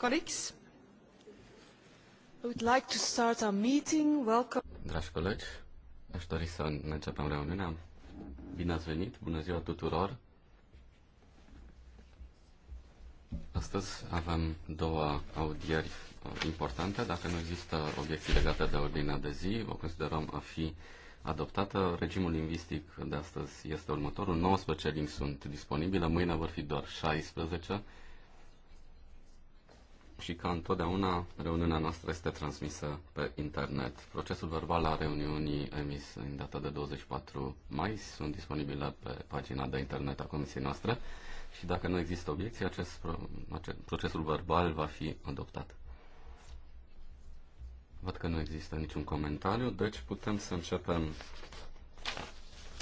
Dragi colegi, aș dori să începem reuniunea. Bine ați venit, bună ziua tuturor. Astăzi avem două audieri uh, importante. Dacă nu există obiecții legate de ordinea de zi, o considerăm a fi adoptată. Regimul lingvistic de astăzi este următorul. 19 limbi sunt disponibile, mâine vor fi doar 16 și ca întotdeauna reuniunea noastră este transmisă pe internet. Procesul verbal a reuniunii emis în data de 24 mai sunt disponibile pe pagina de internet a comisiei noastre și dacă nu există obiecții, acest, procesul verbal va fi adoptat. Văd că nu există niciun comentariu, deci putem să începem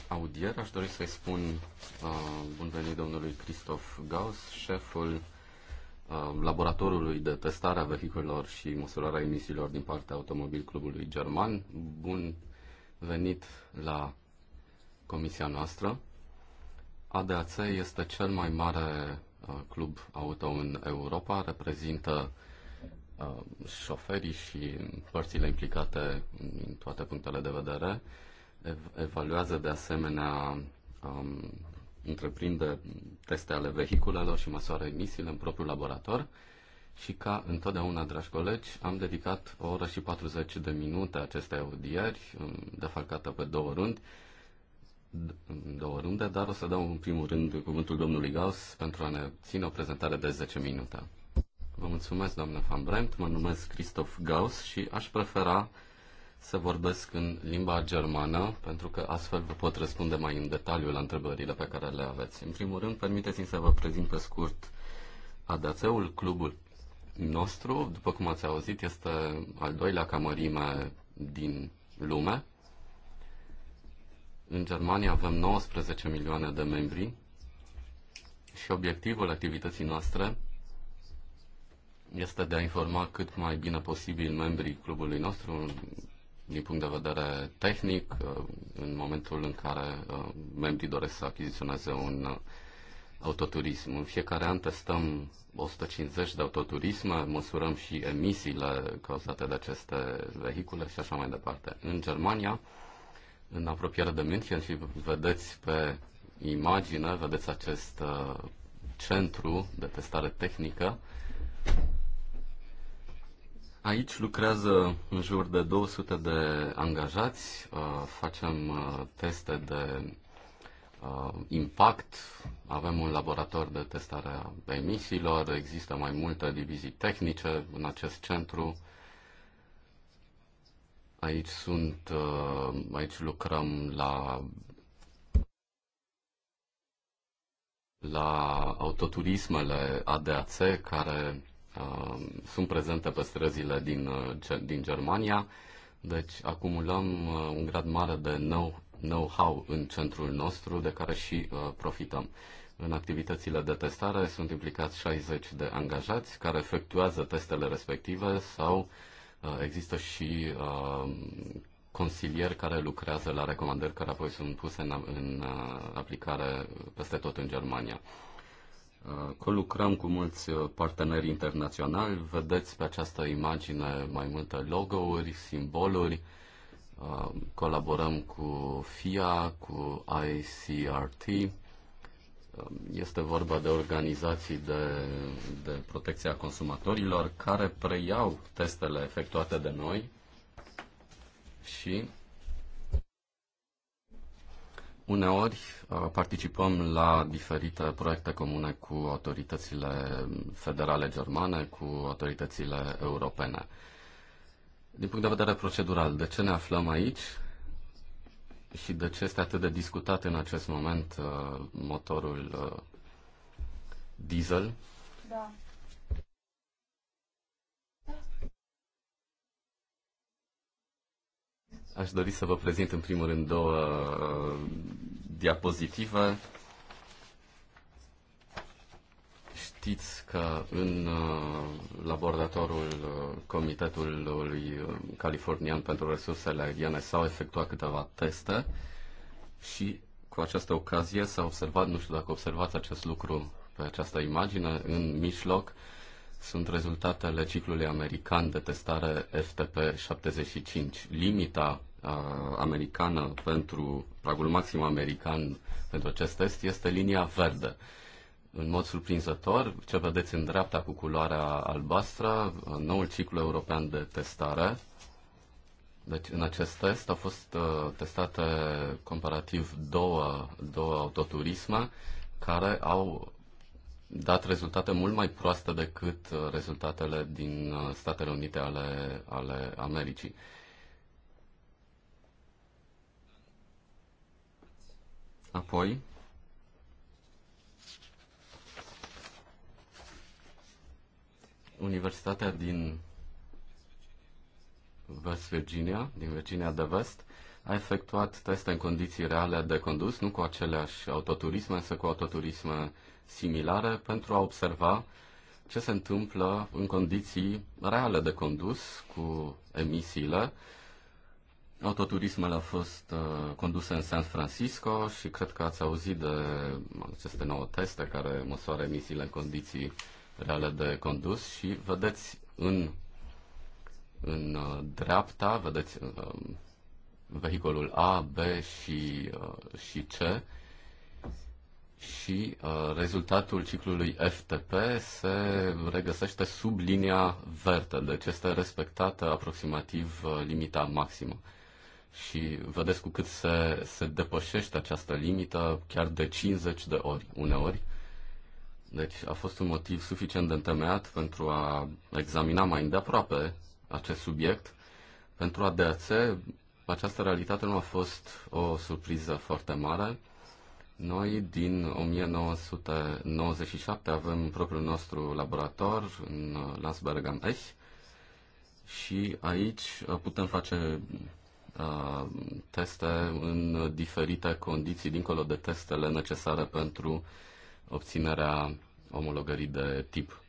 audier. Aș dori să-i spun uh, bun venit domnului Christoph Gauss, șeful Uh, laboratorului de testare a vehiculelor și măsurarea emisiilor din partea Automobil Clubului German. Bun venit la comisia noastră. ADAC este cel mai mare uh, club auto în Europa, reprezintă uh, șoferii și părțile implicate în toate punctele de vedere, evaluează de asemenea um, întreprinde teste ale vehiculelor și măsoară emisiile în propriul laborator și ca întotdeauna, dragi colegi, am dedicat o oră și 40 de minute acestei audieri, um, defalcată pe două rânduri um, două runde, dar o să dau în primul rând cuvântul domnului Gauss pentru a ne ține o prezentare de 10 minute. Vă mulțumesc, doamnă Van Brent, mă numesc Christoph Gauss și aș prefera să vorbesc în limba germană, pentru că astfel vă pot răspunde mai în detaliu la întrebările pe care le aveți. În primul rând, permiteți-mi să vă prezint pe scurt ADAC-ul, clubul nostru. După cum ați auzit, este al doilea camărime din lume. În Germania avem 19 milioane de membri și obiectivul activității noastre este de a informa cât mai bine posibil membrii clubului nostru din punct de vedere tehnic, uh, în momentul în care uh, membrii doresc să achiziționeze un uh, autoturism. În fiecare an testăm 150 de autoturisme, măsurăm și emisiile cauzate de aceste vehicule și așa mai departe. În Germania, în apropiere de München și vedeți pe imagine, vedeți acest centru de testare tehnică, Aici lucrează în jur de 200 de angajați, uh, facem uh, teste de uh, impact, avem un laborator de testare a emisiilor, există mai multe divizii tehnice în acest centru. Aici sunt, aici lucrăm la la autoturismele ADAC care Uh, sunt prezente pe străzile din, uh, din Germania, deci acumulăm uh, un grad mare de know, how în centrul nostru, de care și profităm. În activitățile de testare sunt implicați 60 de angajați care efectuează testele respective sau există și consilieri care lucrează la recomandări care apoi sunt puse în aplicare peste tot în Germania lucrăm cu mulți uh, parteneri internaționali. Vedeți pe această imagine mai multe logo-uri, simboluri. Uh, colaborăm cu FIA, cu ICRT. Uh, este vorba de organizații de, de protecție a consumatorilor care preiau testele efectuate de noi și Uneori uh, participăm la diferite proiecte comune cu autoritățile federale germane, cu autoritățile europene. Din punct de vedere procedural, de ce ne aflăm aici și de ce este atât de discutat în acest moment uh, motorul uh, diesel? Da. Aș dori să vă prezint în primul rând două uh, diapozitive. Știți că în uh, laboratorul uh, Comitetului Californian pentru Resursele Aeriene s-au efectuat câteva teste și cu această ocazie s-a observat, nu știu dacă observați acest lucru pe această imagine, în mijloc sunt rezultatele ciclului american de testare FTP-75. Limita americană pentru pragul maxim american pentru acest test este linia verde. În mod surprinzător, ce vedeți în dreapta cu culoarea albastră, noul ciclu european de testare. Deci, în acest test au fost uh, testate comparativ două, două autoturisme care au dat rezultate mult mai proaste decât uh, rezultatele din uh, Statele Unite ale, ale Americii. Uh, Apoi, Universitatea din West Virginia, din Virginia de Vest, a efectuat teste în condiții reale de condus, nu cu aceleași autoturisme, însă cu autoturisme similare, pentru a observa ce se întâmplă în condiții reale de condus cu emisiile Autoturismele au fost uh, conduse în San Francisco și cred că ați auzit de aceste nouă teste care măsoară emisiile în condiții reale de condus și vedeți în, în uh, dreapta, vedeți uh, vehiculul A, B și, uh, și C și uh, rezultatul ciclului FTP se regăsește sub linia verde, deci este respectată aproximativ uh, limita maximă și vedeți cu cât se, se depășește această limită, chiar de 50 de ori uneori. Deci a fost un motiv suficient de întemeiat pentru a examina mai îndeaproape acest subiect. Pentru a ADAC, această realitate nu a fost o surpriză foarte mare. Noi, din 1997, avem propriul nostru laborator în Landsberg am Ech și aici putem face teste în diferite condiții, dincolo de testele necesare pentru obținerea omologării de tip.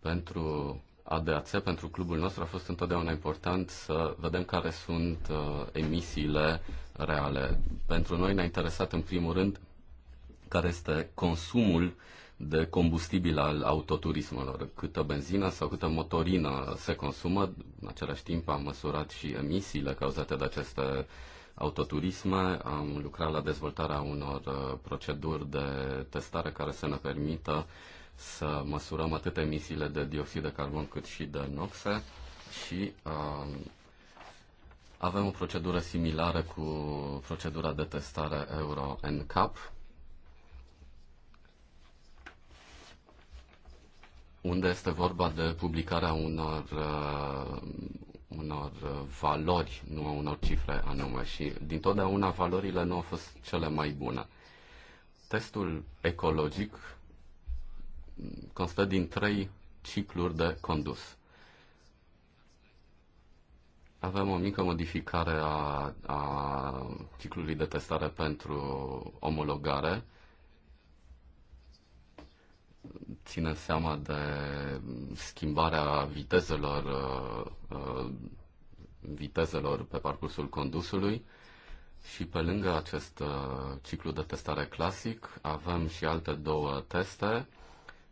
Pentru ADAC, pentru clubul nostru, a fost întotdeauna important să vedem care sunt uh, emisiile reale. Pentru noi ne-a interesat în primul rând care este consumul uh, de combustibil al autoturismelor. Câtă benzină sau câtă motorină se consumă, în același timp am măsurat și emisiile cauzate de aceste autoturisme, am lucrat la dezvoltarea unor uh, proceduri de testare care să ne permită să măsurăm atât emisiile de dioxid de carbon cât și de noxe și um, avem o procedură similară cu procedura de testare Euro NCAP, unde este vorba de publicarea unor, uh, unor uh, valori, nu a unor cifre anume. Și din totdeauna valorile nu au fost cele mai bune. Testul ecologic constă din trei cicluri de condus. Avem o mică modificare a, a ciclului de testare pentru omologare, ține seama de schimbarea vitezelor, uh, vitezelor pe parcursul condusului și pe lângă acest uh, ciclu de testare clasic avem și alte două teste.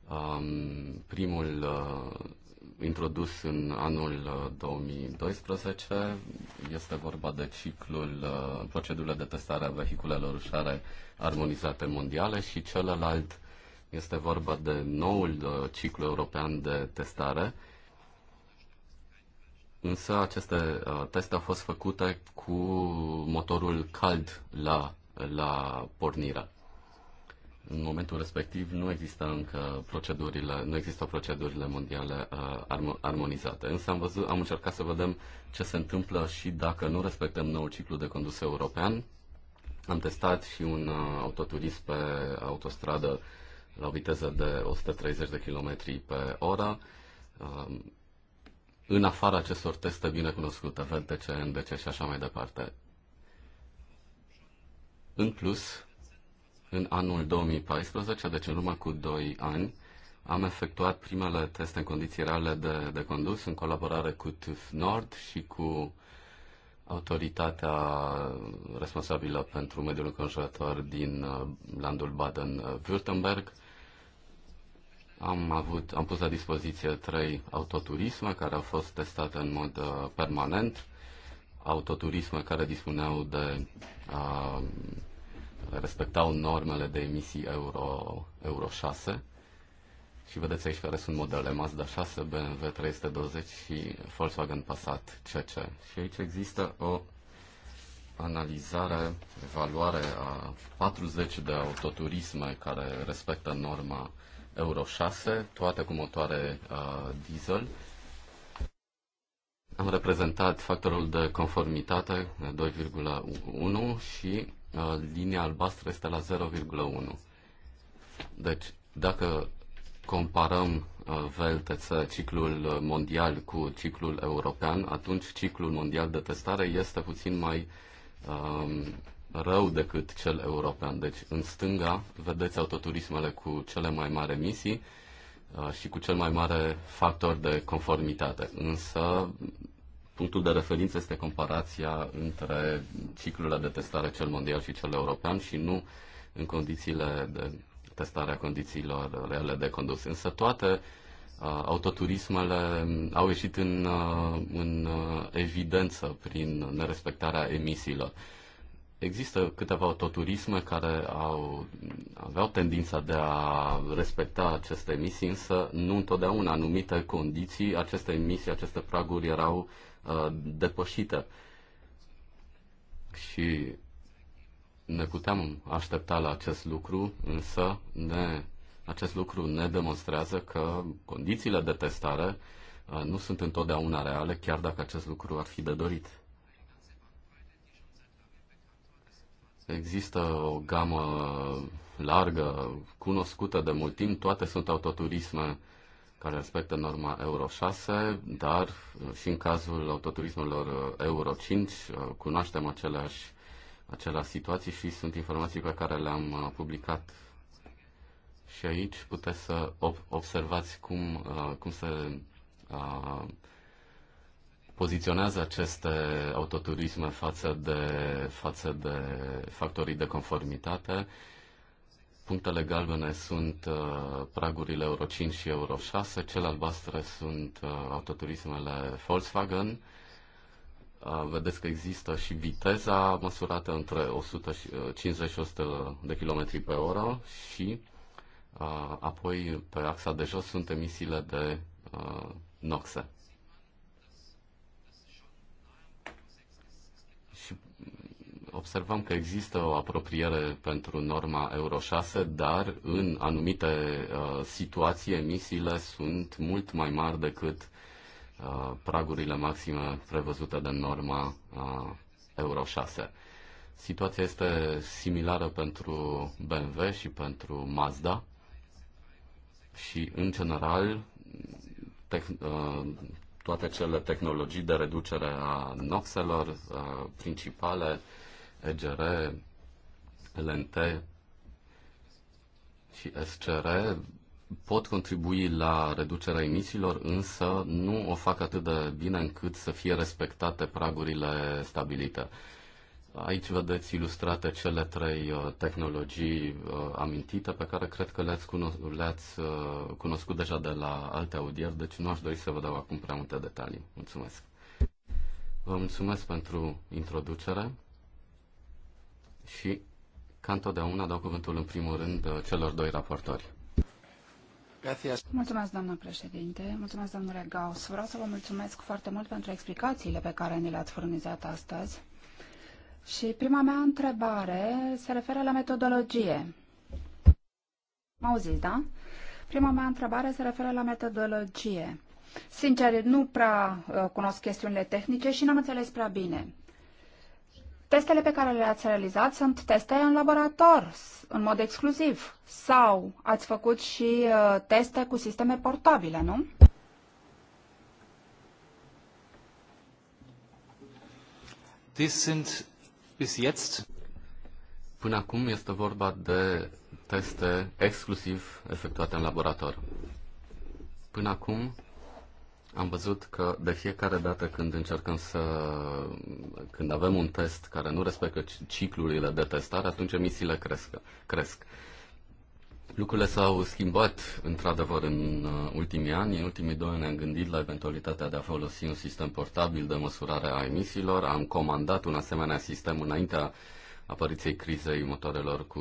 Um, primul uh, introdus în anul 2012 este vorba de ciclul procedurile de testare a vehiculelor ușoare armonizate mondiale și celălalt este vorba de noul uh, ciclu european de testare, însă aceste uh, teste au fost făcute cu motorul cald la, la pornire. În momentul respectiv nu există încă procedurile, nu există procedurile mondiale uh, armonizate. Însă am, văzut, am încercat să vedem ce se întâmplă și dacă nu respectăm noul ciclu de condus european. Am testat și un uh, autoturism pe autostradă la viteză de 130 de km pe oră. Um, în afara acestor teste bine cunoscute, VLTC, NDC și așa mai departe. În plus, în anul 2014, deci în urmă cu 2 ani, am efectuat primele teste în condiții reale de, de condus în colaborare cu TÜV Nord și cu autoritatea responsabilă pentru mediul înconjurător din uh, landul Baden-Württemberg. Am, avut, am pus la dispoziție trei autoturisme care au fost testate în mod uh, permanent, autoturisme care dispuneau de uh, respectau normele de emisii Euro, Euro 6 și vedeți aici care sunt modele Mazda 6, BMW 320 și Volkswagen Passat CC. Și aici există o analizare, evaluare a 40 de autoturisme care respectă norma Euro 6, toate cu motoare uh, diesel. Am reprezentat factorul de conformitate 2,1 uh, și uh, linia albastră este la 0,1. Deci, dacă comparăm uh, VLTC, ciclul mondial cu ciclul european, atunci ciclul mondial de testare este puțin mai uh, rău decât cel european. Deci, în stânga, vedeți autoturismele cu cele mai mari emisii uh, și cu cel mai mare factor de conformitate. Însă, punctul de referință este comparația între ciclurile de testare cel mondial și cel european și nu în condițiile de testare a condițiilor reale de condus. Însă toate uh, autoturismele au ieșit în, uh, în uh, evidență prin nerespectarea emisiilor. Uh, Există câteva autoturisme care au, aveau tendința de a respecta aceste emisii, însă nu întotdeauna anumite condiții, aceste emisii, aceste praguri erau uh, depășite. Și ne puteam aștepta la acest lucru, însă ne, acest lucru ne demonstrează că condițiile de testare uh, nu sunt întotdeauna reale, chiar dacă acest lucru ar fi de dorit. Există o gamă largă, cunoscută de mult timp, toate sunt autoturisme care respectă norma Euro 6, dar și în cazul autoturismelor Euro 5 cunoaștem aceleași, aceleași situații și sunt informații pe care le-am uh, publicat. Și aici puteți să observați cum, uh, cum se uh, poziționează aceste autoturisme față de, față de factorii de conformitate. Punctele galbene sunt uh, pragurile Euro 5 și Euro 6, cele albastre sunt uh, autoturismele Volkswagen. Uh, vedeți că există și viteza măsurată între 150 și 100 uh, de km pe oră și uh, apoi pe axa de jos sunt emisiile de uh, noxe. observăm că există o apropiere pentru norma Euro 6, dar în anumite uh, situații emisiile sunt mult mai mari decât uh, pragurile maxime prevăzute de norma uh, Euro 6. Situația este similară pentru BMW și pentru Mazda și, în general, uh, toate cele tehnologii de reducere a noxelor uh, principale EGR, LNT și SCR pot contribui la reducerea emisiilor, însă nu o fac atât de bine încât să fie respectate pragurile stabilite. Aici vedeți ilustrate cele trei uh, tehnologii uh, amintite pe care cred că le-ați, cuno- le-ați uh, cunoscut deja de la alte audieri, deci nu aș dori să vă dau acum prea multe detalii. Mulțumesc! Vă mulțumesc pentru introducere și, ca întotdeauna, dau cuvântul în primul rând uh, celor doi raportori. Mulțumesc, doamnă președinte. Mulțumesc, domnule Gauss. Vreau să vă mulțumesc foarte mult pentru explicațiile pe care ni le-ați furnizat astăzi. Și prima mea întrebare se referă la metodologie. Mă auziți, da? Prima mea întrebare se referă la metodologie. Sincer, nu prea uh, cunosc chestiunile tehnice și n-am înțeles prea bine. Testele pe care le-ați realizat sunt teste în laborator, în mod exclusiv, sau ați făcut și uh, teste cu sisteme portabile, nu? Dies sind bis jetzt Până acum este vorba de teste exclusiv efectuate în laborator. Până acum am văzut că de fiecare dată când încercăm să... când avem un test care nu respectă ciclurile de testare, atunci emisiile cresc. cresc. Lucrurile s-au schimbat într-adevăr în uh, ultimii ani. În ultimii doi ani am gândit la eventualitatea de a folosi un sistem portabil de măsurare a emisiilor. Am comandat un asemenea sistem înaintea apariției crizei motoarelor cu,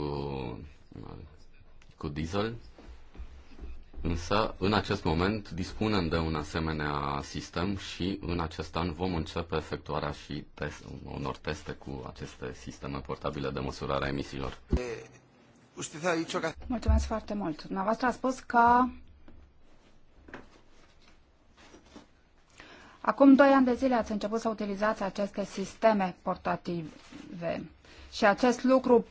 uh, cu diesel Însă, în acest moment, dispunem de un asemenea sistem și în acest an vom începe efectuarea și test, unor teste cu aceste sisteme portabile de măsurare a emisiilor. Mulțumesc foarte mult. Dumneavoastră a spus că acum doi ani de zile ați început să utilizați aceste sisteme portative și acest lucru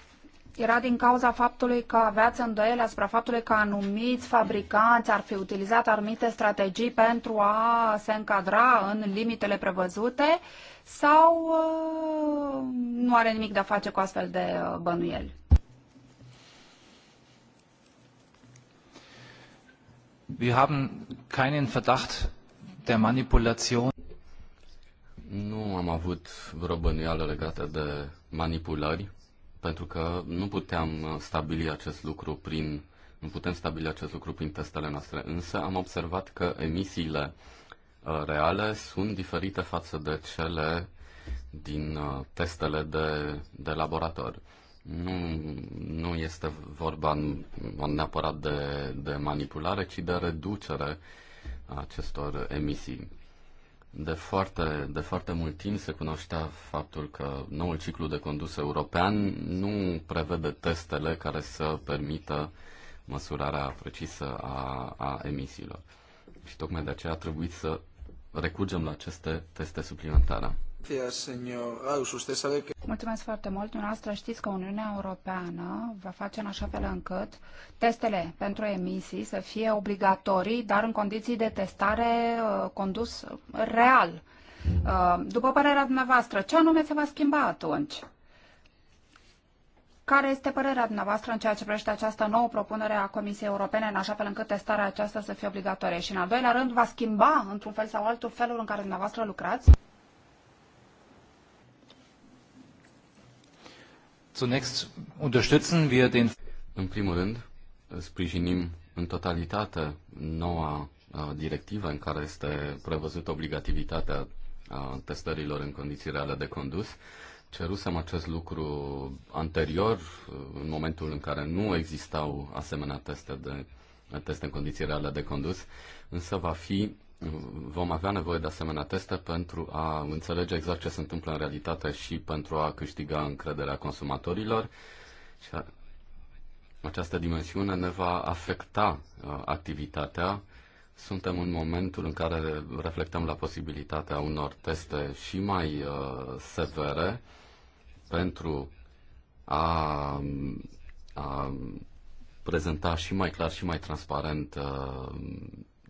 era din cauza faptului că aveați îndoiele asupra faptului că anumiți fabricanți ar fi utilizat anumite strategii pentru a se încadra în limitele prevăzute sau uh, nu are nimic de a face cu astfel de uh, bănuieli? Wir haben keinen Verdacht der Manipulation. Nu am avut vreo bănuială legată de manipulări pentru că nu puteam uh, stabili acest lucru prin nu putem stabili acest lucru prin testele noastre, însă am observat că emisiile uh, reale sunt diferite față de cele din uh, testele de, de laborator. Nu, nu este vorba neapărat de, de manipulare, ci de reducere acestor emisii. De foarte, de foarte mult timp se cunoștea faptul că noul ciclu de condus european nu prevede testele care să permită măsurarea precisă a, a emisiilor. Și tocmai de aceea a trebuit să recurgem la aceste teste suplimentare. Ah, Mulțumesc foarte mult. Dumneavoastră știți că Uniunea Europeană va face în așa fel încât testele pentru emisii să fie obligatorii, dar în condiții de testare uh, condus real. Uh, după părerea dumneavoastră, ce anume se va schimba atunci? Care este părerea dumneavoastră în ceea ce privește această nouă propunere a Comisiei Europene, în așa fel încât testarea aceasta să fie obligatorie? Și, în al doilea rând, va schimba, într-un fel sau altul, felul în care dumneavoastră lucrați? Zunächst unterstützen wir den În primul rând, sprijinim în totalitate noua directivă în care este prevăzută obligativitatea testărilor în condiții reale de condus. Cerusem acest lucru anterior, în momentul în care nu existau asemenea teste de teste în condiții reale de condus, însă va fi vom avea nevoie de asemenea teste pentru a înțelege exact ce se întâmplă în realitate și pentru a câștiga încrederea consumatorilor. Și această dimensiune ne va afecta uh, activitatea. Suntem în momentul în care reflectăm la posibilitatea unor teste și mai uh, severe pentru a, a prezenta și mai clar și mai transparent uh,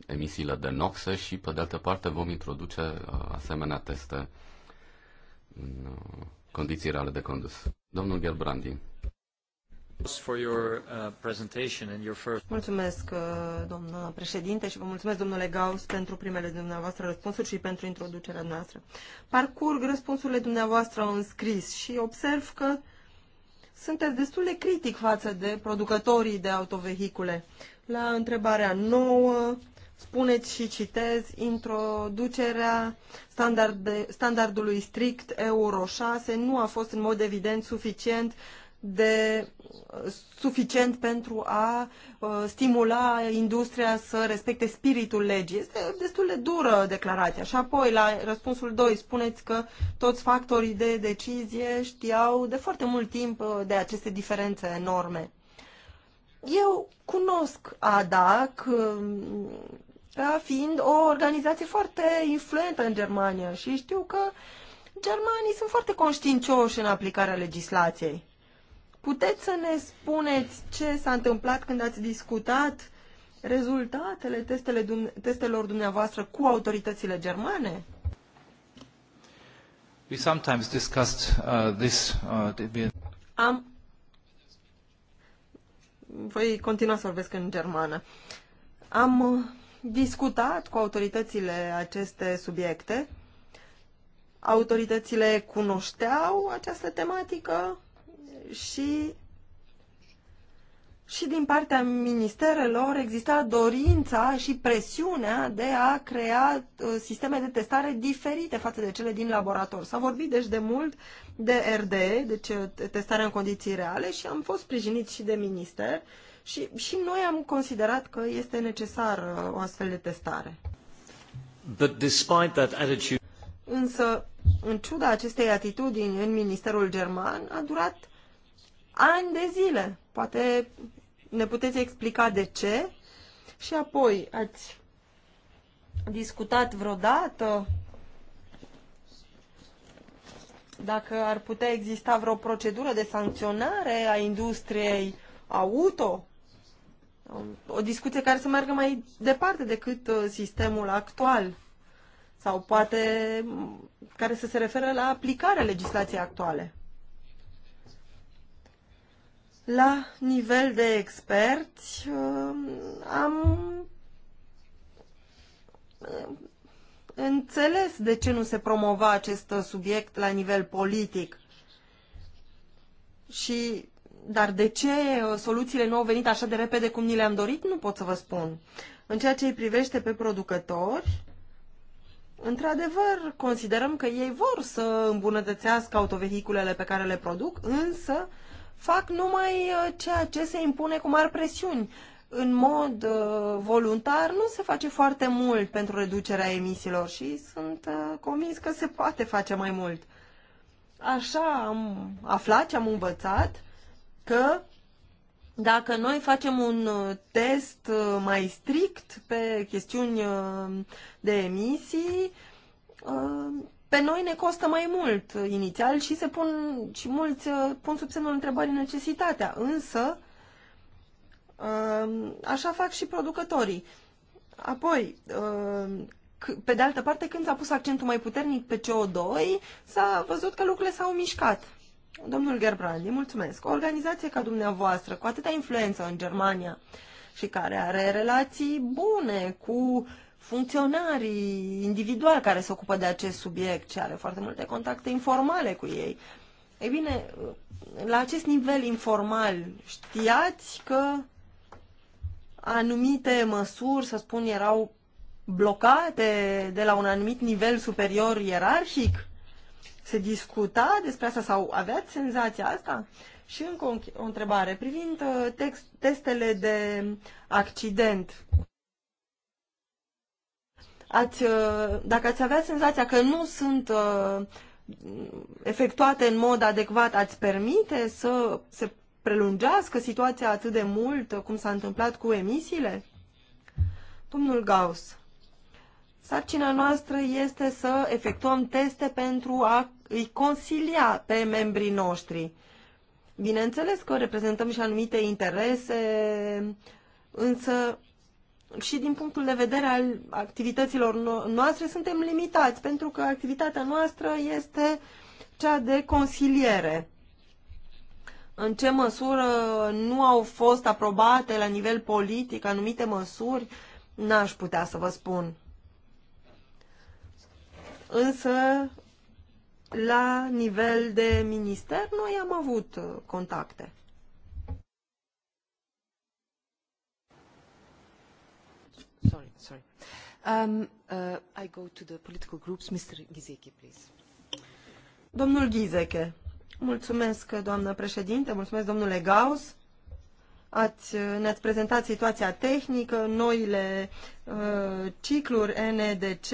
emisiile de noxe și, pe de altă parte, vom introduce uh, asemenea teste în uh, condiții reale de condus. Domnul Gerbrandi. Uh, mulțumesc, domnul președinte, și vă mulțumesc, domnule Gauss, pentru primele dumneavoastră răspunsuri și pentru introducerea noastră. Parcurg răspunsurile dumneavoastră în scris și observ că sunteți destul de critic față de producătorii de autovehicule. La întrebarea nouă, spuneți și citez introducerea de, standardului strict Euro 6 nu a fost în mod evident suficient de suficient pentru a uh, stimula industria să respecte spiritul legii. Este destul de dură declarația. Și apoi, la răspunsul 2, spuneți că toți factorii de decizie știau de foarte mult timp uh, de aceste diferențe enorme. Eu cunosc ADAC, uh, fiind o organizație foarte influentă în Germania și știu că germanii sunt foarte conștiincioși în aplicarea legislației. Puteți să ne spuneți ce s-a întâmplat când ați discutat rezultatele testele dum- testelor dumneavoastră cu autoritățile germane? We sometimes discussed uh, this. Uh, Am. Voi continua să vorbesc în germană. Am uh, discutat cu autoritățile aceste subiecte. Autoritățile cunoșteau această tematică și, și din partea ministerelor exista dorința și presiunea de a crea uh, sisteme de testare diferite față de cele din laborator. S-a vorbit deci de mult de RDE, deci uh, testarea în condiții reale și am fost sprijiniți și de minister și, și noi am considerat că este necesară uh, o astfel de testare. But despite that attitude... Însă, în ciuda acestei atitudini în Ministerul German, a durat ani de zile. Poate ne puteți explica de ce? Și apoi, ați discutat vreodată dacă ar putea exista vreo procedură de sancționare a industriei auto o discuție care să meargă mai departe decât uh, sistemul actual sau poate care să se referă la aplicarea legislației actuale. La nivel de experți um, am um, înțeles de ce nu se promova acest subiect la nivel politic. Și dar de ce uh, soluțiile nu au venit așa de repede cum ni le-am dorit, nu pot să vă spun. În ceea ce îi privește pe producători, într-adevăr, considerăm că ei vor să îmbunătățească autovehiculele pe care le produc, însă fac numai uh, ceea ce se impune cu mari presiuni. În mod uh, voluntar nu se face foarte mult pentru reducerea emisiilor și sunt uh, convins că se poate face mai mult. Așa am aflat ce am învățat că dacă noi facem un uh, test uh, mai strict pe chestiuni uh, de emisii, pe noi ne costă mai mult inițial și se pun și mulți pun sub semnul întrebării necesitatea, însă așa fac și producătorii. Apoi, pe de altă parte, când s-a pus accentul mai puternic pe CO2, s-a văzut că lucrurile s-au mișcat. Domnul Gerbrandi, mulțumesc. O organizație ca dumneavoastră, cu atâta influență în Germania și care are relații bune cu funcționarii individuali care se ocupă de acest subiect și are foarte multe contacte informale cu ei. Ei bine, la acest nivel informal știați că anumite măsuri, să spun, erau blocate de la un anumit nivel superior ierarhic? Se discuta despre asta sau aveați senzația asta? Și încă o, o întrebare privind uh, text, testele de accident. Ați, uh, dacă ați avea senzația că nu sunt uh, efectuate în mod adecvat, ați permite să se prelungească situația atât de mult cum s-a întâmplat cu emisiile? Domnul Gauss, sarcina noastră este să efectuăm teste pentru a îi consilia pe membrii noștri. Bineînțeles că reprezentăm și anumite interese, însă și din punctul de vedere al activităților noastre suntem limitați, pentru că activitatea noastră este cea de consiliere. În ce măsură nu au fost aprobate la nivel politic anumite măsuri, n-aș putea să vă spun. Însă la nivel de minister, noi am avut uh, contacte. Sorry, sorry. Um, uh, I go to the political groups. Mr. Gizeke, please. Domnul Ghizeche, mulțumesc, doamnă președinte, mulțumesc, domnule Gauss. Ați, uh, ne-ați prezentat situația tehnică, noile uh, cicluri NDC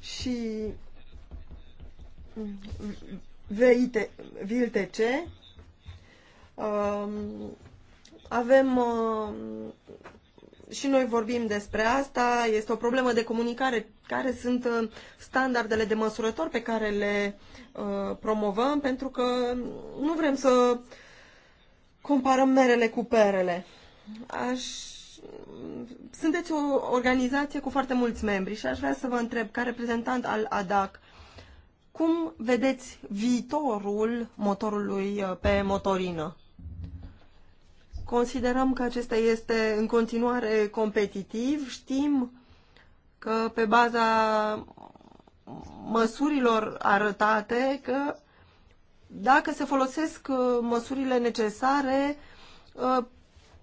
și VIT, VILTC, um, avem uh, și noi vorbim despre asta, este o problemă de comunicare, care sunt uh, standardele de măsurători pe care le uh, promovăm, pentru că nu vrem să comparăm merele cu perele. Aș... Sunteți o organizație cu foarte mulți membri și aș vrea să vă întreb, ca reprezentant al ADAC, cum vedeți viitorul motorului uh, pe motorină? Considerăm că acesta este în continuare competitiv. Știm că pe baza măsurilor arătate că dacă se folosesc uh, măsurile necesare, uh,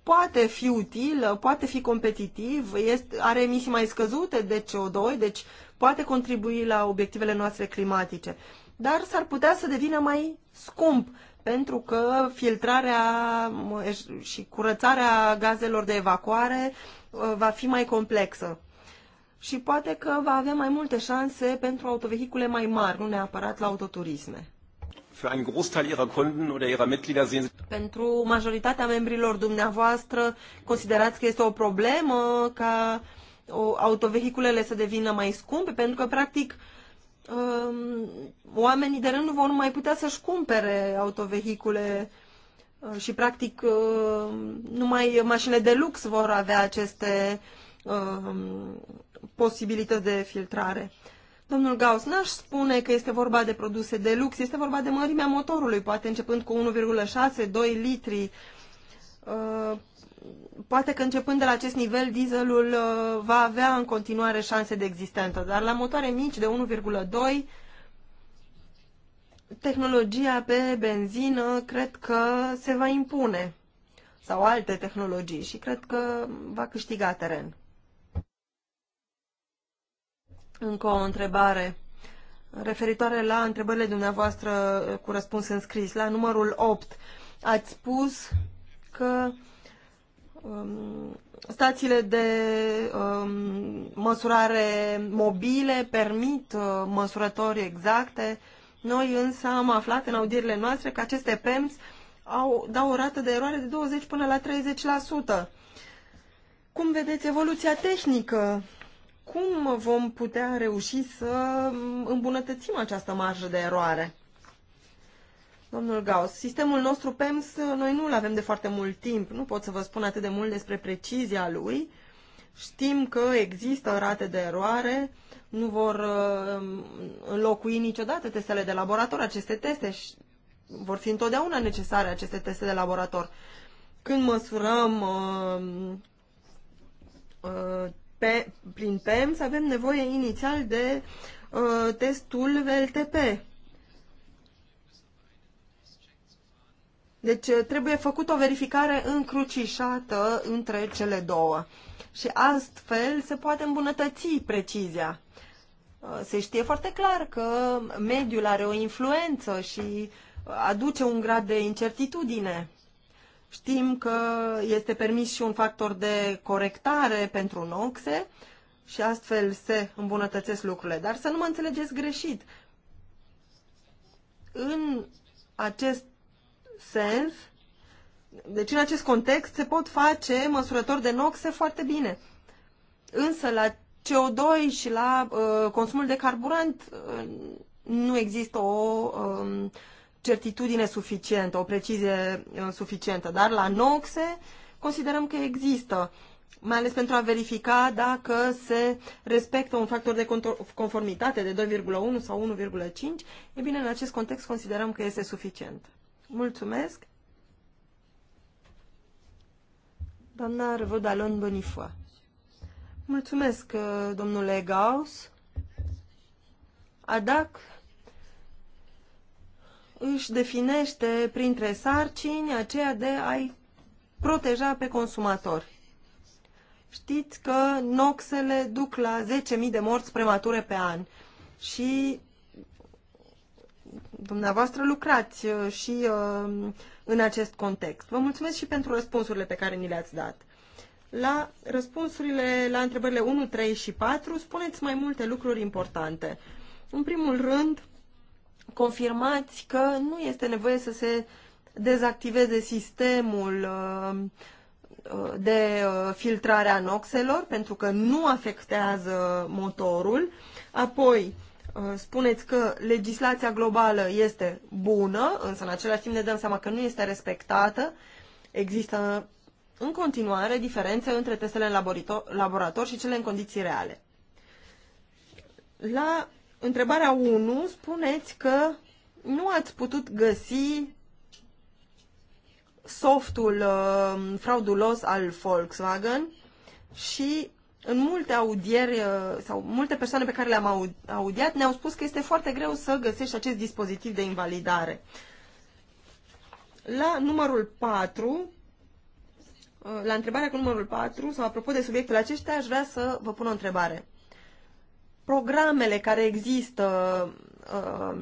poate fi util, poate fi competitiv, este, are emisii mai scăzute de CO2, deci poate contribui la obiectivele noastre climatice, dar s-ar putea să devină mai scump pentru că filtrarea și curățarea gazelor de evacuare uh, va fi mai complexă. Și poate că va avea mai multe șanse pentru autovehicule mai mari, nu neapărat la autoturisme. Pentru majoritatea membrilor dumneavoastră, considerați că este o problemă ca autovehiculele să devină mai scumpe, pentru că, practic, um, oamenii de rând nu vor mai putea să-și cumpere autovehicule uh, și, practic, um, numai mașinile de lux vor avea aceste um, posibilități de filtrare. Domnul Gauss, n-aș spune că este vorba de produse de lux, este vorba de mărimea motorului, poate începând cu 1,6-2 litri. Uh, poate că începând de la acest nivel, dieselul uh, va avea în continuare șanse de existență, dar la motoare mici de 1,2, tehnologia pe benzină cred că se va impune sau alte tehnologii și cred că va câștiga teren. Încă o întrebare referitoare la întrebările dumneavoastră cu răspuns în scris, la numărul 8. Ați spus că Um, stațiile de um, măsurare mobile permit uh, măsurători exacte. Noi însă am aflat în audierile noastre că aceste PEMS au, dau o rată de eroare de 20 până la 30%. Cum vedeți evoluția tehnică? Cum vom putea reuși să îmbunătățim această marjă de eroare? Domnul Gauss, sistemul nostru PEMS, noi nu-l avem de foarte mult timp, nu pot să vă spun atât de mult despre precizia lui. Știm că există rate de eroare, nu vor uh, înlocui niciodată testele de laborator, aceste teste vor fi întotdeauna necesare aceste teste de laborator. Când măsurăm uh, uh, pe, prin PEMS, avem nevoie inițial de testul VLTP Deci uh, trebuie făcut o verificare încrucișată între cele două. Și astfel se poate îmbunătăți precizia. Uh, se știe foarte clar că mediul are o influență și uh, aduce un grad de incertitudine. Știm că este permis și un factor de corectare pentru noxe și astfel se îmbunătățesc lucrurile. Dar să nu mă înțelegeți greșit. În acest sens, deci în acest context se pot face măsurători de noxe foarte bine. Însă la CO2 și la uh, consumul de carburant uh, nu există o uh, certitudine suficientă, o precizie uh, suficientă, dar la noxe considerăm că există, mai ales pentru a verifica dacă se respectă un factor de conformitate de 2,1 sau 1,5, e bine, în acest context considerăm că este suficient. Mulțumesc. Doamna Revodalon Bonifoa. Mulțumesc, uh, domnule Gauss. ADAC își definește printre sarcini aceea de a-i proteja pe consumatori. Știți că noxele duc la 10.000 de morți premature pe an și dumneavoastră lucrați uh, și uh, în acest context. Vă mulțumesc și pentru răspunsurile pe care ni le-ați dat. La răspunsurile la întrebările 1, 3 și 4 spuneți mai multe lucruri importante. În primul rând, confirmați că nu este nevoie să se dezactiveze sistemul uh, de filtrare a noxelor pentru că nu afectează motorul. Apoi, Uh, spuneți că legislația globală este bună, însă în același timp ne dăm seama că nu este respectată. Există în continuare diferențe între testele în laborator, și cele în condiții reale. La întrebarea 1 spuneți că nu ați putut găsi softul uh, fraudulos al Volkswagen și în multe audieri uh, sau multe persoane pe care le-am audiat ne-au spus că este foarte greu să găsești acest dispozitiv de invalidare. La numărul 4, uh, la întrebarea cu numărul 4, sau apropo de subiectul acesta, aș vrea să vă pun o întrebare. Programele care există uh,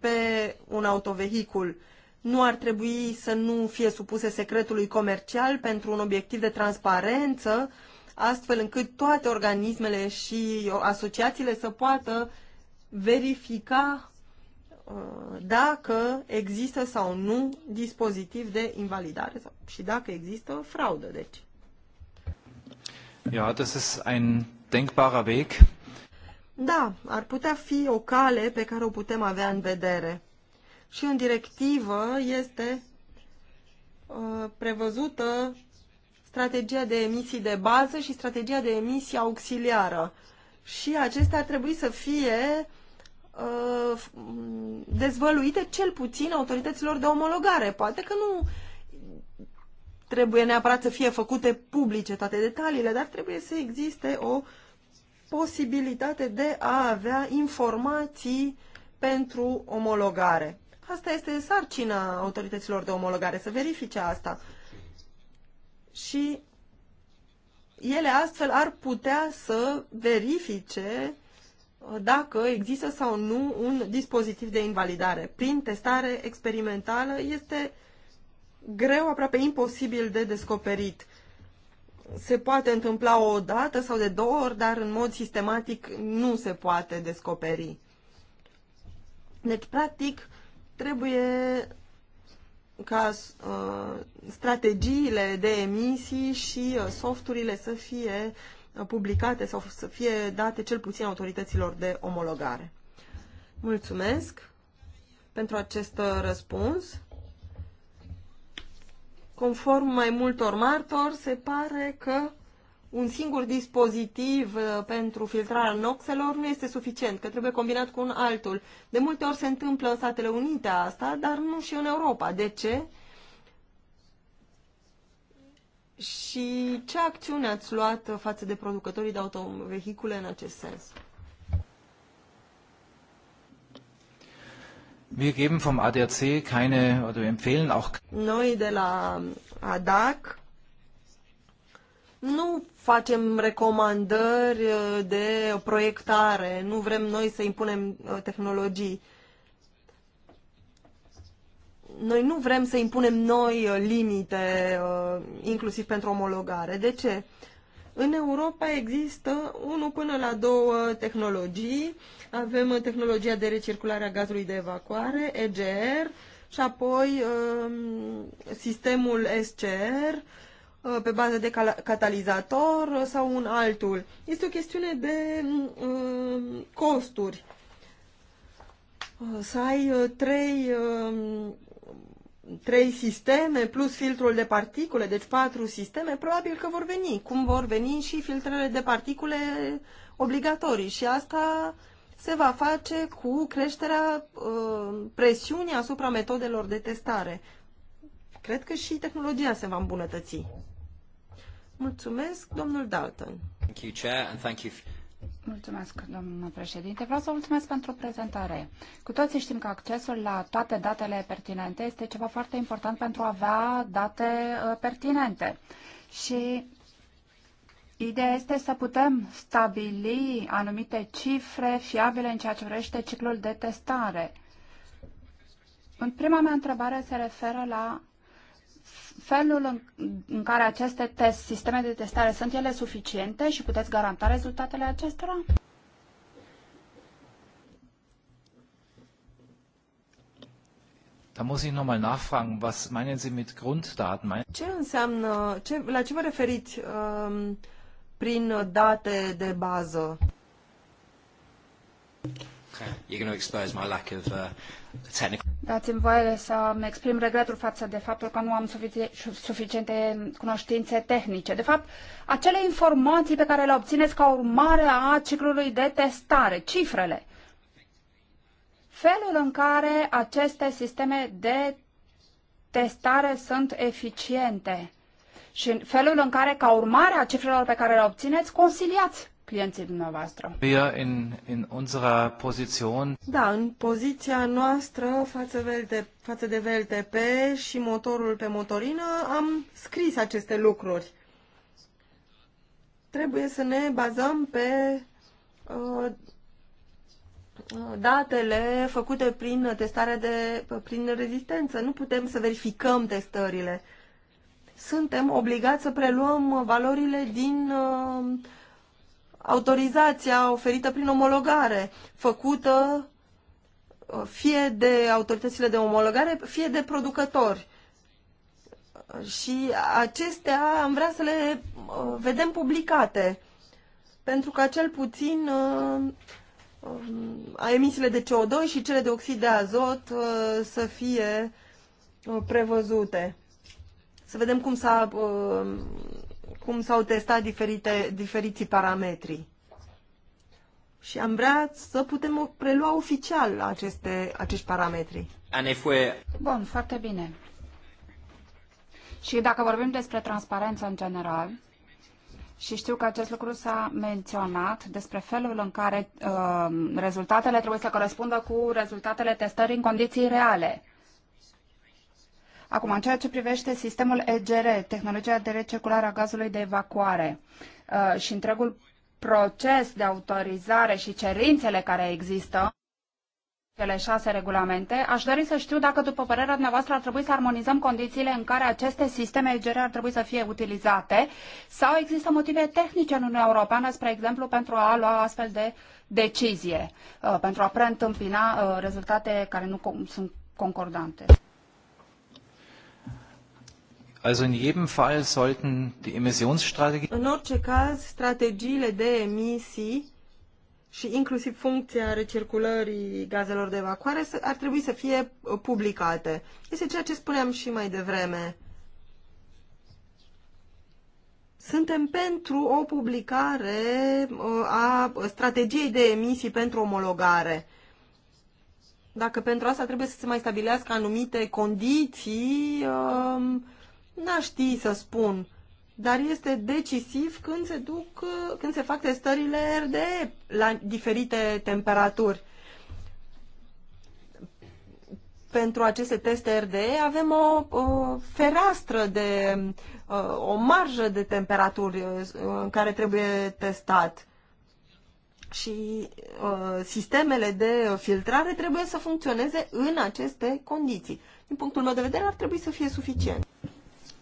pe un autovehicul nu ar trebui să nu fie supuse secretului comercial pentru un obiectiv de transparență astfel încât toate organismele și asociațiile să poată verifica uh, dacă există sau nu dispozitiv de invalidare și dacă există fraudă, deci. Ja, das ist ein denkbarer Weg. Da, ar putea fi o cale pe care o putem avea în vedere. Și în directivă este uh, prevăzută strategia de emisii de bază și strategia de emisii auxiliară. Și acestea ar trebui să fie uh, dezvăluite cel puțin autorităților de omologare. Poate că nu trebuie neapărat să fie făcute publice toate detaliile, dar trebuie să existe o posibilitate de a avea informații pentru omologare. Asta este sarcina autorităților de omologare, să verifice asta și ele astfel ar putea să verifice uh, dacă există sau nu un dispozitiv de invalidare. Prin testare experimentală este greu, aproape imposibil de descoperit. Se poate întâmpla o dată sau de două ori, dar în mod sistematic nu se poate descoperi. Deci, practic, trebuie ca uh, strategiile de emisii și uh, softurile să fie uh, publicate sau să fie date cel puțin autorităților de omologare. Mulțumesc pentru acest uh, răspuns. Conform mai multor martori, se pare că un singur dispozitiv uh, pentru filtrarea noxelor nu este suficient, că trebuie combinat cu un altul. De multe ori se întâmplă în Statele Unite asta, dar nu și în Europa. De ce? Și ce acțiune ați luat față de producătorii de autovehicule în acest sens? Wir geben vom ADAC keine, oder wir empfehlen auch... Noi de la ADAC nu facem recomandări uh, de proiectare, nu vrem noi să impunem uh, tehnologii. Noi nu vrem să impunem noi uh, limite, inclusiv pentru omologare. De ce? În Europa există 1 până la două tehnologii. Avem tehnologia de recirculare a gazului de evacuare, EGR, și apoi um, sistemul SCR, Uh, pe bază de catalizator sau un altul. Este o chestiune de uh, costuri. Să ai uh, trei, um, trei sisteme plus filtrul de particule, deci patru sisteme, probabil că vor veni. Cum vor veni și filtrele de particule obligatorii. Și asta se va face cu creșterea presiunii asupra metodelor de testare. Cred că și tehnologia se va îmbunătăți. Mulțumesc, domnul Dalton. Thank you, Chair, and thank you. Mulțumesc, domnul președinte. Vreau să mulțumesc pentru prezentare. Cu toții știm că accesul la toate datele pertinente este ceva foarte important pentru a avea date uh, pertinente. Și Ideea este să putem stabili anumite cifre fiabile în ceea ce vrește ciclul de testare. În prima mea întrebare se referă la felul în, în care aceste test, sisteme de testare sunt ele suficiente și puteți garanta rezultatele acestora? Da muss ich nochmal nachfragen, was meinen Sie mit Grunddaten? Ce înseamnă, ce, la ce vă referiți um, prin date de bază? Okay. You're going to expose my lack of uh, Dați-mi voie să-mi exprim regretul față de faptul că nu am suficiente cunoștințe tehnice. De fapt, acele informații pe care le obțineți ca urmare a ciclului de testare, cifrele, felul în care aceste sisteme de testare sunt eficiente și felul în care, ca urmare a cifrelor pe care le obțineți, conciliați clienții dumneavoastră. În, în unsera pozițion... Da, în poziția noastră față, de față de VLTP și motorul pe motorină am scris aceste lucruri. Trebuie să ne bazăm pe uh, uh, datele făcute prin testarea de, prin rezistență. Nu putem să verificăm testările. Suntem obligați să preluăm valorile din uh, autorizația oferită prin omologare, făcută uh, fie de autoritățile de omologare, fie de producători. Și acestea am vrea să le uh, vedem publicate, pentru că cel puțin a uh, emisiile de CO2 și cele de oxid de azot să fie prevăzute. Să vedem cum s-a cum s-au testat diferite, diferiții parametri. Și am vrea să putem prelua oficial aceste, acești parametri. Bun, foarte bine. Și dacă vorbim despre transparență în general, și știu că acest lucru s-a menționat despre felul în care uh, rezultatele trebuie să corespundă cu rezultatele testării în condiții reale. Acum, în ceea ce privește sistemul EGR, tehnologia de recirculare a gazului de evacuare uh, și întregul proces de autorizare și cerințele care există, cele șase regulamente, aș dori să știu dacă, după părerea dumneavoastră, ar trebui să armonizăm condițiile în care aceste sisteme EGR ar trebui să fie utilizate sau există motive tehnice în Uniunea Europeană, spre exemplu, pentru a lua astfel de decizie, uh, pentru a preîntâmpina uh, rezultate care nu sunt concordante. Also in jedem Fall sollten die Emissionsstrategien. În orice caz, strategiile de emisii și inclusiv funcția recirculării gazelor de evacuare ar trebui să fie uh, publicate. Este ceea ce spuneam și mai devreme. Suntem pentru o publicare uh, a strategiei de emisii pentru omologare. Dacă pentru asta trebuie să se mai stabilească anumite condiții, um, n-aș ști să spun, dar este decisiv când se duc, când se fac testările RDE la diferite temperaturi. Pentru aceste teste RDE avem o, o fereastră de o marjă de temperaturi uh, în care trebuie testat și uh, sistemele de filtrare trebuie să funcționeze în aceste condiții. Din punctul meu de vedere, ar trebui să fie suficient.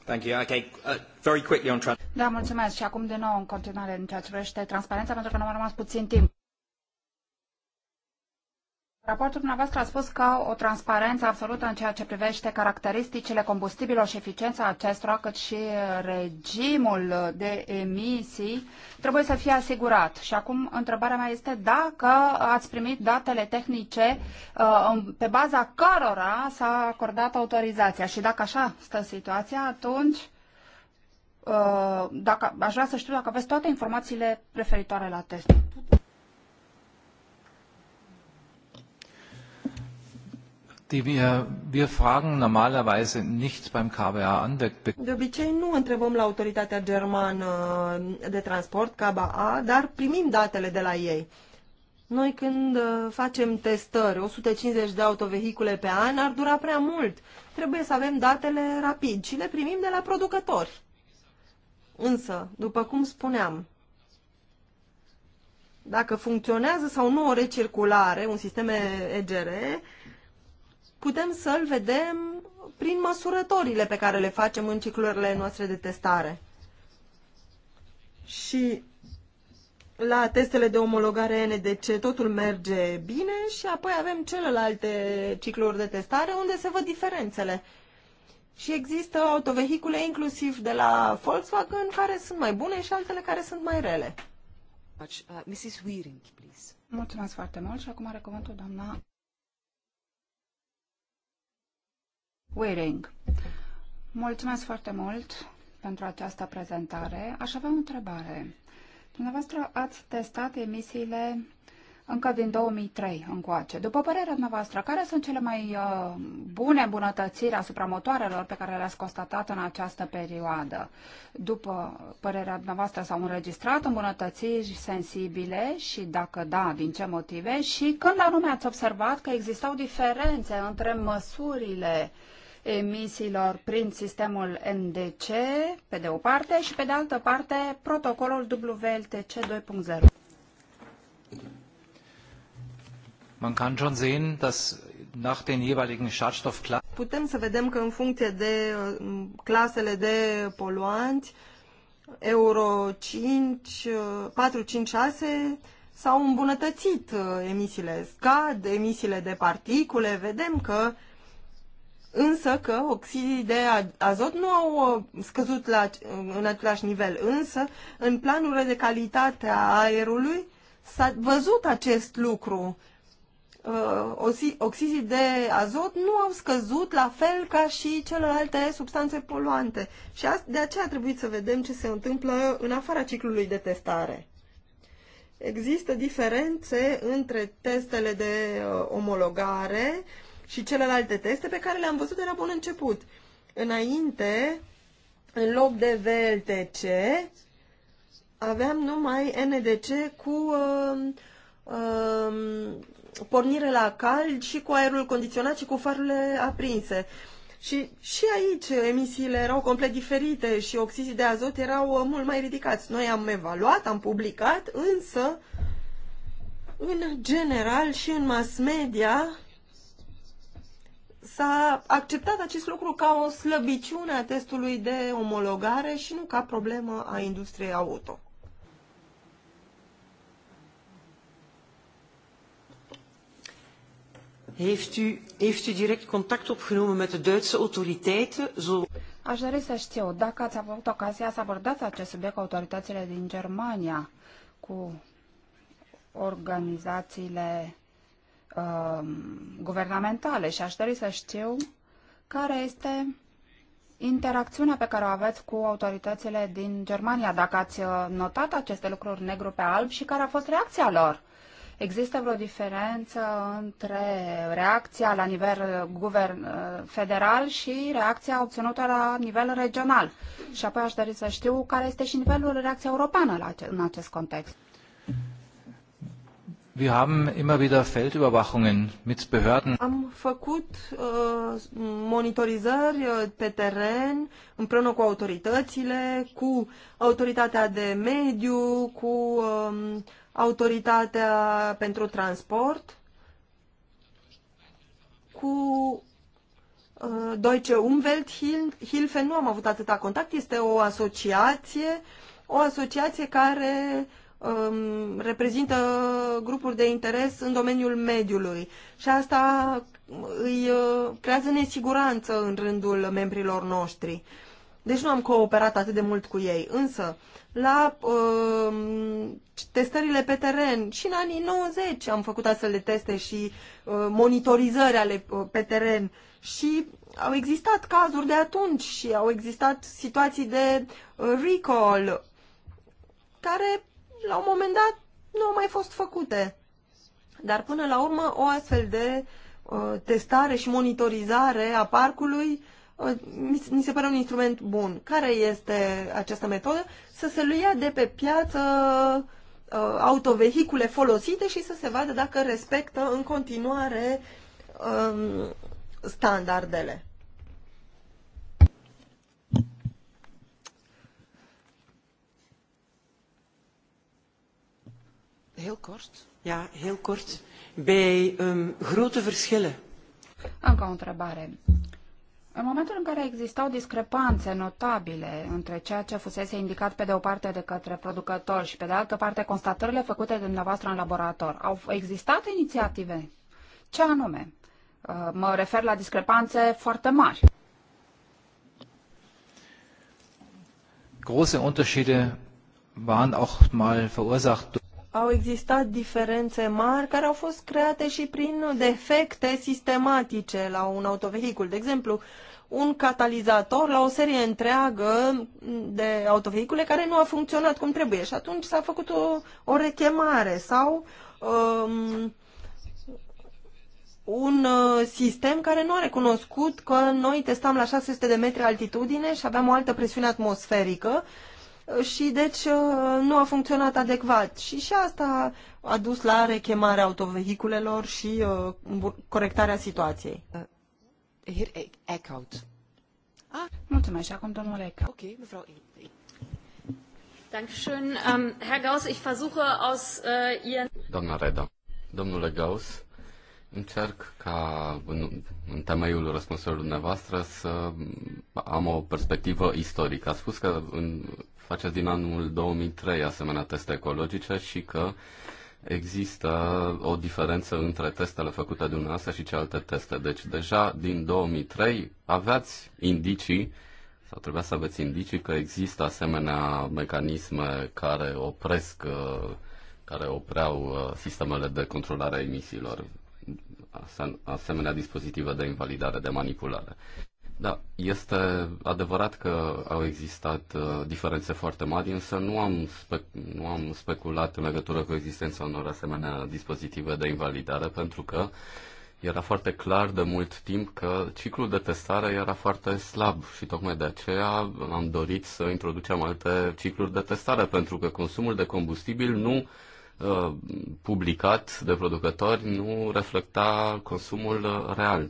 Thank you. Okay. Uh, very quickly on... Da, mulțumesc. Și acum din nou în continuare în ceea ce privește transparența, pentru că nu am rămas puțin timp. Raportul dumneavoastră a spus că o transparență absolută în ceea ce privește caracteristicile combustibilor și eficiența acestora, cât și regimul de emisii, trebuie să fie asigurat. Și acum întrebarea mea este dacă ați primit datele tehnice uh, pe baza cărora s-a acordat autorizația și dacă așa stă situația, atunci uh, dacă, aș vrea să știu dacă aveți toate informațiile referitoare la test. die wir, wir fragen normalerweise nicht beim KBA an. De obicei nu întrebăm la autoritatea germană de transport, KBA, dar primim datele de la ei. Noi când uh, facem testări, 150 de autovehicule pe an, ar dura prea mult. Trebuie să avem datele rapid și le primim de la producători. Însă, după cum spuneam, dacă funcționează sau nu o recirculare, un sistem EGR, putem să-l vedem prin măsurătorile pe care le facem în ciclurile noastre de testare. Și la testele de omologare NDC totul merge bine și apoi avem celelalte cicluri de testare unde se văd diferențele. Și există autovehicule inclusiv de la Volkswagen care sunt mai bune și altele care sunt mai rele. Mrs. Uh, Weering, please. Mulțumesc foarte mult și acum are cuvântul doamna Weiring. Mulțumesc foarte mult pentru această prezentare. Aș avea o întrebare. Dumneavoastră ați testat emisiile încă din 2003 încoace. După părerea dumneavoastră, care sunt cele mai uh, bune îmbunătățiri asupra motoarelor pe care le-ați constatat în această perioadă? După părerea dumneavoastră, s-au înregistrat îmbunătățiri sensibile și, dacă da, din ce motive? Și când anume ați observat că existau diferențe între măsurile uh, emisiilor prin sistemul NDC, pe de o parte, și pe de altă parte protocolul WLTC 2.0. Putem să vedem că în funcție de uh, clasele de poluanți, Euro 5, 4, 5, 6 s-au îmbunătățit uh, emisiile. Scad emisiile de particule, vedem că însă că oxizii de azot nu au uh, scăzut la, în același nivel, însă în planurile de calitate a aerului s-a văzut acest lucru. Uh, oxizii de azot nu au scăzut la fel ca și celelalte substanțe poluante și de aceea trebuie să vedem ce se întâmplă în afara ciclului de testare. Există diferențe între testele de uh, omologare uh, și celelalte teste pe care le-am văzut de la bun început. Înainte, în loc de VLTC, aveam numai NDC cu uh, uh, pornire la cald și cu aerul condiționat și cu farurile aprinse. Și, și aici emisiile erau complet diferite și oxizii de azot erau uh, mult mai ridicați. Noi am evaluat, am publicat, însă, în general și în mass media, s-a acceptat acest lucru ca o slăbiciune a testului de omologare și nu ca problemă a industriei auto. Heeft u, heeft u direct contact opgenomen met de Duitse autoriteiten? Zo... Aș dori să știu dacă ați avut ocazia să abordați acest subiect cu autoritățile din Germania, cu organizațiile Um, guvernamentale și aș dori să știu care este interacțiunea pe care o aveți cu autoritățile din Germania, dacă ați uh, notat aceste lucruri negru pe alb și care a fost reacția lor. Există vreo diferență între reacția la nivel uh, guvern uh, federal și reacția obținută la nivel regional? Și apoi aș dori să știu care este și nivelul reacției europeană în acest context. Wir haben immer wieder Feldüberwachungen mit Behörden. Am făcut uh, monitorizări uh, pe teren împreună cu autoritățile, cu autoritatea de mediu, cu um, autoritatea pentru transport, cu uh, Deutsche Umwelt Hilfe. Nu am avut atâta contact, este o asociație, o asociație care uh, Um, reprezintă grupuri de interes în domeniul mediului și asta um, îi uh, creează nesiguranță în rândul membrilor noștri. Deci nu am cooperat atât de mult cu ei, însă la uh, testările pe teren și în anii 90 am făcut astfel de teste și uh, monitorizări ale, uh, pe teren și au existat cazuri de atunci și au existat situații de uh, recall care la un moment dat nu au mai fost făcute. Dar până la urmă o astfel de uh, testare și monitorizare a parcului uh, mi, se pare un instrument bun. Care este această metodă? Să se luia de pe piață uh, autovehicule folosite și să se vadă dacă respectă în continuare um, standardele. heel kort. Ja, heel kort. Bij um, grote verschillen. Încă o întrebare. În momentul în care existau discrepanțe notabile între ceea ce fusese indicat pe de o parte de către producător și pe de altă parte constatările făcute de dumneavoastră în laborator, au existat inițiative? Ce anume? Ă, mă refer la discrepanțe foarte mari. Große Unterschiede waren auch mal verursacht au existat diferențe mari care au fost create și prin defecte sistematice la un autovehicul. De exemplu, un catalizator la o serie întreagă de autovehicule care nu a funcționat cum trebuie și atunci s-a făcut o, o rechemare sau um, un uh, sistem care nu a recunoscut că noi testam la 600 de metri altitudine și aveam o altă presiune atmosferică și deci uh, nu a funcționat adecvat. Și și asta a dus la rechemarea autovehiculelor și uh, corectarea situației. Uh, Eckhout. Ah. Mulțumesc. Acum domnul Eckhout. Ok, vreau Dankeschön. Um, Herr Gauss, ich versuche aus uh, Ihren... Doamna Reda, domnule Gauss, Încerc ca, în, în temeiul răspunsului dumneavoastră, să am o perspectivă istorică. A spus că în, face din anul 2003 asemenea teste ecologice și că există o diferență între testele făcute de dumneavoastră și celelalte teste. Deci deja din 2003 aveați indicii sau trebuia să aveți indicii că există asemenea mecanisme care opresc, uh, care opreau uh, sistemele de controlare a emisiilor, asemenea dispozitive de invalidare, de manipulare. Da, este adevărat că au existat uh, diferențe foarte mari, însă nu am, spe- nu am speculat în legătură cu existența unor asemenea dispozitive de invalidare, pentru că era foarte clar de mult timp că ciclul de testare era foarte slab și tocmai de aceea am dorit să introducem alte cicluri de testare, pentru că consumul de combustibil nu uh, publicat de producători nu reflecta consumul real.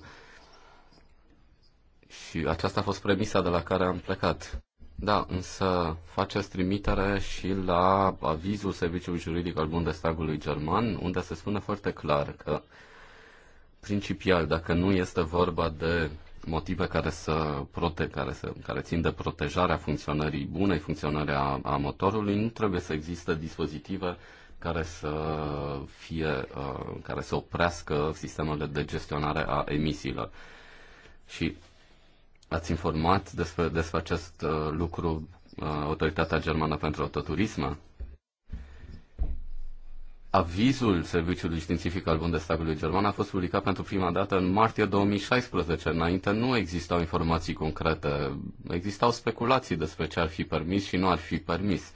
Și aceasta a fost premisa de la care am plecat. Da, însă faceți trimitere și la avizul Serviciului Juridic al Bundestagului German, unde se spune foarte clar că, principial, dacă nu este vorba de motive care, să prote- care, să, care țin de protejarea funcționării bunei, funcționarea a motorului, nu trebuie să existe dispozitive care să fie, uh, care să oprească sistemele de gestionare a emisiilor. Și ați informat despre, despre acest uh, lucru uh, Autoritatea Germană pentru Autoturism? Avizul Serviciului Științific al Bundestagului German a fost publicat pentru prima dată în martie 2016. Înainte nu existau informații concrete, existau speculații despre ce ar fi permis și nu ar fi permis.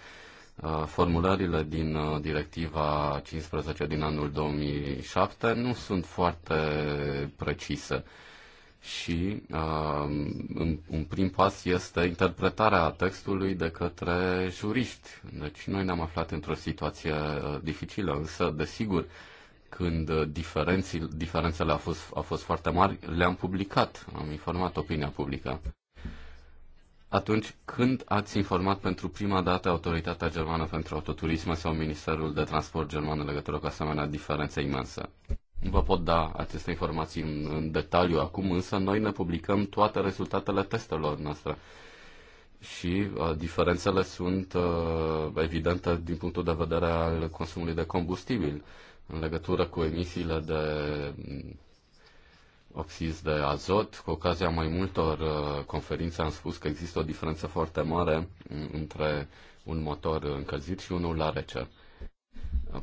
Uh, formulările din directiva 15 din anul 2007 nu sunt foarte precise și uh, un prim pas este interpretarea textului de către juriști. Deci noi ne-am aflat într-o situație uh, dificilă, însă, desigur, când uh, diferențele au fost, au fost foarte mari, le-am publicat, am informat opinia publică. Atunci, când ați informat pentru prima dată Autoritatea Germană pentru Autoturisme sau Ministerul de Transport German în legătură cu asemenea diferențe imensă? Vă pot da aceste informații în, în detaliu acum, însă noi ne publicăm toate rezultatele testelor noastre și uh, diferențele sunt uh, evidente din punctul de vedere al consumului de combustibil în legătură cu emisiile de mm, oxiz de azot. Cu ocazia mai multor uh, conferințe am spus că există o diferență foarte mare mm, între un motor încălzit și unul la rece.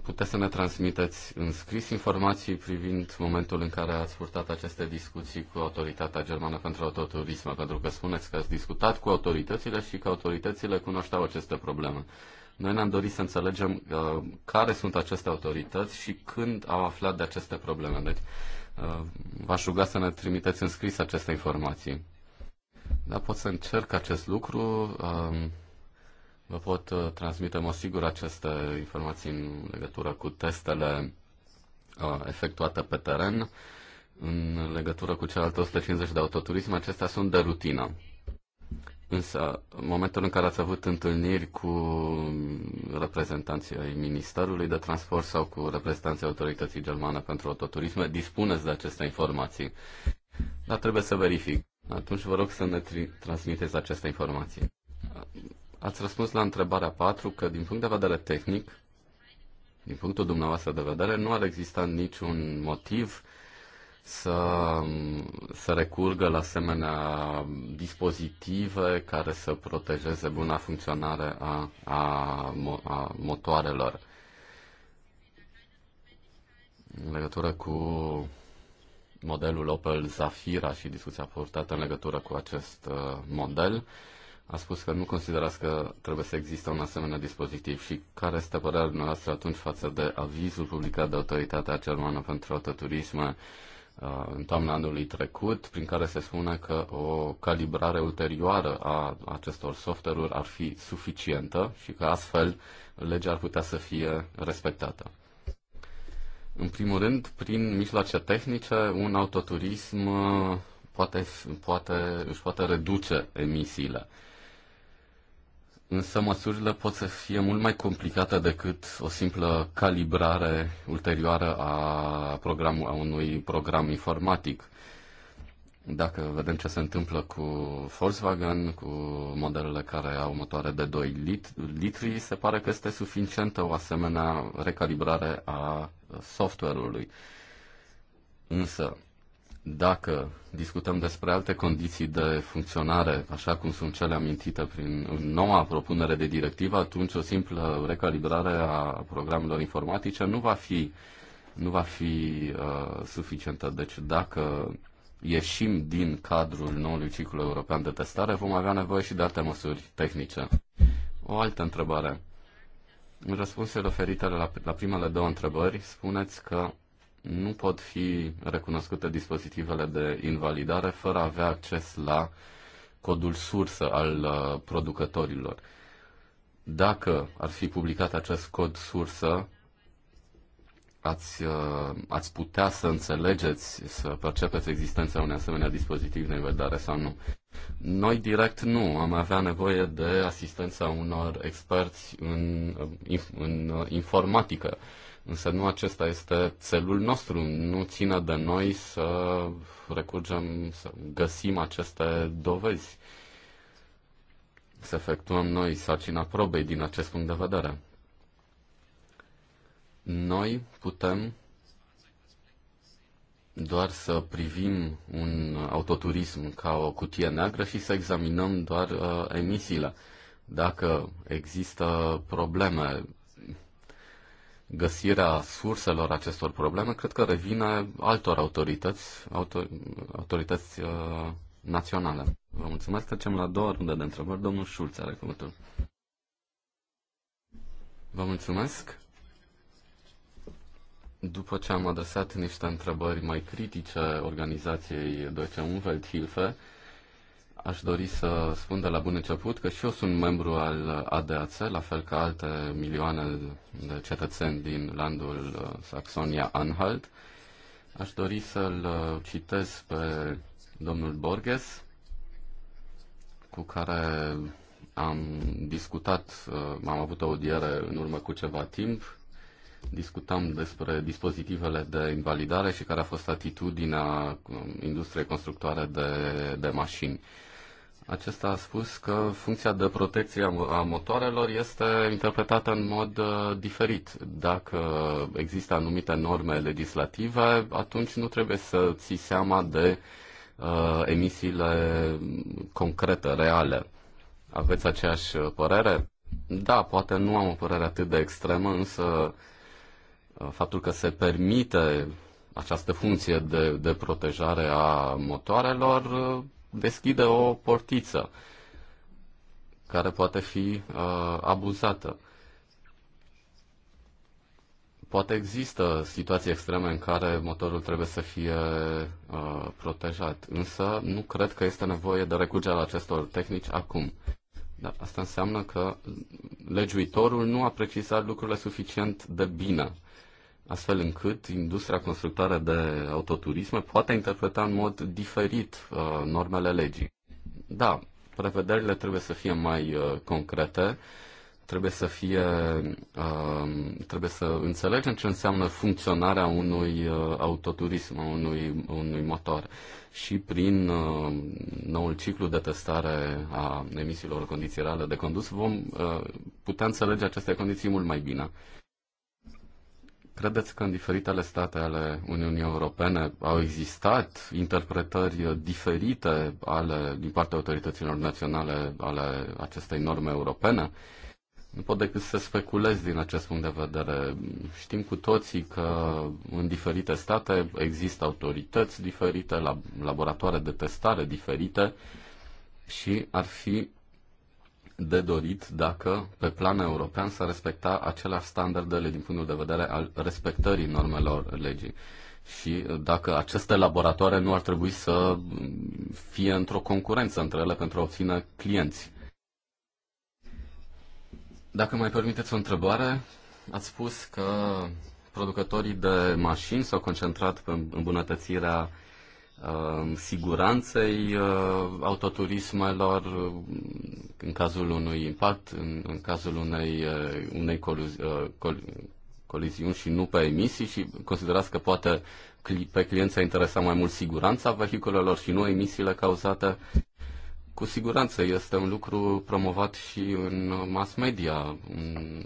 Puteți să ne transmiteți în scris informații privind momentul în care ați purtat aceste discuții cu autoritatea germană pentru autoturism, pentru că spuneți că ați discutat cu autoritățile și că autoritățile cunoșteau aceste probleme. Noi ne-am dorit să înțelegem uh, care sunt aceste autorități și când au aflat de aceste probleme. Deci uh, v-aș ruga să ne trimiteți în scris aceste informații. Dar pot să încerc acest lucru. Uh, Vă pot uh, transmite, mă sigur, aceste informații în legătură cu testele uh, efectuate pe teren. În legătură cu celelalte 150 de autoturisme, acestea sunt de rutină. Însă, în momentul în care ați avut întâlniri cu reprezentanții ai Ministerului de Transport sau cu reprezentanții Autorității Germane pentru Autoturisme, dispuneți de aceste informații. Dar trebuie să verific. Atunci vă rog să ne tri- transmiteți aceste informații. Ați răspuns la întrebarea 4 că din punct de vedere tehnic, din punctul dumneavoastră de vedere, nu ar exista niciun motiv să, să recurgă la asemenea dispozitive care să protejeze buna funcționare a, a, a motoarelor. În legătură cu modelul Opel Zafira și discuția purtată în legătură cu acest uh, model, a spus că nu considerați că trebuie să existe un asemenea dispozitiv și care este părerea noastră atunci față de avizul publicat de Autoritatea Germană pentru Autoturisme uh, în toamna anului trecut, prin care se spune că o calibrare ulterioară a acestor software-uri ar fi suficientă și că astfel legea ar putea să fie respectată. În primul rând, prin mijloace tehnice, un autoturism poate, poate, își poate reduce emisiile. Însă măsurile pot să fie mult mai complicate decât o simplă calibrare ulterioară a, programul, a unui program informatic. Dacă vedem ce se întâmplă cu Volkswagen, cu modelele care au motoare de 2 lit- litri, se pare că este suficientă o asemenea recalibrare a software-ului. Însă, dacă discutăm despre alte condiții de funcționare, așa cum sunt cele amintite prin noua propunere de directivă, atunci o simplă recalibrare a programelor informatice nu va fi, nu va fi uh, suficientă. Deci dacă ieșim din cadrul noului ciclu european de testare, vom avea nevoie și de alte măsuri tehnice. O altă întrebare. În răspunsurile oferite la, la primele două întrebări, spuneți că nu pot fi recunoscute dispozitivele de invalidare fără a avea acces la codul sursă al uh, producătorilor. Dacă ar fi publicat acest cod sursă, ați, uh, ați putea să înțelegeți, să percepeți existența unui asemenea dispozitiv de invalidare sau nu. Noi direct nu, am avea nevoie de asistența unor experți în, uh, în informatică Însă nu acesta este țelul nostru. Nu ține de noi să recurgem, să găsim aceste dovezi. Să efectuăm noi sarcina probei din acest punct de vedere. Noi putem doar să privim un autoturism ca o cutie neagră și să examinăm doar uh, emisiile. Dacă există probleme găsirea surselor acestor probleme, cred că revine altor autorități, autor, autorități uh, naționale. Vă mulțumesc. Trecem la a doua rundă de întrebări. Domnul Șulț are cuvântul. Vă mulțumesc. După ce am adresat niște întrebări mai critice organizației Deutsche Umwelthilfe, Hilfe, Aș dori să spun de la bun început că și eu sunt membru al ADAC, la fel ca alte milioane de cetățeni din landul uh, Saxonia-Anhalt. Aș dori să-l uh, citez pe domnul Borges, cu care am discutat, uh, am avut o audiere în urmă cu ceva timp, discutam despre dispozitivele de invalidare și care a fost atitudinea industriei constructoare de, de mașini. Acesta a spus că funcția de protecție a motoarelor este interpretată în mod uh, diferit. Dacă există anumite norme legislative, atunci nu trebuie să ții seama de uh, emisiile concrete, reale. Aveți aceeași părere? Da, poate nu am o părere atât de extremă, însă uh, faptul că se permite această funcție de, de protejare a motoarelor uh, deschidă o portiță care poate fi uh, abuzată. Poate există situații extreme în care motorul trebuie să fie uh, protejat, însă nu cred că este nevoie de recurgerea acestor tehnici acum. Dar asta înseamnă că legiuitorul nu a precizat lucrurile suficient de bine astfel încât industria constructoare de autoturisme poate interpreta în mod diferit uh, normele legii. Da, prevederile trebuie să fie mai uh, concrete, trebuie să fie, uh, trebuie să înțelegem ce înseamnă funcționarea unui uh, autoturism, unui, unui motor. Și prin uh, noul ciclu de testare a emisiilor condiționale de condus vom uh, putea înțelege aceste condiții mult mai bine. Credeți că în diferitele state ale Uniunii Europene au existat interpretări diferite ale, din partea autorităților naționale ale acestei norme europene? Nu pot decât să speculez din acest punct de vedere. Știm cu toții că în diferite state există autorități diferite, laboratoare de testare diferite și ar fi de dorit dacă pe plan european s-ar respecta aceleași standardele din punctul de vedere al respectării normelor legii și dacă aceste laboratoare nu ar trebui să fie într-o concurență între ele pentru a obține clienți. Dacă mai permiteți o întrebare, ați spus că producătorii de mașini s-au concentrat pe îmbunătățirea Um, siguranței uh, autoturismelor uh, în cazul unui impact, în, în cazul unei, uh, unei coluzi, col, coliziuni și nu pe emisii și considerați că poate pe clienți a interesat mai mult siguranța vehiculelor și nu emisiile cauzate. Cu siguranță este un lucru promovat și în mass media, un,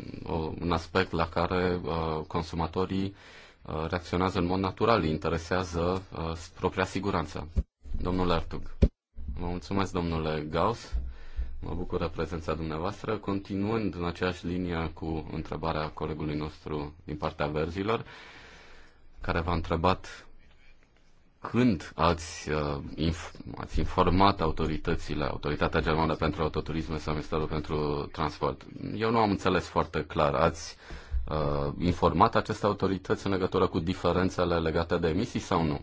un aspect la care uh, consumatorii uh, Uh, reacționează în mod natural, îi interesează uh, propria siguranță. Domnul Artug. Vă mulțumesc, domnule Gauss. Mă bucură prezența dumneavoastră. Continuând în aceeași linie cu întrebarea colegului nostru din partea verzilor, care v-a întrebat când ați, uh, inf- ați informat autoritățile, Autoritatea Germană pentru Autoturisme sau Ministerul pentru Transport. Eu nu am înțeles foarte clar. Ați uh, informat aceste autorități în legătură cu diferențele legate de emisii sau nu?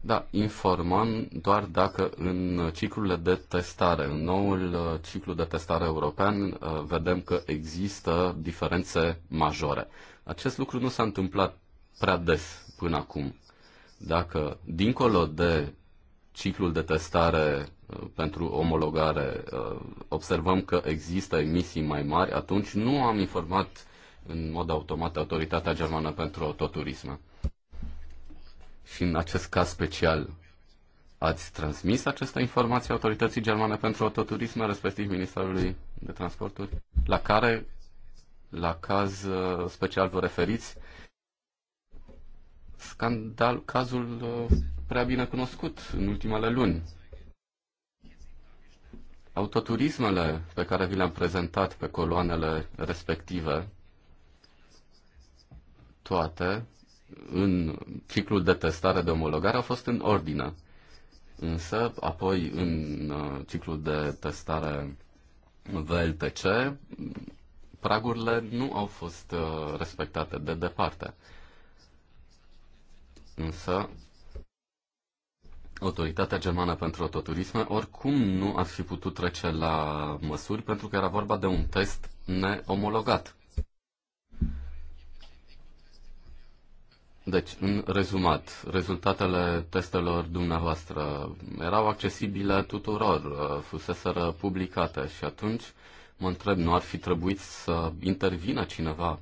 Da, informăm doar dacă în ciclurile de testare, în noul uh, ciclu de testare european, uh, vedem că există diferențe majore. Acest lucru nu s-a întâmplat prea des până acum. Dacă, dincolo de ciclul de testare uh, pentru omologare, observăm că există emisii mai mari, atunci nu am informat în mod automat autoritatea germană pentru autoturism. Și în acest caz special, ați transmis aceste informații autorității germane pentru autoturism, respectiv Ministerului de Transporturi, la care, la caz uh, special, vă referiți? Scandal, cazul uh, prea bine cunoscut în ultimele luni. Autoturismele pe care vi le-am prezentat pe coloanele respective toate în ciclul de testare de omologare au fost în ordine. Însă, apoi, în uh, ciclul de testare VLTC, pragurile nu au fost uh, respectate de departe. Însă, Autoritatea Germană pentru Autoturisme oricum nu ar fi putut trece la măsuri pentru că era vorba de un test neomologat. Deci, în rezumat, rezultatele testelor dumneavoastră erau accesibile tuturor, uh, fuseseră publicate și atunci mă întreb, nu ar fi trebuit să intervină cineva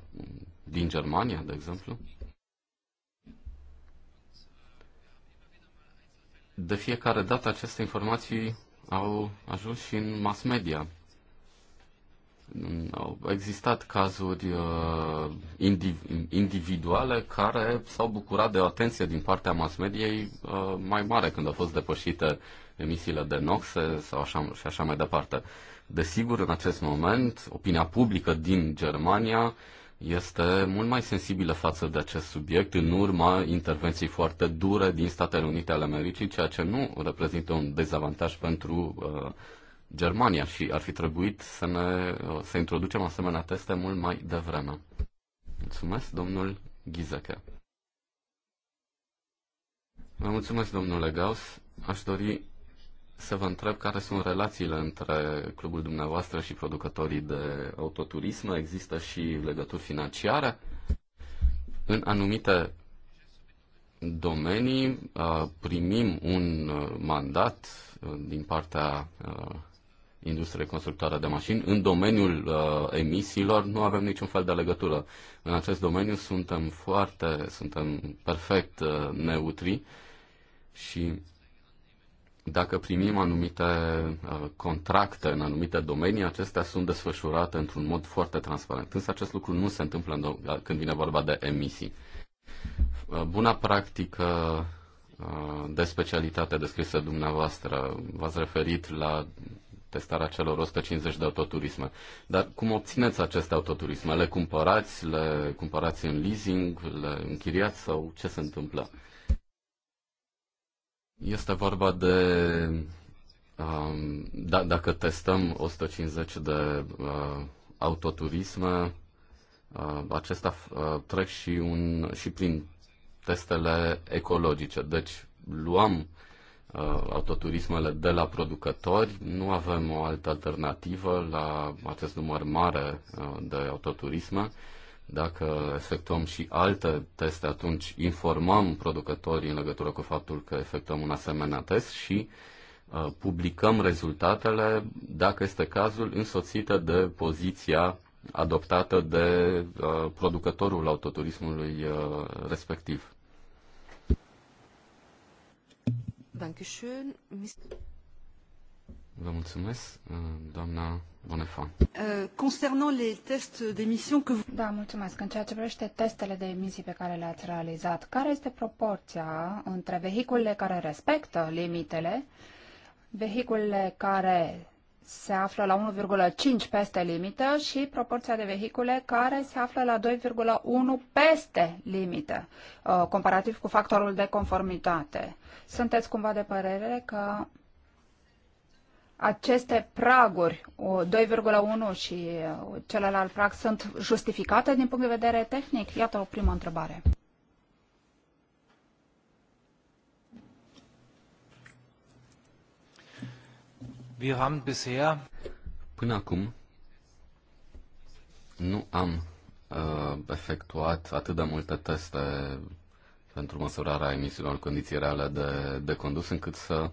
din Germania, de exemplu? De fiecare dată aceste informații au ajuns și în mass media. Au existat cazuri uh, individuale care s-au bucurat de o atenție din partea mass mediei uh, mai mare când au fost depășite emisiile de noxe sau așa, și așa mai departe. Desigur, în acest moment, opinia publică din Germania este mult mai sensibilă față de acest subiect în urma intervenții foarte dure din Statele Unite ale Americii, ceea ce nu reprezintă un dezavantaj pentru uh, Germania și ar fi trebuit să, ne, să introducem asemenea teste mult mai devreme. Mulțumesc, domnul Ghizeche. Vă mulțumesc, domnule Gauss. Aș dori să vă întreb care sunt relațiile între clubul dumneavoastră și producătorii de autoturism. Există și legături financiare? În anumite domenii uh, primim un uh, mandat uh, din partea industriei constructoare de mașini. În domeniul uh, emisiilor nu avem niciun fel de legătură. În acest domeniu suntem foarte, suntem perfect uh, neutri și dacă primim anumite uh, contracte în anumite domenii, acestea sunt desfășurate într-un mod foarte transparent. Însă acest lucru nu se întâmplă când vine vorba de emisii. Uh, buna practică uh, de specialitate descrisă dumneavoastră. V-ați referit la testarea celor 150 de autoturisme. Dar cum obțineți aceste autoturisme? Le cumpărați, le cumpărați în leasing, le închiriați sau ce se întâmplă? Este vorba de um, da, dacă testăm 150 de uh, autoturisme, uh, acestea uh, trec și, un, și prin testele ecologice. Deci luăm uh, Uh, autoturismele de la producători. Nu avem o altă alternativă la acest număr mare uh, de autoturisme. Dacă efectuăm și alte teste, atunci informăm producătorii în legătură cu faptul că efectuăm un asemenea test și uh, publicăm rezultatele, dacă este cazul, însoțită de poziția adoptată de producătorul autoturismului respectiv. Vă mulțumesc, uh, doamna Bonefa. Uh, Concernant les tests d'émission que Da, mulțumesc. În ceea ce privește testele de emisii pe care le-ați realizat, care este proporția între vehiculele care respectă limitele, vehiculele care se află la 1,5 peste limită și proporția de vehicule care se află la 2,1 peste limită, uh, comparativ cu factorul de conformitate. Sunteți cumva de părere că aceste praguri, 2,1 și uh, celălalt prag, sunt justificate din punct de vedere tehnic? Iată o primă întrebare. Wir haben bisher Până acum nu am uh, efectuat atât de multe teste pentru măsurarea emisiilor condiții reale de, de condus, încât să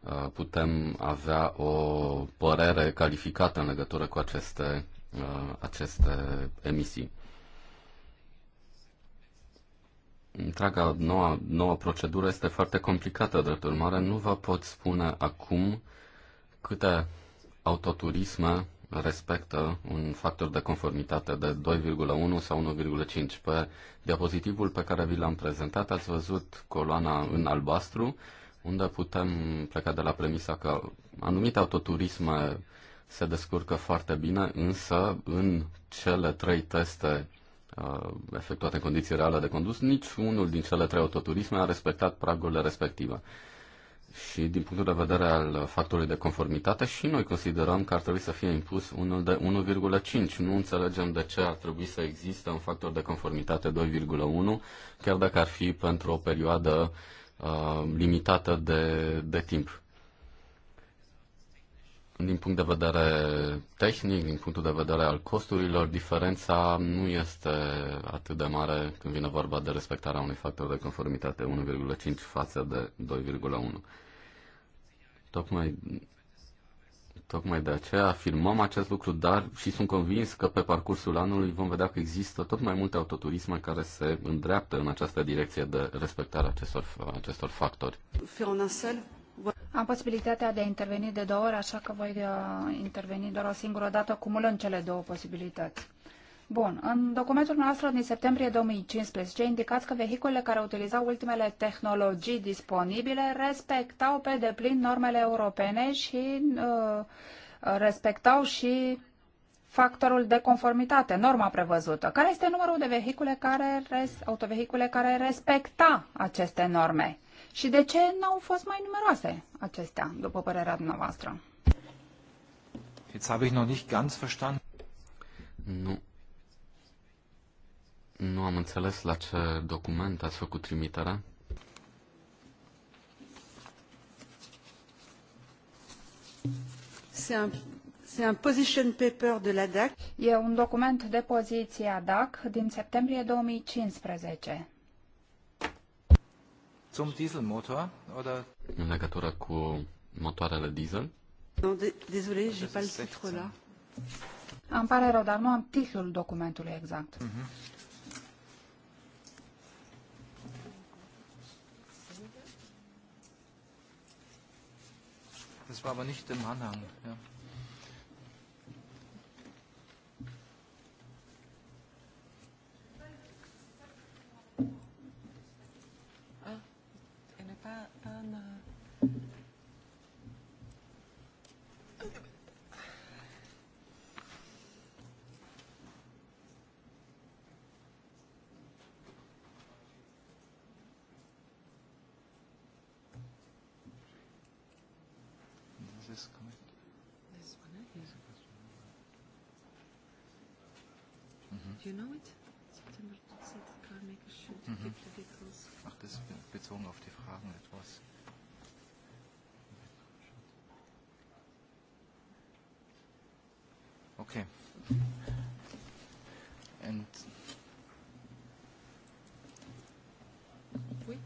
uh, putem avea o părere calificată în legătură cu aceste, uh, aceste emisii. Întreaga noua, noua procedură este foarte complicată, drept urmare nu vă pot spune acum Câte autoturisme respectă un factor de conformitate de 2,1 sau 1,5. Pe diapozitivul pe care vi l-am prezentat ați văzut coloana în albastru, unde putem pleca de la premisa că anumite autoturisme se descurcă foarte bine, însă în cele trei teste uh, efectuate în condiții reale de condus, nici unul din cele trei autoturisme a respectat pragurile respective și din punctul de vedere al factorului de conformitate și noi considerăm că ar trebui să fie impus unul de 1,5. Nu înțelegem de ce ar trebui să existe un factor de conformitate 2,1, chiar dacă ar fi pentru o perioadă uh, limitată de, de timp din punct de vedere tehnic, din punctul de vedere al costurilor, diferența nu este atât de mare când vine vorba de respectarea unui factor de conformitate 1,5 față de 2,1. Tocmai, tocmai de aceea afirmăm acest lucru, dar și sunt convins că pe parcursul anului vom vedea că există tot mai multe autoturisme care se îndreaptă în această direcție de respectarea acestor, acestor factori. Fernandel? Am posibilitatea de a interveni de două ori, așa că voi uh, interveni doar o singură dată, cumulând cele două posibilități. Bun, în documentul nostru din septembrie 2015 indicați că vehiculele care utilizau ultimele tehnologii disponibile respectau pe deplin normele europene și uh, respectau și factorul de conformitate, norma prevăzută. Care este numărul de vehicule care, autovehicule care respecta aceste norme? Și de ce n-au fost mai numeroase acestea, după părerea dumneavoastră? Jetzt habe ich noch nicht ganz verstanden. Nu. Nu am înțeles la ce document ați făcut trimiterea. C'est un C'est un position paper de la DAC. E un document de poziție a DAC din septembrie 2015 zum Dieselmotor oder? În legătură cu motoarele diesel? Nu, désolé, j'ai pas le titre là. Îmi pare rău, dar nu am titlul documentului exact. Mm-hmm. Das war aber nicht im Anhang. Ja. Anna Okay. And oui.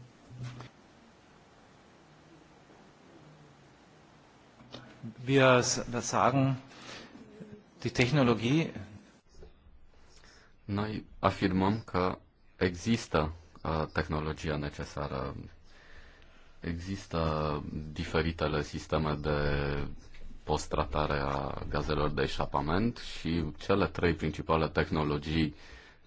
Wir sagen, die Technologie Noi afirmăm că există uh, tehnologia necesară. Există diferitele sisteme de post-tratare a gazelor de eșapament și cele trei principale tehnologii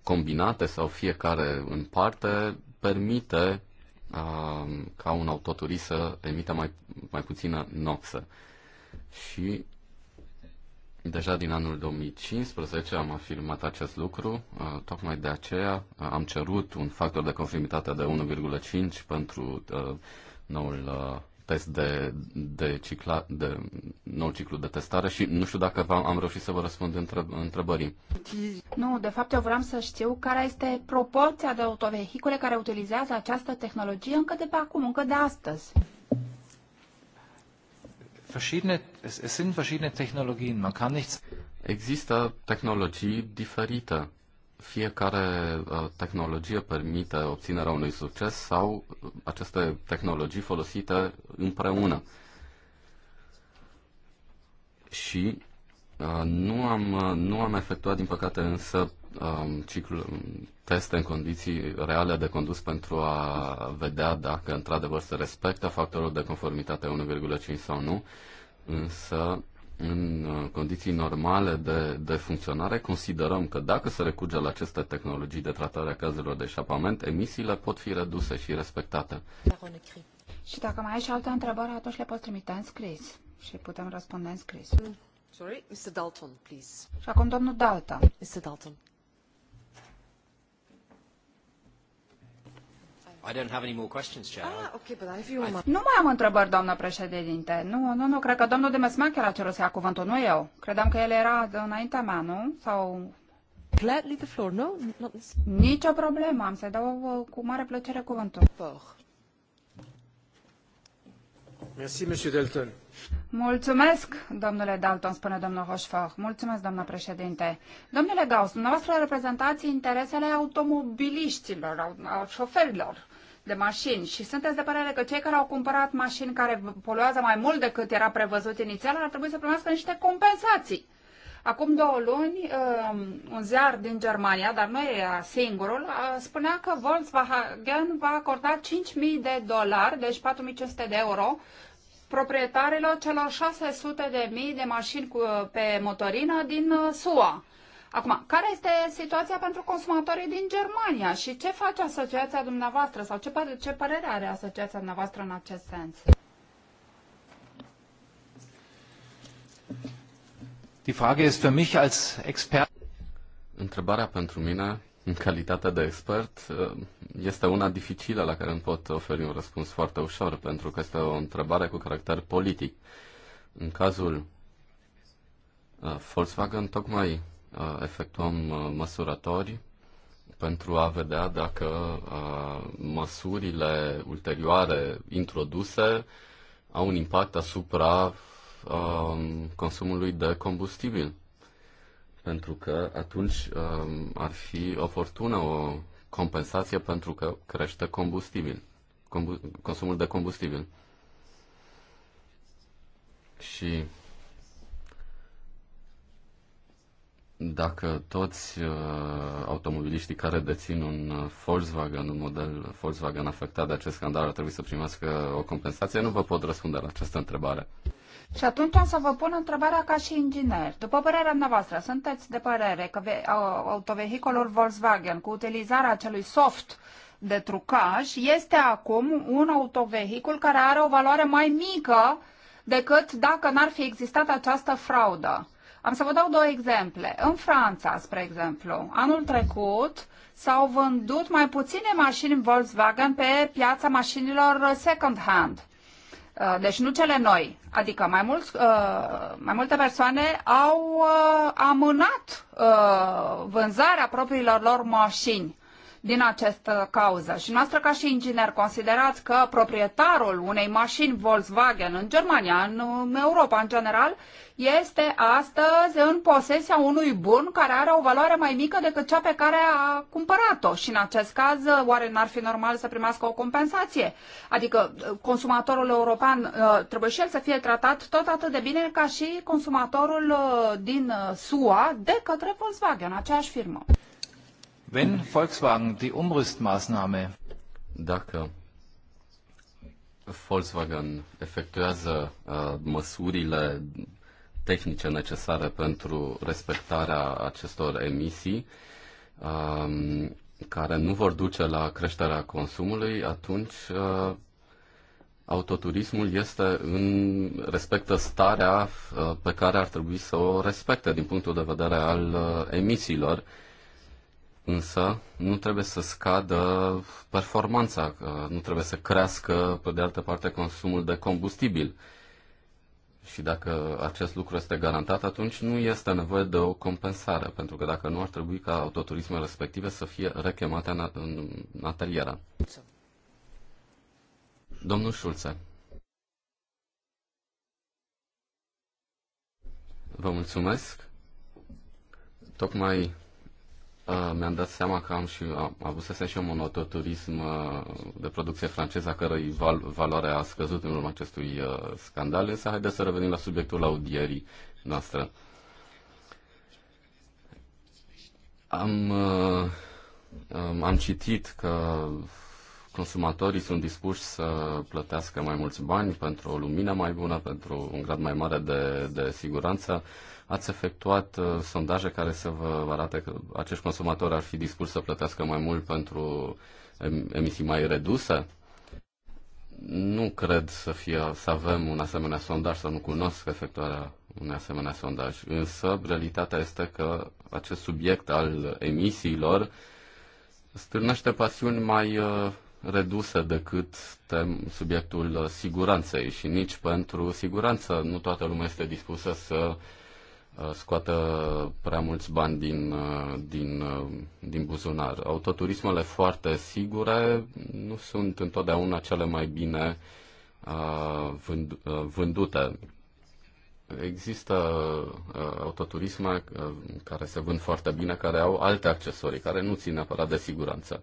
combinate sau fiecare în parte permite a, uh, ca un autoturist să emite mai, mai puțină noxă. Și deja din anul 2015 am afirmat acest lucru, a, uh, tocmai de aceea uh, am cerut un factor de conformitate de 1,5 pentru a, noul test de, de, cicla, de nou ciclu de testare și nu știu dacă am reușit să vă răspund întreb, întrebării. Nu, de fapt eu vreau să știu care este proporția de autovehicule care utilizează această tehnologie încă de pe acum, încă de astăzi. Verschiedene, es, es sind verschiedene Technologien. Man kann nichts Există tehnologii diferite fiecare uh, tehnologie permite obținerea unui succes sau aceste tehnologii folosite împreună. Și uh, nu am, uh, nu am efectuat, din păcate, însă um, ciclul um, teste în condiții reale de condus pentru a vedea dacă într-adevăr se respectă factorul de conformitate 1,5 sau nu, însă în uh, condiții normale de, de funcționare, considerăm că dacă se recurge la aceste tehnologii de tratare a cazurilor de eșapament, emisiile pot fi reduse și respectate. Și dacă mai ai și alte întrebări, atunci le poți trimite în scris și putem răspunde în scris. Sorry, Mr. Dalton, please. Și acum domnul Dalton. Mr. Dalton. I don't have any more questions, Chair. Ah, okay, but you... Nu mai am întrebări, doamnă președinte. Nu, nu, nu, cred că domnul de Mesmacher a cerut să ia cuvântul, nu eu. Credeam că el era înaintea mea, nu? Sau... Gladly the floor. No, not... Nici o problemă, am să dau uh, cu mare plăcere cuvântul. Merci, Monsieur Dalton. Mulțumesc, domnule Dalton, spune domnul Rochefort. Mulțumesc, doamnă președinte. Domnule Gauss, dumneavoastră reprezentați interesele automobiliștilor, a șoferilor de mașini și sunteți de părere că cei care au cumpărat mașini care poluează mai mult decât era prevăzut inițial ar trebui să primească niște compensații. Acum două luni, um, un ziar din Germania, dar nu era singurul, spunea că Volkswagen va acorda 5.000 de dolari, deci 4.500 de euro, proprietarilor celor 600.000 de mii de mașini cu, pe motorină din uh, SUA. Acum, care este situația pentru consumatorii din Germania și ce face asociația dumneavoastră sau ce, păr- ce părere are asociația dumneavoastră în acest sens? Die Frage ist für mich als Expert. Întrebarea pentru mine, în calitate de expert, este una dificilă la care îmi pot oferi un răspuns foarte ușor, pentru că este o întrebare cu caracter politic. În cazul uh, Volkswagen, tocmai efectuăm măsurători pentru a vedea dacă măsurile ulterioare introduse au un impact asupra consumului de combustibil. Pentru că atunci ar fi oportună o compensație pentru că crește combustibil, consumul de combustibil. Și dacă toți uh, automobiliștii care dețin un uh, Volkswagen, un model Volkswagen afectat de acest scandal ar trebui să primească o compensație, nu vă pot răspunde la această întrebare. Și atunci am să vă pun întrebarea ca și inginer. După părerea noastră, sunteți de părere că autovehicolul Volkswagen cu utilizarea acelui soft de trucaj este acum un autovehicul care are o valoare mai mică decât dacă n-ar fi existat această fraudă. Am să vă dau două exemple. În Franța, spre exemplu, anul trecut s-au vândut mai puține mașini Volkswagen pe piața mașinilor second-hand. Uh, deci nu cele noi. Adică mai, mulți, uh, mai multe persoane au uh, amânat vânzarea propriilor lor mașini din această cauză. Și noastră ca și inginer considerați că proprietarul unei mașini Volkswagen în Germania, în Europa în general, este astăzi în posesia unui bun care are o valoare mai mică decât cea pe care a cumpărat-o. Și în acest caz, oare n-ar fi normal să primească o compensație? Adică consumatorul european uh, trebuie și el să fie tratat tot atât de bine ca și consumatorul uh, din uh, SUA de către Volkswagen, aceeași firmă. Wenn Volkswagen die Umrüstmaßnahme Dacă Volkswagen efectuează uh, măsurile tehnice necesare pentru respectarea acestor emisii, uh, care nu vor duce la creșterea consumului, atunci uh, autoturismul este în, respectă starea uh, pe care ar trebui să o respecte din punctul de vedere al uh, emisiilor însă nu trebuie să scadă performanța, nu trebuie să crească, pe de altă parte, consumul de combustibil. Și dacă acest lucru este garantat, atunci nu este nevoie de o compensare, pentru că dacă nu ar trebui ca autoturismele respective să fie rechemate în, în, în Domnul Șulțe. Vă mulțumesc. Tocmai Ah, mi-am dat seama că am și am să și un monototurism ah, de producție franceză, a cărei val, valoare a scăzut în urma acestui uh, scandal, însă haideți să revenim la subiectul audierii noastre. Am, uh, am citit că consumatorii sunt dispuși să plătească mai mulți bani pentru o lumină mai bună, pentru un grad mai mare de, de siguranță. Uh, Ați efectuat uh, sondaje care să vă arate că acești consumatori ar fi dispuși să plătească mai mult pentru emisii mai reduse? Nu cred să, fie, să avem un asemenea sondaj, să nu cunosc efectuarea unui asemenea sondaj. Însă, realitatea este că acest subiect al emisiilor stârnește pasiuni mai uh, reduse decât tem, subiectul siguranței și nici pentru siguranță nu toată lumea este dispusă să Uh, scoată prea mulți bani din, uh, din, uh, din buzunar. Autoturismele foarte sigure nu sunt întotdeauna cele mai bine vândute. Există autoturisme care se vând foarte bine, care au alte accesorii, care nu țin neapărat de siguranță.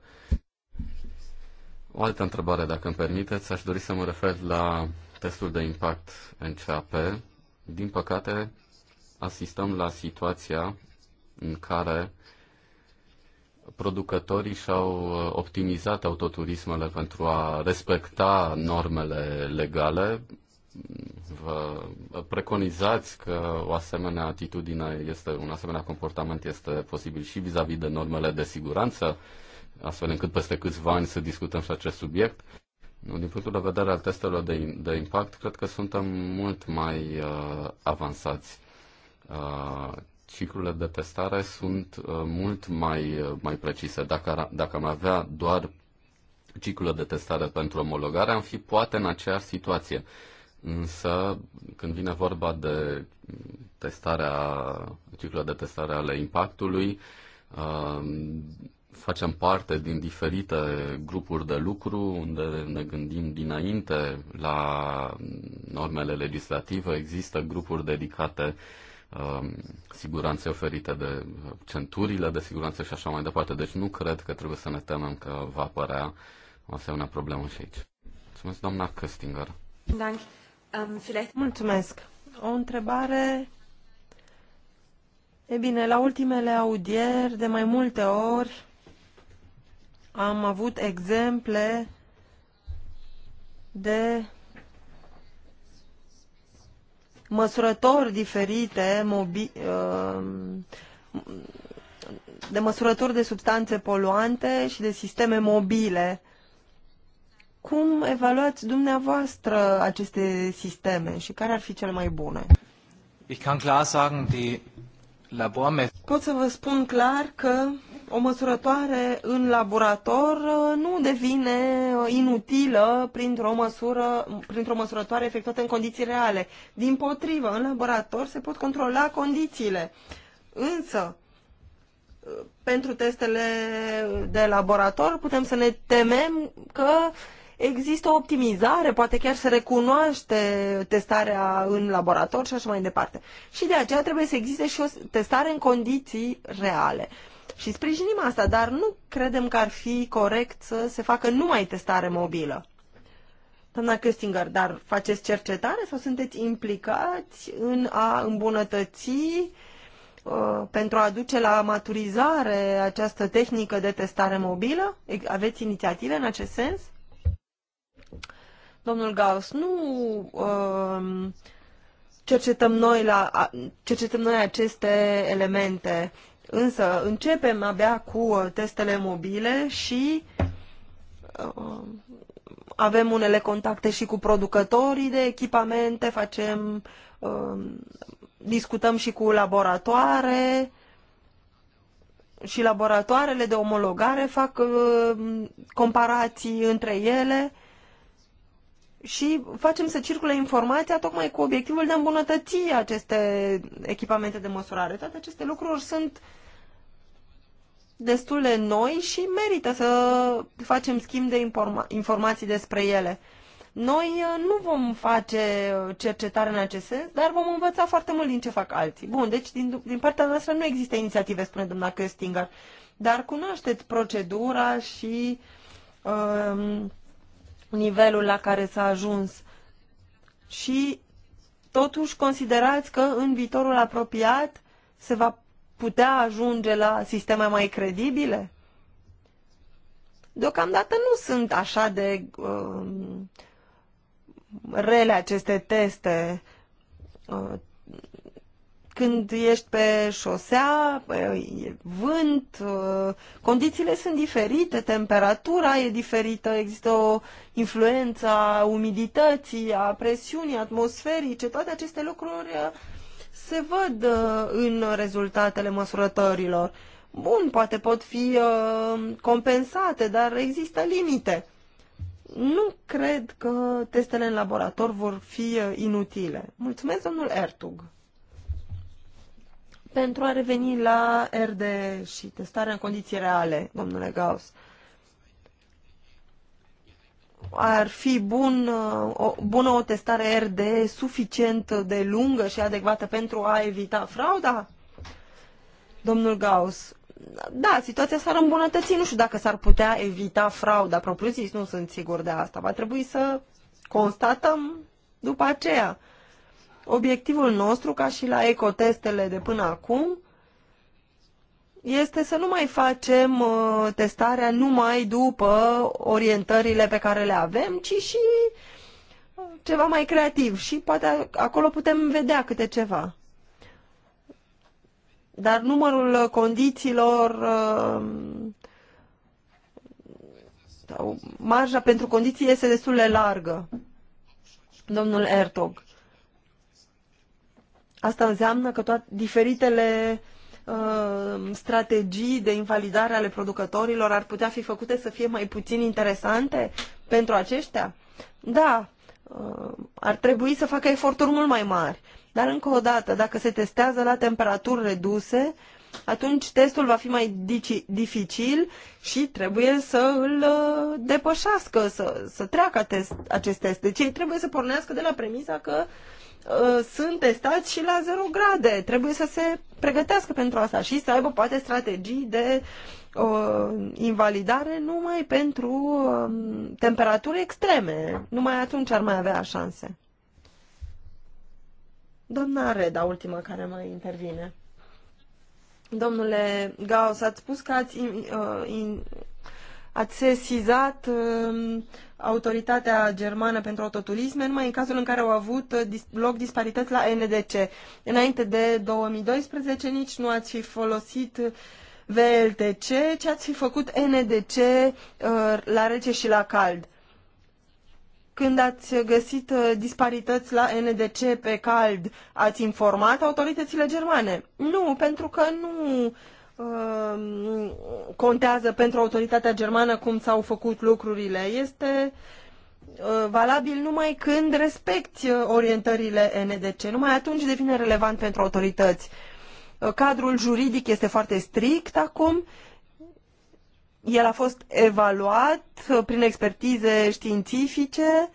O altă întrebare, dacă îmi permiteți, aș dori să mă refer la testul de impact NCAP. Din păcate, asistăm la situația în care producătorii și-au uh, optimizat autoturismele pentru a respecta normele legale. Vă preconizați că o asemenea atitudine este, un asemenea comportament este posibil și vis-a-vis -vis de normele de siguranță, astfel încât peste câțiva ani să discutăm și acest subiect. Din punctul de vedere al testelor de, de impact, cred că suntem mult mai uh, avansați Uh, ciclurile de testare sunt uh, mult mai, uh, mai precise. Dacă, dacă am avea doar ciclurile de testare pentru omologare, am fi poate în aceeași situație. Însă, când vine vorba de testarea, ciclurile de testare ale impactului, facem parte din diferite grupuri de lucru unde ne gândim dinainte la normele legislative. Există grupuri dedicate uh, Um, siguranței oferite de uh, centurile de siguranță și așa mai departe. Deci nu cred că trebuie să ne temem că va apărea o asemenea problemă și aici. Mulțumesc, doamna Căstinger. Um, Mulțumesc. O întrebare E bine, la ultimele audieri, de mai multe ori, am avut exemple de măsurători diferite mobi, uh, de măsurători de substanțe poluante și de sisteme mobile. Cum evaluați dumneavoastră aceste sisteme și care ar fi cele mai bune? Ich kann klar sagen, die Pot să vă spun clar că o măsurătoare în laborator uh, nu devine uh, inutilă printr-o, măsură, printr-o măsurătoare efectuată în condiții reale. Din potrivă, în laborator se pot controla condițiile. Însă, uh, pentru testele de laborator putem să ne temem că există o optimizare, poate chiar se recunoaște testarea în laborator și așa mai departe. Și de aceea trebuie să existe și o testare în condiții reale. Și sprijinim asta, dar nu credem că ar fi corect să se facă numai testare mobilă. Doamna Căstingăr, dar faceți cercetare sau sunteți implicați în a îmbunătăți uh, pentru a aduce la maturizare această tehnică de testare mobilă? Aveți inițiative în acest sens? Domnul Gauss, nu uh, cercetăm, noi la, cercetăm noi aceste elemente. Însă începem abia cu uh, testele mobile și uh, avem unele contacte și cu producătorii de echipamente, facem, uh, discutăm și cu laboratoare și laboratoarele de omologare fac uh, comparații între ele și facem să circule informația tocmai cu obiectivul de a îmbunătăți aceste echipamente de măsurare. Toate aceste lucruri sunt destul de noi și merită să facem schimb de informa- informații despre ele. Noi uh, nu vom face uh, cercetare în acest sens, dar vom învăța foarte mult din ce fac alții. Bun, deci din, din partea noastră nu există inițiative, spune doamna Köstinger, dar cunoașteți procedura și Uh, nivelul la care s-a ajuns și totuși considerați că în viitorul apropiat se va putea ajunge la sisteme mai credibile? Deocamdată nu sunt așa de uh, rele aceste teste. Uh, când ești pe șosea, e vânt, ă, condițiile sunt diferite, temperatura e diferită, există o influență a umidității, a presiunii atmosferice, toate aceste lucruri ă, se văd ă, în rezultatele măsurătorilor. Bun, poate pot fi compensate, dar există limite nu cred că testele în laborator vor fi inutile. Mulțumesc, domnul Ertug pentru a reveni la RD și testarea în condiții reale, domnule Gauss. Ar fi bun, uh, o, bună o testare RD suficient de lungă și adecvată pentru a evita frauda? Domnul Gauss, da, situația s-ar îmbunătăți, nu știu dacă s-ar putea evita frauda propriu-zis, nu sunt sigur de asta. Va trebui să constatăm după aceea. Obiectivul nostru, ca și la ecotestele de până acum, este să nu mai facem uh, testarea numai după orientările pe care le avem, ci și uh, ceva mai creativ și poate acolo putem vedea câte ceva. Dar numărul uh, condițiilor sau marja pentru condiții este destul de largă. Domnul Ertog. Asta înseamnă că toate diferitele uh, strategii de invalidare ale producătorilor ar putea fi făcute să fie mai puțin interesante pentru aceștia? Da, uh, ar trebui să facă eforturi mult mai mari. Dar încă o dată, dacă se testează la temperaturi reduse, atunci testul va fi mai dificil și trebuie să îl uh, depășească, să, să treacă test, acest test. Deci ei trebuie să pornească de la premisa că Uh, sunt testați și la 0 grade. Trebuie să se pregătească pentru asta și să aibă poate strategii de uh, invalidare numai pentru uh, temperaturi extreme. Numai atunci ar mai avea șanse. Doamna Reda, ultima care mai intervine. Domnule Gaus, ați spus că ați in, uh, in, ați sesizat uh, autoritatea germană pentru autoturisme numai în cazul în care au avut uh, dis loc disparități la NDC. Înainte de 2012 nici nu ați fi folosit VLTC, ci ați fi făcut NDC uh, la rece și la cald. Când ați găsit uh, disparități la NDC pe cald, ați informat autoritățile germane? Nu, pentru că nu Um, contează pentru autoritatea germană cum s-au făcut lucrurile. Este uh, valabil numai când respecti orientările NDC. Numai atunci devine relevant pentru autorități. Uh, cadrul juridic este foarte strict acum. El a fost evaluat uh, prin expertize științifice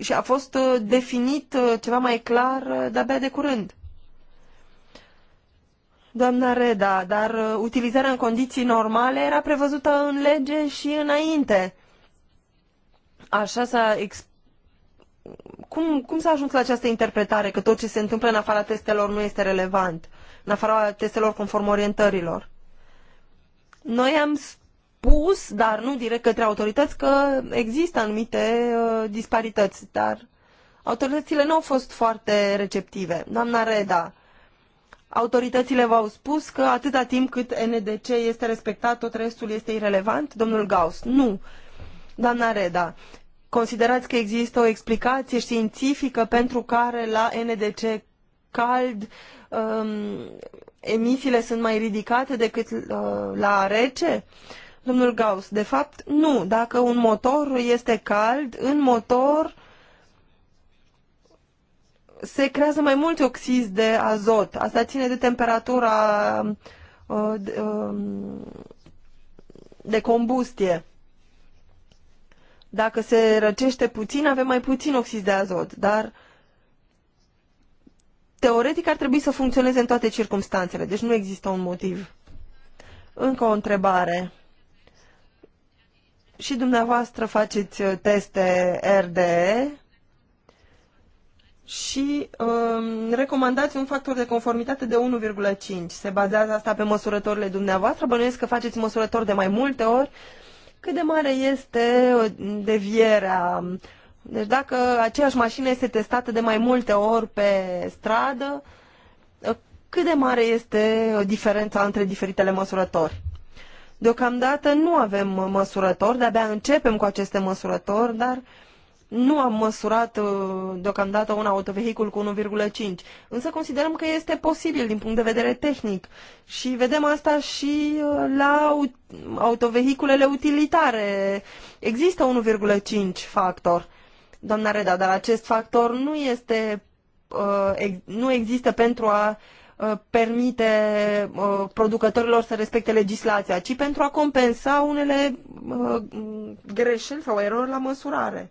și a fost definit ceva mai clar de-abia de curând doamna Reda, dar uh, utilizarea în condiții normale era prevăzută în lege și înainte. Așa s-a exp... cum, cum s-a ajuns la această interpretare că tot ce se întâmplă în afara testelor nu este relevant, în afara testelor conform orientărilor? Noi am spus, dar nu direct către autorități, că există anumite uh, disparități, dar autoritățile nu au fost foarte receptive. Doamna Reda, autoritățile v-au spus că atâta timp cât NDC este respectat, tot restul este irelevant? Domnul Gauss, nu. Doamna Reda, considerați că există o explicație științifică pentru care la NDC cald um, emisiile sunt mai ridicate decât uh, la rece? Domnul Gauss, de fapt, nu. Dacă un motor este cald, în motor uh, se creează mai mulți oxizi de azot. Asta ține de temperatura uh, um, de, combustie. Dacă se răcește puțin, avem mai puțin oxizi de azot, dar teoretic ar trebui să funcționeze în toate circumstanțele, deci nu există un motiv. Încă o întrebare. Și dumneavoastră faceți teste RDE și um, recomandați un factor de conformitate de 1,5. Se bazează asta pe măsurătorile dumneavoastră? Bănuiesc că faceți măsurători de mai multe ori. Cât de mare este uh, devierea? Deci dacă aceeași mașină este testată de mai multe ori pe stradă, uh, cât de mare este uh, diferența între diferitele măsurători? Deocamdată nu avem măsurători, de-abia începem cu aceste măsurători, dar uh, nu am măsurat uh, deocamdată un autovehicul cu 1,5, însă considerăm că este posibil din punct de vedere tehnic și vedem asta și uh, la autovehiculele utilitare. Există 1,5 factor. Doamna Reda, dar acest factor nu este uh, nu există pentru a permite producătorilor să respecte legislația, ci pentru a compensa unele greșeli sau erori la măsurare.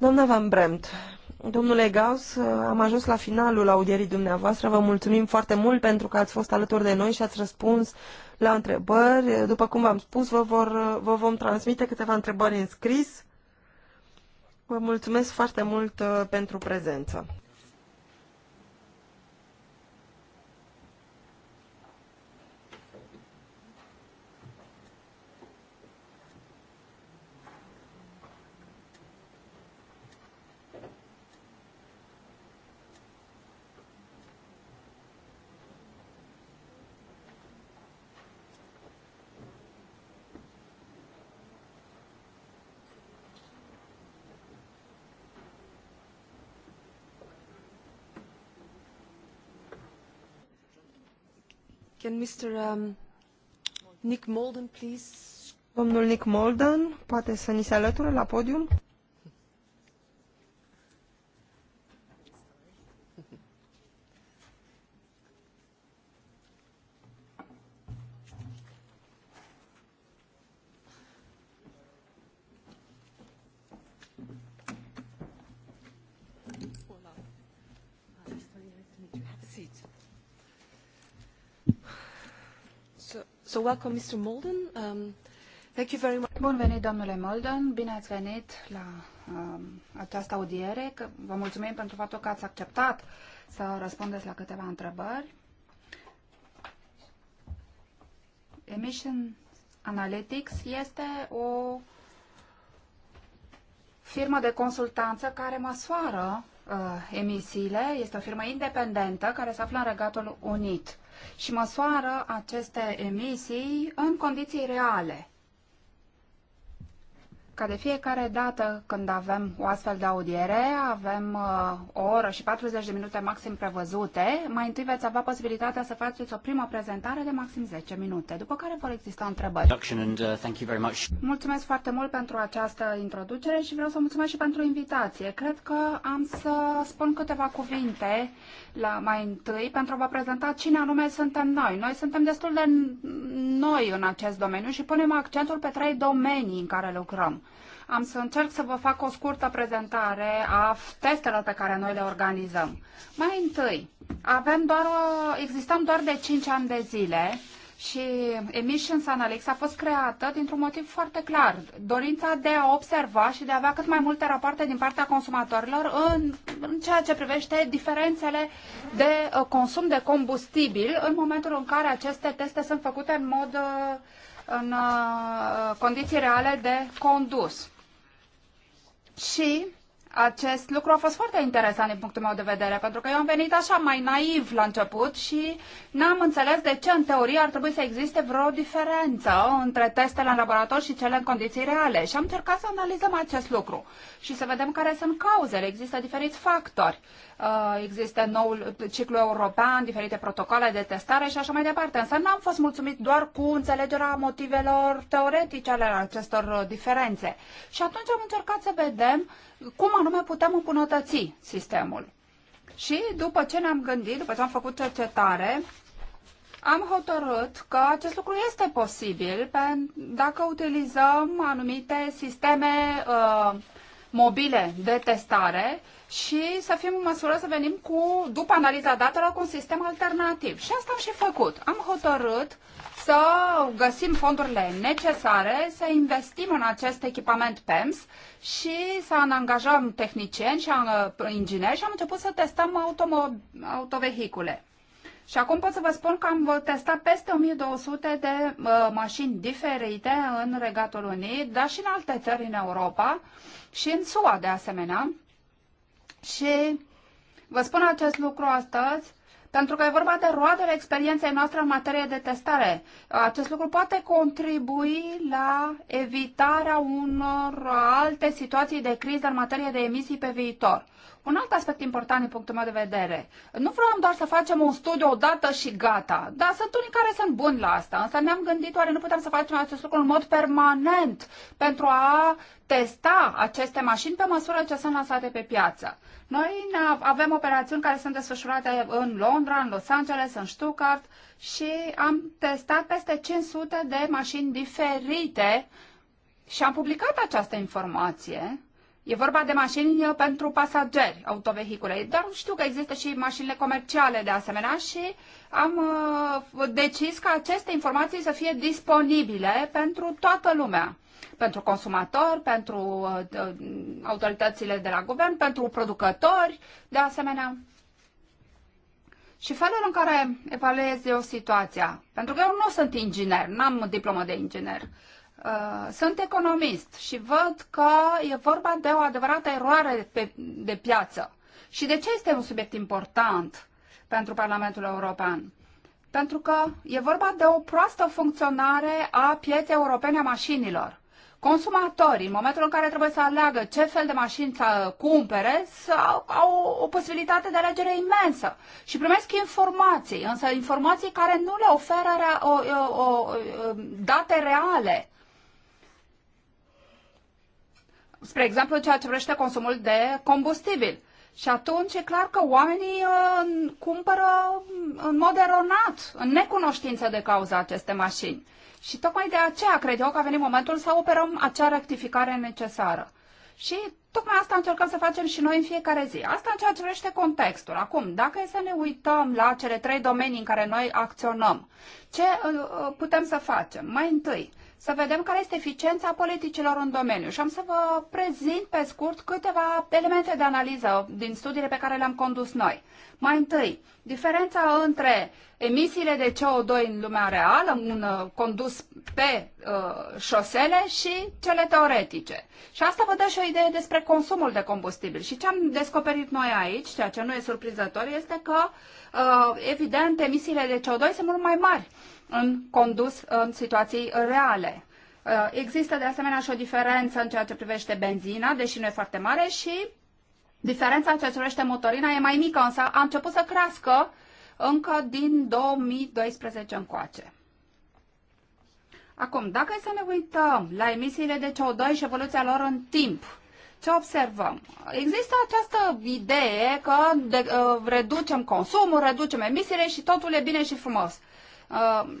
Doamna Van Bremt, domnule Gauss, am ajuns la finalul audierii dumneavoastră. Vă mulțumim foarte mult pentru că ați fost alături de noi și ați răspuns la întrebări. După cum v-am spus, vă, vor, vă vom transmite câteva întrebări în scris. Vă mulțumesc foarte mult uh, pentru prezență. Um, Domnul Nick Molden, poate să ni se alăture la podium? Um, Bun venit, domnule Molden. Bine ați venit la um, această audiere. Că vă mulțumim pentru faptul că ați acceptat să răspundeți la câteva întrebări. Emission Analytics este o firmă de consultanță care măsoară uh, emisiile. Este o firmă independentă care se află în Regatul Unit și măsoară aceste emisii în condiții reale ca de fiecare dată când avem o astfel de audiere, avem uh, o oră și 40 de minute maxim prevăzute, mai întâi veți avea posibilitatea să faceți o primă prezentare de maxim 10 minute, după care vor exista întrebări. Uh, mulțumesc foarte mult pentru această introducere și vreau să mulțumesc și pentru invitație. Cred că am să spun câteva cuvinte la mai întâi pentru a vă prezenta cine anume suntem noi. Noi suntem destul de noi în acest domeniu și punem accentul pe trei domenii în care lucrăm. Am să încerc să vă fac o scurtă prezentare a testelor pe care noi le organizăm. Mai întâi, avem doar o, existăm doar de 5 ani de zile și Emissions Analytics a fost creată dintr-un motiv foarte clar, dorința de a observa și de a avea cât mai multe rapoarte din partea consumatorilor în, în ceea ce privește diferențele de uh, consum de combustibil în momentul în care aceste teste sunt făcute în mod uh, în uh, condiții reale de condus. Și acest lucru a fost foarte interesant din punctul meu de vedere, pentru că eu am venit așa mai naiv la început și n-am înțeles de ce în teorie ar trebui să existe vreo diferență între testele în laborator și cele în condiții reale. Și am încercat să analizăm acest lucru și să vedem care sunt cauzele. Există diferiți factori Uh, există noul ciclu european, diferite protocole de testare și așa mai departe. Însă n-am fost mulțumit doar cu înțelegerea motivelor teoretice ale acestor uh, diferențe. Și atunci am încercat să vedem cum anume putem îmbunătăți sistemul. Și după ce ne-am gândit, după ce am făcut cercetare, am hotărât că acest lucru este posibil pe, dacă utilizăm anumite sisteme uh, mobile de testare și să fim în măsură să venim cu, după analiza datelor, cu un sistem alternativ. Și asta am și făcut. Am hotărât să găsim fondurile necesare, să investim în acest echipament PEMS și să ne angajăm tehnicieni și uh, ingineri și am început să testăm automo- autovehicule. Și acum pot să vă spun că am testat peste 1200 de uh, mașini diferite în Regatul Unit, dar și în alte țări în Europa și în SUA de asemenea. Și vă spun acest lucru astăzi pentru că e vorba de roadele experienței noastre în materie de testare. Acest lucru poate contribui la evitarea unor alte situații de criză în materie de emisii pe viitor. Un alt aspect important din punctul meu de vedere. Nu vreau doar să facem un studiu odată și gata. Dar sunt unii care sunt buni la asta. Însă ne-am gândit oare nu putem să facem acest lucru în mod permanent pentru a testa aceste mașini pe măsură ce sunt lansate pe piață. Noi avem operațiuni care sunt desfășurate în Londra, în Los Angeles, în Stuttgart și am testat peste 500 de mașini diferite și am publicat această informație E vorba de mașini uh, pentru pasageri, autovehicule, dar știu că există și mașinile comerciale de asemenea și am uh, decis ca aceste informații să fie disponibile pentru toată lumea, pentru consumatori, pentru uh, uh autoritățile de la guvern, pentru producători, de asemenea. Și felul în care evaluez eu situația, pentru că eu nu sunt inginer, n-am diplomă de inginer, uh, Uh, sunt economist și văd că e vorba de o adevărată eroare pe, de piață. Și de ce este un subiect important pentru Parlamentul European? Pentru că e vorba de o proastă funcționare a pieței europene a mașinilor. Consumatorii, în momentul în care trebuie să aleagă ce fel de mașini să cumpere, au, au o posibilitate de alegere imensă și primesc informații, însă informații care nu le oferă o, o, o, date reale spre exemplu, în ceea ce vrește consumul de combustibil. Și atunci e clar că oamenii uh, cumpără mm, în mod eronat, în necunoștință de cauza aceste mașini. Și tocmai de aceea cred eu că a venit momentul să operăm acea rectificare necesară. Și tocmai asta încercăm să facem și noi în fiecare zi. Asta în ceea ce vrește contextul. Acum, dacă e să ne uităm la cele trei domenii în care noi acționăm, ce uh, uh, putem să facem? Mai întâi, să vedem care este eficiența politicilor în domeniu. Și am să vă prezint pe scurt câteva elemente de analiză din studiile pe care le-am condus noi. Mai întâi, diferența între emisiile de CO2 în lumea reală, un uh, condus pe uh, șosele și cele teoretice. Și asta vă dă și o idee despre consumul de combustibil. Și ce am descoperit noi aici, ceea ce nu e surprinzător, este că, uh, evident, emisiile de CO2 sunt mult mai mari în condus în situații reale. Uh, există de asemenea și o diferență în ceea ce privește benzina, deși nu e foarte mare, și diferența în ceea ce privește motorina e mai mică, însă a început să crească încă din 2012 încoace. Acum, dacă să ne uităm la emisiile de CO2 și evoluția lor în timp, ce observăm? Există această idee că de, uh, reducem consumul, reducem emisiile și totul e bine și frumos. Uh,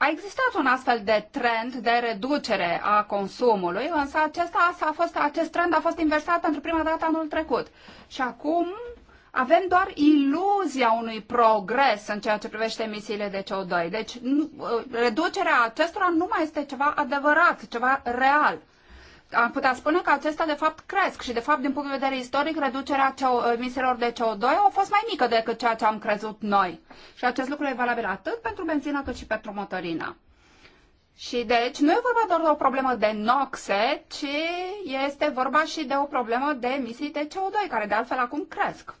a existat un astfel de trend de reducere a consumului, însă acesta a fost, acest trend a fost inversat pentru prima dată anul trecut. Și acum avem doar iluzia unui progres în ceea ce privește emisiile de CO2. Deci nu, uh, reducerea acestora nu mai este ceva adevărat, ceva real am putea spune că acestea de fapt cresc și de fapt din punct de vedere istoric reducerea CO, emisiilor de CO2 a fost mai mică decât ceea ce am crezut noi. Și acest lucru e valabil atât pentru benzină cât și pentru motorină. Și deci nu e vorba doar de o problemă de noxe, ci este vorba și de o problemă de emisii de CO2, care de altfel acum cresc.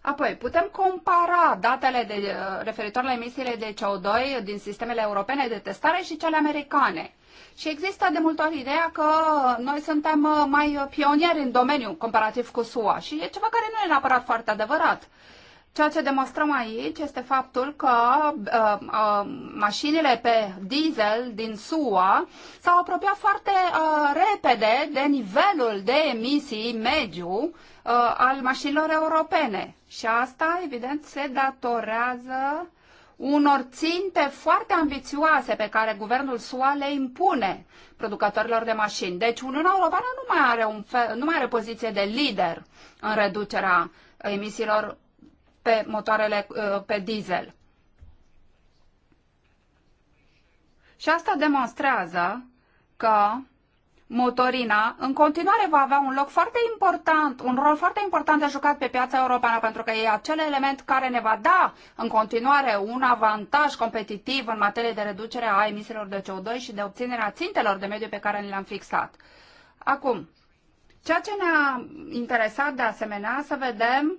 Apoi, putem compara datele de, uh, referitoare la emisiile de CO2 din sistemele europene de testare și cele americane. Și există de multe ori ideea că noi suntem uh, mai pionieri în domeniu comparativ cu SUA și e ceva care nu e neapărat foarte adevărat. Ceea ce demonstrăm aici este faptul că uh, uh, mașinile pe diesel din SUA s-au apropiat foarte uh, repede de nivelul de emisii mediu uh, al mașinilor europene. Și asta, evident, se datorează uh, unor ținte foarte ambițioase pe care guvernul SUA le impune producătorilor de mașini. Deci Uniunea Europeană nu mai are, un fel, nu mai are poziție de lider în reducerea emisiilor pe motoarele uh, pe diesel. Și asta demonstrează că motorina în continuare va avea un loc foarte important, un rol foarte important de jucat pe piața europeană, pentru că e acel element care ne va da în continuare un avantaj competitiv în materie de reducere a emisiilor de CO2 și de obținerea țintelor de mediu pe care ni le-am fixat. Acum, ceea ce ne-a interesat de asemenea să vedem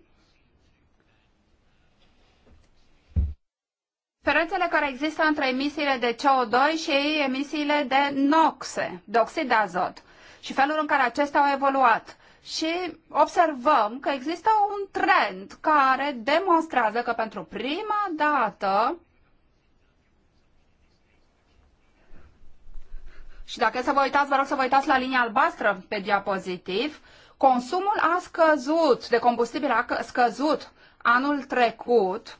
ferețele care există între emisiile de CO2 și emisiile de noxe, de oxid de azot, și felul în care acestea au evoluat. Și observăm că există un trend care demonstrează că pentru prima dată Și dacă să vă uitați, vă rog să vă uitați la linia albastră pe diapozitiv, consumul a scăzut, de combustibil a scăzut anul trecut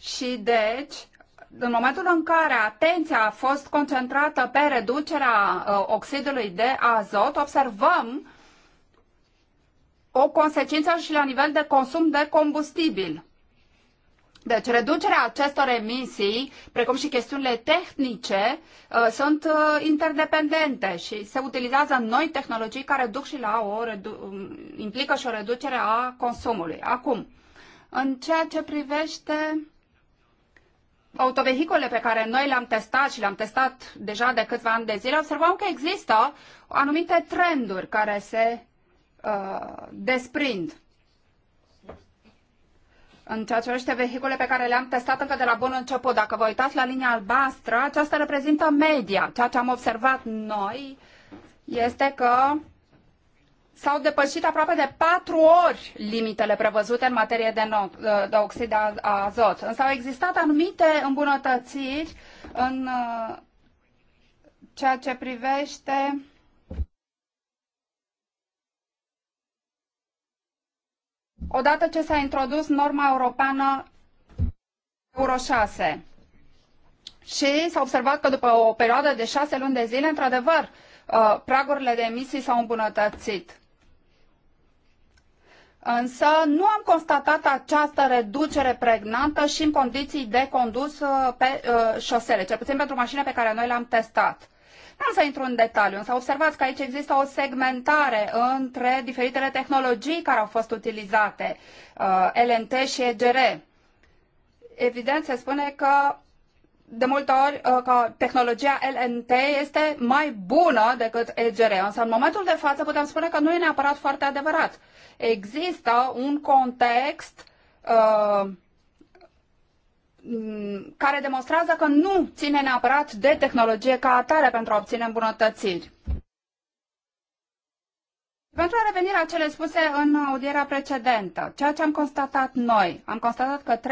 și deci, în momentul în care atenția a fost concentrată pe reducerea uh, oxidului de azot, observăm o consecință și la nivel de consum de combustibil. Deci reducerea acestor emisii, precum și chestiunile tehnice, uh, sunt uh, interdependente și se utilizează noi tehnologii care duc și la o um, implică și o reducere a consumului. Acum, în ceea ce privește autovehicole pe care noi le-am testat și le-am testat deja de câțiva ani de zile, observăm că există anumite trenduri care se uh, desprind. În ceea ce privește vehicule pe care le-am testat încă de la bun început, dacă vă uitați la linia albastră, aceasta reprezintă media. Ceea ce am observat noi este că s-au depășit aproape de patru ori limitele prevăzute în materie de, no de oxid de azot. Însă au existat anumite îmbunătățiri în uh, ceea ce privește odată ce s-a introdus norma europeană Euro 6. Și s-a observat că după o perioadă de șase luni de zile, într-adevăr, uh, pragurile de emisii s-au îmbunătățit. Însă nu am constatat această reducere pregnantă și în condiții de condus uh, pe uh, șosele, cel puțin pentru mașinile pe care noi le-am testat. Nu am să intru în detaliu, însă observați că aici există o segmentare între diferitele tehnologii care au fost utilizate, uh, LNT și EGR. Evident, se spune că de multe ori uh, că tehnologia LNT este mai bună decât EGR, însă în momentul de față putem spune că nu e neapărat foarte adevărat. Există un context uh, mm, care demonstrează că nu ține neapărat de tehnologie ca atare pentru a obține îmbunătățiri. Pentru a reveni la cele spuse în audierea precedentă, ceea ce am constatat noi, am constatat că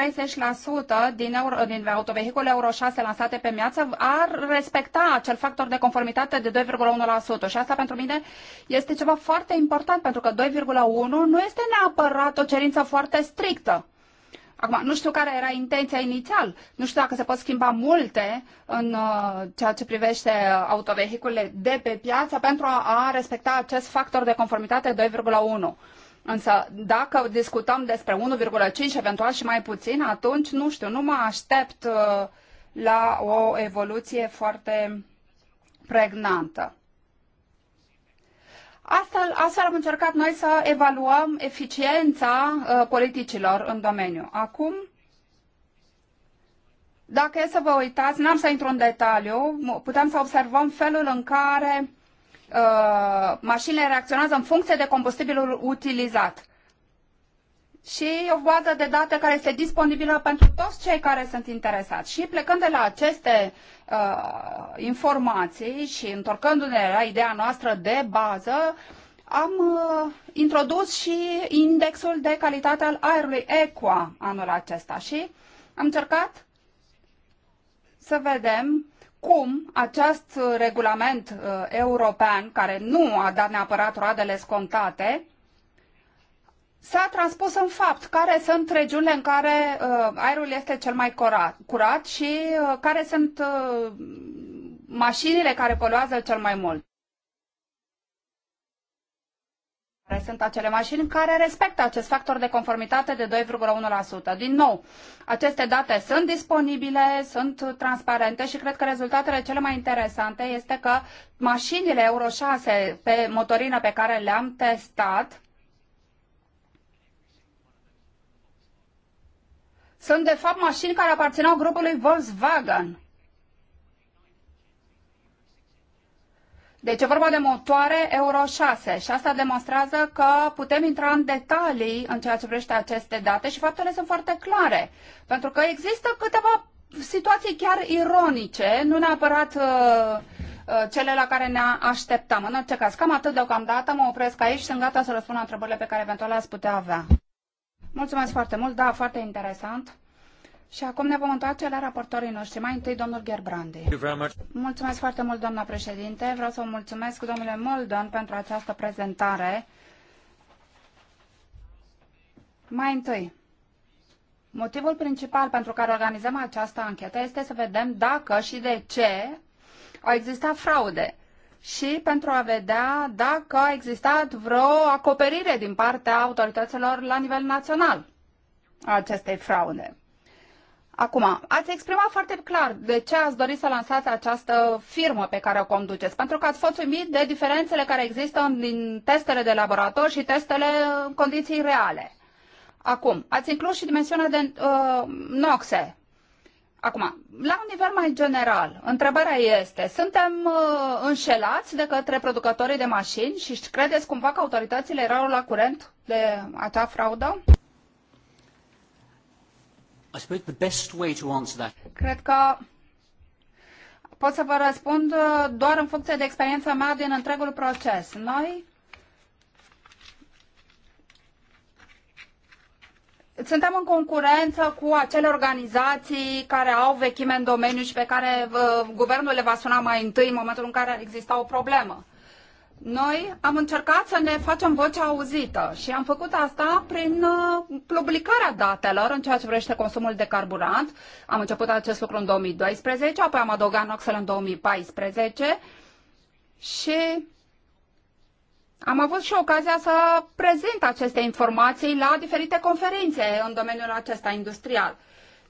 30% din, euro, din autovehicule Euro 6 lansate pe piață ar respecta acel factor de conformitate de 2,1% și asta pentru mine este ceva foarte important pentru că 2,1 nu este neapărat o cerință foarte strictă. Acum, nu știu care era intenția inițial, nu știu dacă se pot schimba multe în uh, ceea ce privește uh, autovehiculele de pe piață pentru a, a respecta acest factor de conformitate 2,1. Însă, dacă discutăm despre 1,5 eventual și mai puțin, atunci, nu știu, nu mă aștept uh, la o evoluție foarte pregnantă. Astfel, astfel am încercat noi să evaluăm eficiența uh, politicilor în domeniu. Acum, dacă e să vă uitați, n-am să intru în detaliu, putem să observăm felul în care uh, mașinile reacționează în funcție de combustibilul utilizat. Și o bază de date care este disponibilă pentru toți cei care sunt interesați. Și plecând de la aceste uh, informații și întorcându-ne la ideea noastră de bază, am uh, introdus și indexul de calitate al aerului EQUA anul acesta și am încercat să vedem cum acest regulament uh, european, care nu a dat neapărat roadele scontate, s-a transpus în fapt care sunt regiunile în care uh, aerul este cel mai curat, curat și uh, care sunt uh, mașinile care poluează cel mai mult. Care sunt acele mașini care respectă acest factor de conformitate de 2,1%. Din nou, aceste date sunt disponibile, sunt transparente și cred că rezultatele cele mai interesante este că mașinile Euro 6 pe motorină pe care le-am testat sunt de fapt mașini care aparțineau grupului Volkswagen. Deci e vorba de motoare Euro 6 și asta demonstrează că putem intra în detalii în ceea ce privește aceste date și faptele sunt foarte clare. Pentru că există câteva situații chiar ironice, nu neapărat uh, uh, cele la care ne așteptam. În orice caz, cam atât deocamdată, mă opresc aici și sunt gata să răspund la întrebările pe care eventual le-ați putea avea. Mulțumesc foarte mult, da, foarte interesant. Și acum ne vom întoarce la raportorii noștri. Mai întâi, domnul Gerbrandi. Mulțumesc foarte mult, doamna președinte. Vreau să o mulțumesc, domnule Moldon, pentru această prezentare. Mai întâi, motivul principal pentru care organizăm această anchetă este să vedem dacă și de ce au existat fraude și pentru a vedea dacă a existat vreo acoperire din partea autorităților la nivel național a acestei fraude. Acum, ați exprimat foarte clar de ce ați dorit să lansați această firmă pe care o conduceți, pentru că ați fost uimit de diferențele care există din testele de laborator și testele în condiții reale. Acum, ați inclus și dimensiunea de uh, noxe Acum, la un nivel mai general, întrebarea este, suntem uh, înșelați de către producătorii de mașini și credeți cumva că autoritățile erau la curent de acea fraudă? I suppose the best way to answer that. Cred că pot să vă răspund uh, doar în funcție de experiența mea din întregul proces. Noi suntem în concurență cu acele organizații care au vechime în domeniu și pe care uh, guvernul le va suna mai întâi în momentul în care ar exista o problemă. Noi am încercat să ne facem vocea auzită și am făcut asta prin uh, publicarea datelor în ceea ce privește consumul de carburant. Am început acest lucru în 2012, apoi am adăugat noxele în 2014 și am avut și ocazia să prezint aceste informații la diferite conferințe în domeniul acesta industrial.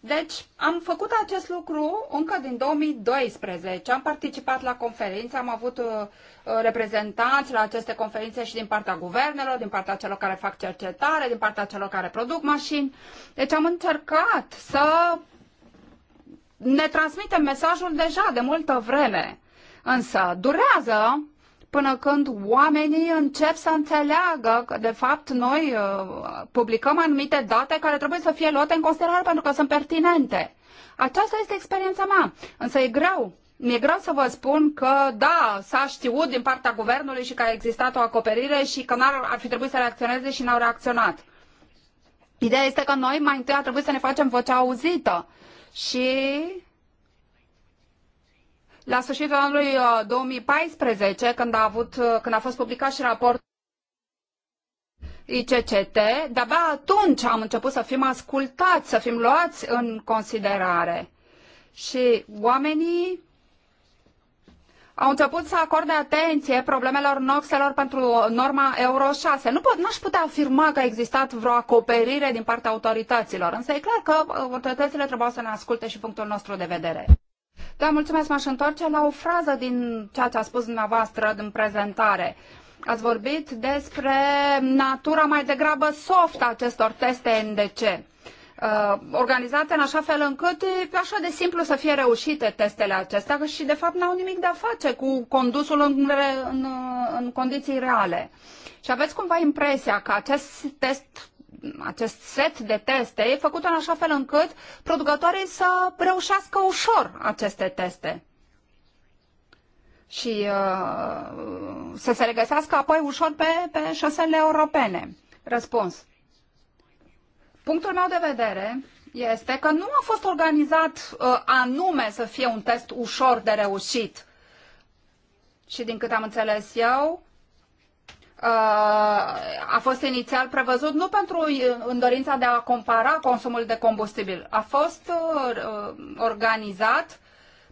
Deci, am făcut acest lucru încă din 2012. Am participat la conferințe, am avut uh, reprezentanți la aceste conferințe și din partea guvernelor, din partea celor care fac cercetare, din partea celor care produc mașini. Deci am încercat să ne transmitem mesajul deja de multă vreme. Însă durează până când oamenii încep să înțeleagă că, de fapt, noi uh, publicăm anumite date care trebuie să fie luate în considerare pentru că sunt pertinente. Aceasta este experiența mea, însă e greu. Mi-e greu să vă spun că, da, s-a știut din partea guvernului și că a existat o acoperire și că n-ar ar fi trebuit să reacționeze și n-au reacționat. Ideea este că noi mai întâi ar trebui să ne facem vocea auzită și la sfârșitul anului 2014, uh, când a, avut, uh, când a fost publicat și raportul ICCT, de-abia atunci am început să fim ascultați, să fim luați în considerare. Și oamenii au început să acorde atenție problemelor noxelor pentru norma Euro 6. Nu pot, n-aș putea afirma că a existat vreo acoperire din partea autorităților, însă e clar că uh, autoritățile trebuiau să ne asculte și punctul nostru de vedere. Da, mulțumesc, m-aș întoarce la o frază din ceea ce a spus dumneavoastră în prezentare. Ați vorbit despre natura mai degrabă soft a acestor teste NDC uh, organizate în așa fel încât e așa de simplu să fie reușite testele acestea și de fapt n-au nimic de a face cu condusul în, re, în, în condiții reale. Și aveți cumva impresia că acest test acest set de teste e făcut în așa fel încât producătorii să reușească ușor aceste teste și uh, să se regăsească apoi ușor pe, pe șosele europene. Răspuns. Punctul meu de vedere este că nu a fost organizat uh, anume să fie un test ușor de reușit. Și din cât am înțeles eu, Uh, a fost inițial prevăzut nu pentru uh, în dorința de a compara consumul de combustibil, a fost uh, organizat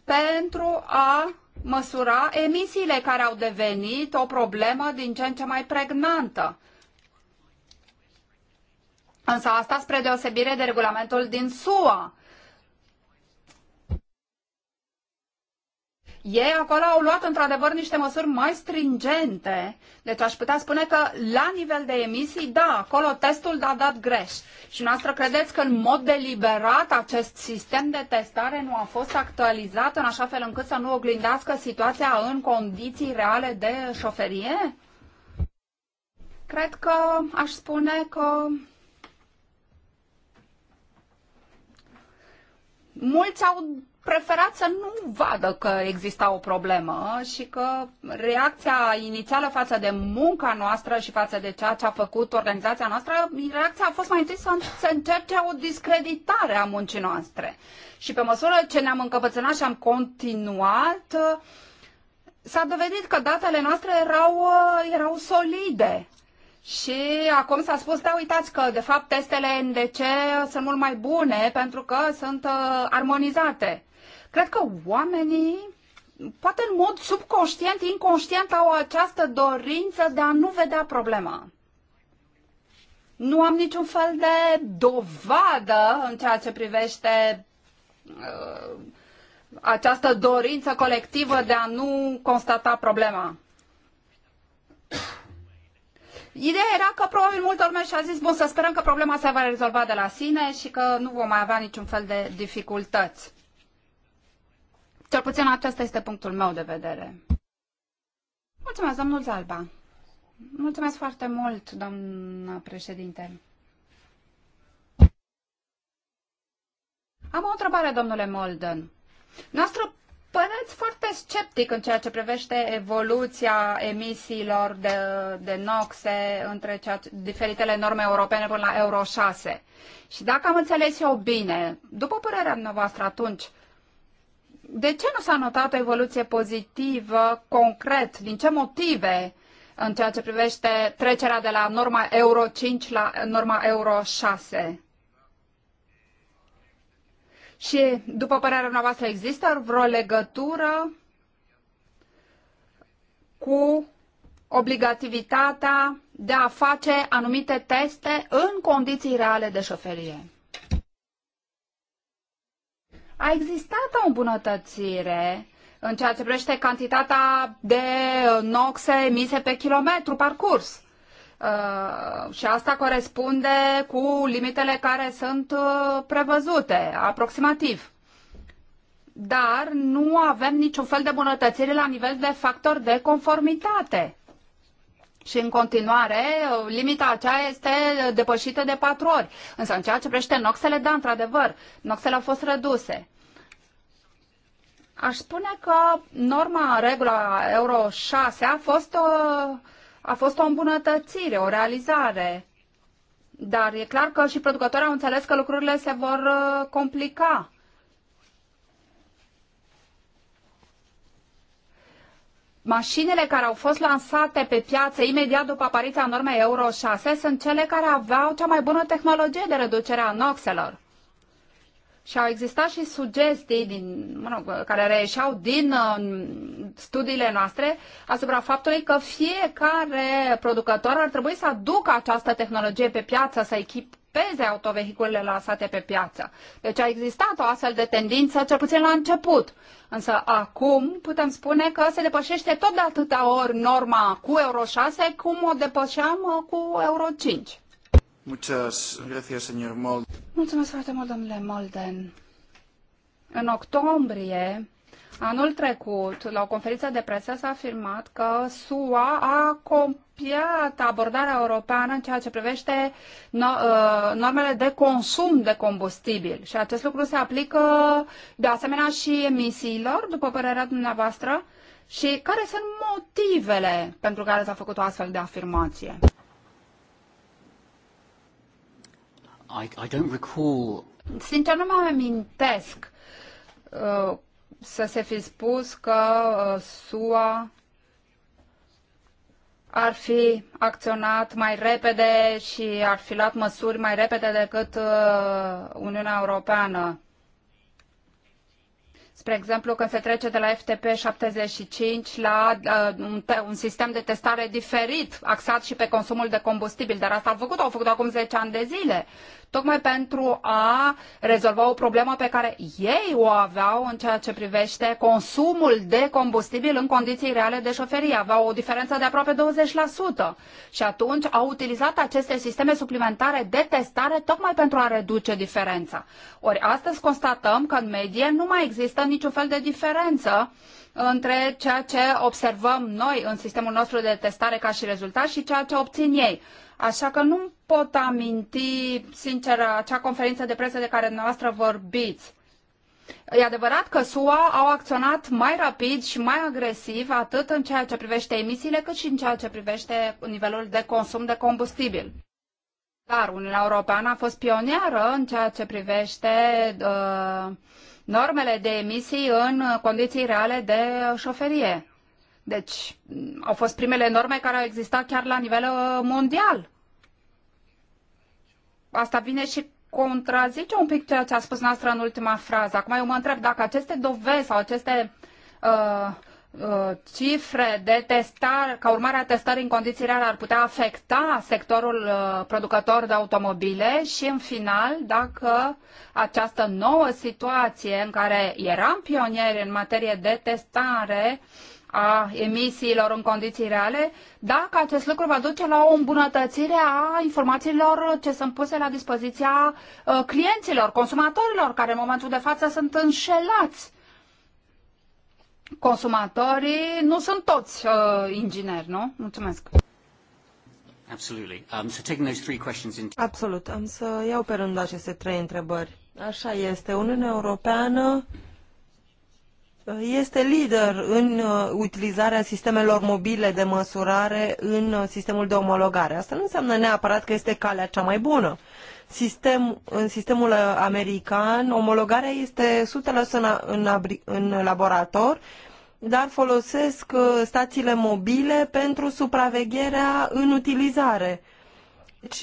pentru a măsura emisiile care au devenit o problemă din ce în ce mai pregnantă. Însă asta spre deosebire de regulamentul din SUA, Ei acolo au luat într-adevăr niște măsuri mai stringente, deci aș putea spune că la nivel de emisii, da, acolo testul a dat greș. Și noastră credeți că în mod deliberat acest sistem de testare nu a fost actualizat în așa fel încât să nu oglindească situația în condiții reale de șoferie? Cred că aș spune că mulți au preferat să nu vadă că exista o problemă și că reacția inițială față de munca noastră și față de ceea ce a făcut organizația noastră, reacția a fost mai întâi să, să încerce o discreditare a muncii noastre. Și pe măsură ce ne-am încăpățânat și am continuat, s-a dovedit că datele noastre erau, erau solide. Și acum s-a spus, da, uitați că, de fapt, testele NDC sunt mult mai bune pentru că sunt uh, armonizate. Cred că oamenii, poate în mod subconștient, inconștient, au această dorință de a nu vedea problema. Nu am niciun fel de dovadă în ceea ce privește uh, această dorință colectivă de a nu constata problema. Ideea era că probabil multă lume și-a zis, bun, să sperăm că problema se va rezolva de la sine și că nu vom mai avea niciun fel de dificultăți. Cel puțin acesta este punctul meu de vedere. Mulțumesc, domnul Zalba. Mulțumesc foarte mult, doamna președinte. Am o întrebare, domnule Molden. Noastră păreți foarte sceptic în ceea ce privește evoluția emisiilor de, de noxe între cea, diferitele norme europene până la Euro 6. Și dacă am înțeles eu bine, după părerea noastră atunci, de ce nu s-a notat o evoluție pozitivă, concret? Din ce motive în ceea ce privește trecerea de la norma Euro 5 la norma Euro 6? Și, după părerea noastră, există vreo legătură cu obligativitatea de a face anumite teste în condiții reale de șoferie? a existat o îmbunătățire în ceea ce privește cantitatea de uh, noxe emise pe kilometru parcurs. Uh, și asta corespunde cu limitele care sunt uh, prevăzute, aproximativ. Dar nu avem niciun fel de bunătățire la nivel de factor de conformitate. Și în continuare, uh, limita aceea este uh, depășită de patru ori. Însă în ceea ce privește noxele, da, într-adevăr, noxele au fost reduse. Aș spune că norma, regula Euro 6 a fost o, a fost o îmbunătățire, o realizare. Dar e clar că și producătorii au înțeles că lucrurile se vor uh, complica. Mașinile care au fost lansate pe piață imediat după apariția normei Euro 6 sunt cele care aveau cea mai bună tehnologie de reducere a noxelor. Și au existat și sugestii din, mă rog, care reieșeau din uh, studiile noastre asupra faptului că fiecare producător ar trebui să aducă această tehnologie pe piață, să echipeze autovehiculele lansate pe piață. Deci a existat o astfel de tendință, cel puțin la început. Însă acum putem spune că se depășește tot de atâtea ori norma cu Euro 6 cum o depășeam uh, cu Euro 5. Muchas gracias, señor Molden. Mulțumesc foarte mult, domnule Molden. În octombrie, anul trecut, la o conferință de presă s-a afirmat că SUA a copiat abordarea europeană în ceea ce privește uh, normele de consum de combustibil. Și acest lucru se aplică de asemenea și emisiilor, după părerea dumneavoastră. Și care sunt motivele pentru care s-a făcut o astfel de afirmație? I, I don't recall... Sincer, nu mă amintesc uh, să se fi spus că uh, SUA ar fi acționat mai repede și ar fi luat măsuri mai repede decât uh, Uniunea Europeană. Spre exemplu, când se trece de la FTP 75 la uh, un, un sistem de testare diferit, axat și pe consumul de combustibil, dar asta au făcut, au făcut acum 10 ani de zile tocmai pentru a rezolva o problemă pe care ei o aveau în ceea ce privește consumul de combustibil în condiții reale de șoferie. Aveau o diferență de aproape 20% și atunci au utilizat aceste sisteme suplimentare de testare tocmai pentru a reduce diferența. Ori astăzi constatăm că în medie nu mai există niciun fel de diferență între ceea ce observăm noi în sistemul nostru de testare ca și rezultat și ceea ce obțin ei. Așa că nu pot aminti, sincer, acea conferință de presă de care dumneavoastră vorbiți. E adevărat că SUA au acționat mai rapid și mai agresiv atât în ceea ce privește emisiile, cât și în ceea ce privește nivelul de consum de combustibil. Dar Uniunea Europeană a fost pionieră în ceea ce privește uh, normele de emisii în condiții reale de șoferie. Deci au fost primele norme care au existat chiar la nivel uh, mondial. Asta vine și contrazice un pic ceea ce a spus noastră în ultima frază. Acum eu mă întreb dacă aceste dovezi sau aceste uh, uh, cifre de testare, ca urmare a testării în condiții reale, ar putea afecta sectorul uh, producător de automobile și, în final, dacă această nouă situație în care eram pionieri în materie de testare uh, a emisiilor în condiții reale, dacă acest lucru va duce la o îmbunătățire a informațiilor ce sunt puse la dispoziția uh, clienților, consumatorilor, care în momentul de față sunt înșelați. Consumatorii nu sunt toți uh, ingineri, nu? Mulțumesc. Absolutely. Um, so taking those three questions in... Absolut. Am să iau pe rând aceste trei întrebări. Așa este. Uniunea Europeană este lider în uh, utilizarea sistemelor mobile de măsurare în uh, sistemul de omologare. Asta nu înseamnă neapărat că este calea cea mai bună. Sistem, în sistemul uh, american, omologarea este 100% în, în, în laborator, dar folosesc stațiile mobile pentru supravegherea în utilizare. Deci,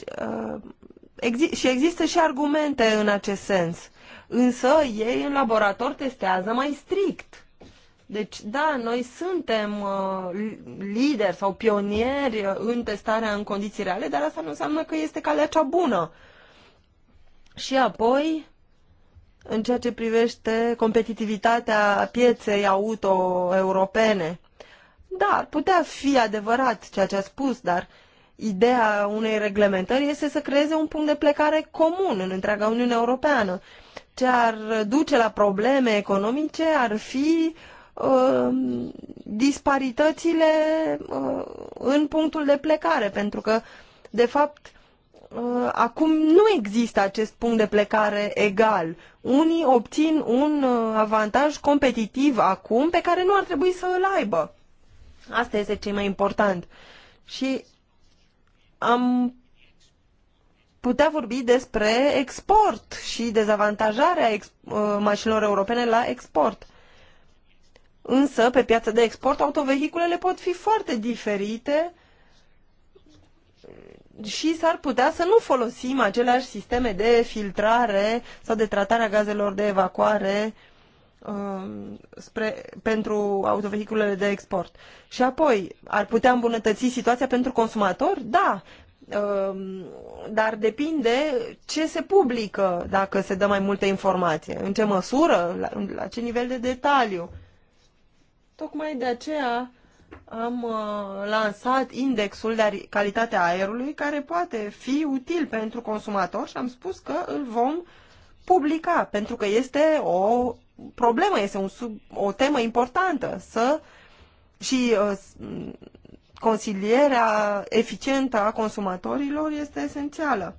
exi- și există și argumente în acest sens Însă ei în laborator testează mai strict. Deci, da, noi suntem uh, lideri sau pionieri uh, în testarea în condiții reale, dar asta nu înseamnă că este calea cea bună. Și apoi, în ceea ce privește competitivitatea pieței auto europene, da, ar putea fi adevărat ceea ce a spus, dar uh, ideea unei reglementări este să creeze un punct de plecare comun în întreaga Uniune Europeană. Ce ar duce la probleme economice ar fi uh, disparitățile uh, în punctul de plecare, pentru că, de fapt, uh, acum nu există acest punct de plecare egal. Unii obțin un avantaj competitiv acum pe care nu ar trebui să îl aibă. Asta este cel mai important. Și am putea vorbi despre export și dezavantajarea ex- uh, mașinilor europene la export. Însă, pe piața de export, autovehiculele pot fi foarte diferite și s-ar putea să nu folosim aceleași sisteme de filtrare sau de tratare a gazelor de evacuare Um, spre, pentru autovehiculele de export. Și apoi, ar putea îmbunătăți situația pentru consumator? Da, um, dar depinde ce se publică dacă se dă mai multă informație, în ce măsură, la, la ce nivel de detaliu. Tocmai de aceea am uh, lansat indexul de calitate a aerului care poate fi util pentru consumator și am spus că îl vom publica pentru că este o problemă, este un sub, o temă importantă să și uh, consilierea eficientă a consumatorilor este esențială.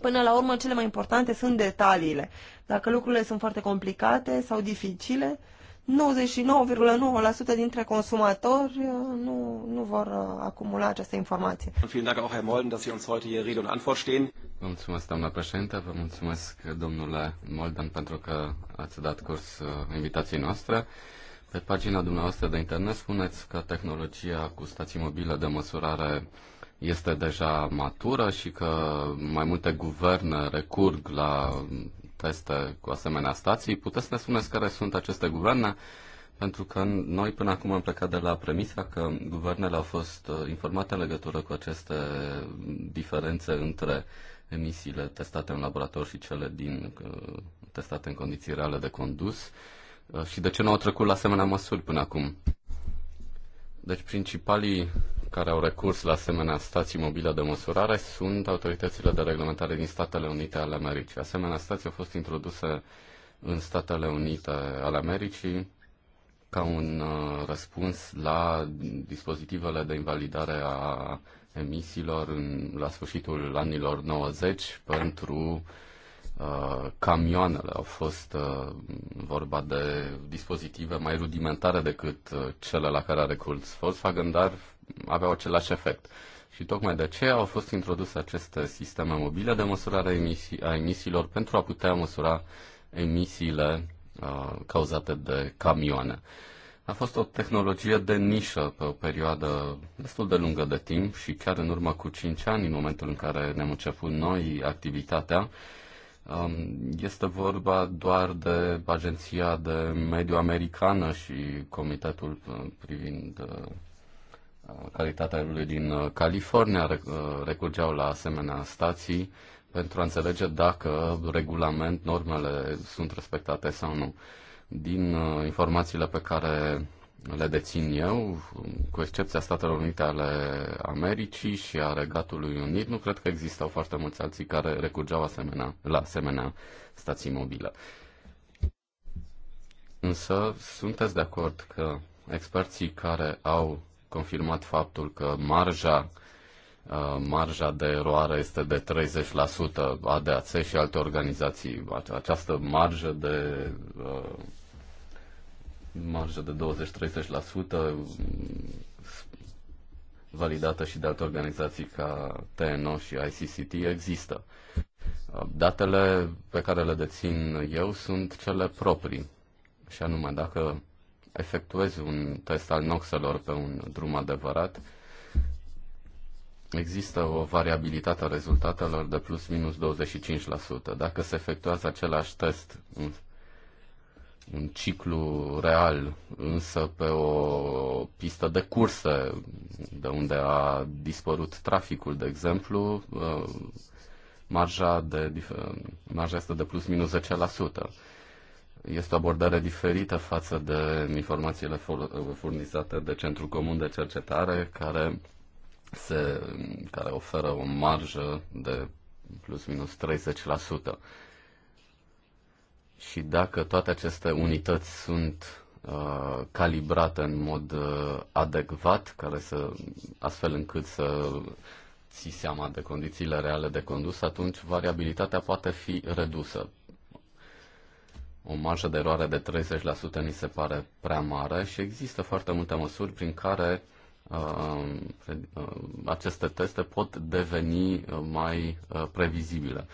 Până la urmă, cele mai importante sunt detaliile. Dacă lucrurile sunt foarte complicate sau dificile, uh, 99,9% dintre consumatori uh, nu, nu vor uh, acumula această informație. Vă mulțumesc, doamna președinte, vă mulțumesc, domnule Molden, pentru că ați dat curs uh, invitației noastre. Pe pagina dumneavoastră de internet spuneți că tehnologia cu stații mobile de măsurare este deja matură și că mai multe guverne recurg la teste cu asemenea stații. Puteți să ne spuneți care sunt aceste guverne? Pentru că noi până acum am plecat de la premisa că guvernele au fost uh, informate în legătură cu aceste diferențe între emisiile testate în laborator și cele din uh, testate în condiții reale de condus uh, și de ce nu au trecut la asemenea măsuri până acum. Deci principalii care au recurs la asemenea stații mobile de măsurare sunt autoritățile de reglementare din Statele Unite ale Americii. Asemenea stații au fost introduse în Statele Unite ale Americii ca un uh, răspuns la dispozitivele de invalidare a emisiilor în, la sfârșitul anilor 90 pentru Uh, camioanele, au fost uh, vorba de dispozitive mai rudimentare decât uh, cele la care a recurs Volkswagen, dar aveau același efect. Și tocmai de aceea au fost introduse aceste sisteme mobile de măsurare a, emisiilor pentru a putea măsura emisiile cauzate de camioane. A fost o tehnologie de nișă pe o perioadă destul de lungă de timp și chiar în urmă cu 5 ani, în momentul în care ne-am început noi activitatea, Um, este vorba doar de Agenția de Mediu Americană și Comitetul uh, privind uh, calitatea lui din uh, California recurgeau la asemenea stații pentru a înțelege dacă regulament, normele sunt respectate sau nu. Din informațiile pe care le dețin eu, cu excepția Statelor Unite ale Americii și a Regatului Unit, nu cred că existau foarte mulți alții care recurgeau asemenea, la asemenea stații mobile. Însă, sunteți de acord că experții care au confirmat faptul că marja uh, marja de eroare este de 30% ADAC și alte organizații. Această marjă de uh, marjă de 20-30% mm, validată și de alte organizații ca TNO și ICCT există. Datele pe care le dețin eu sunt cele proprii. Și anume, dacă efectuezi un test al noxelor pe un drum adevărat, există o variabilitate a rezultatelor de plus minus 25%. Dacă se efectuează același test un ciclu real, însă pe o pistă de curse, de unde a dispărut traficul, de exemplu, uh, marja, de, marja este de plus minus 10%. Este o abordare diferită față de informațiile furnizate de Centrul Comun de Cercetare, care, se, care oferă o marjă de plus minus 30% și dacă toate aceste unități sunt uh, calibrate în mod uh, adecvat, care să, astfel încât să ții seama de condițiile reale de condus, atunci variabilitatea poate fi redusă. O marjă de eroare de 30% ni se pare prea mare și există foarte multe măsuri prin care uh, uh aceste teste pot deveni uh, mai uh, previzibile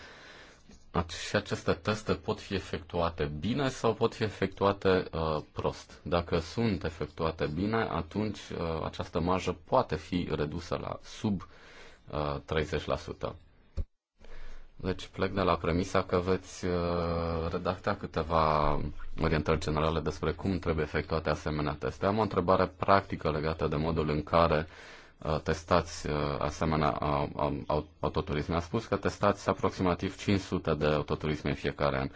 și aceste teste pot fi efectuate bine sau pot fi efectuate uh, prost. Dacă sunt efectuate bine, atunci uh, această marjă poate fi redusă la sub uh, 30%. Deci plec de la premisa că veți uh, redacta câteva orientări generale despre cum trebuie efectuate asemenea teste. Am o întrebare practică legată de modul în care uh, Uh, testați uh, asemenea autoturisme. A spus că testați aproximativ 500 de autoturisme în fiecare an.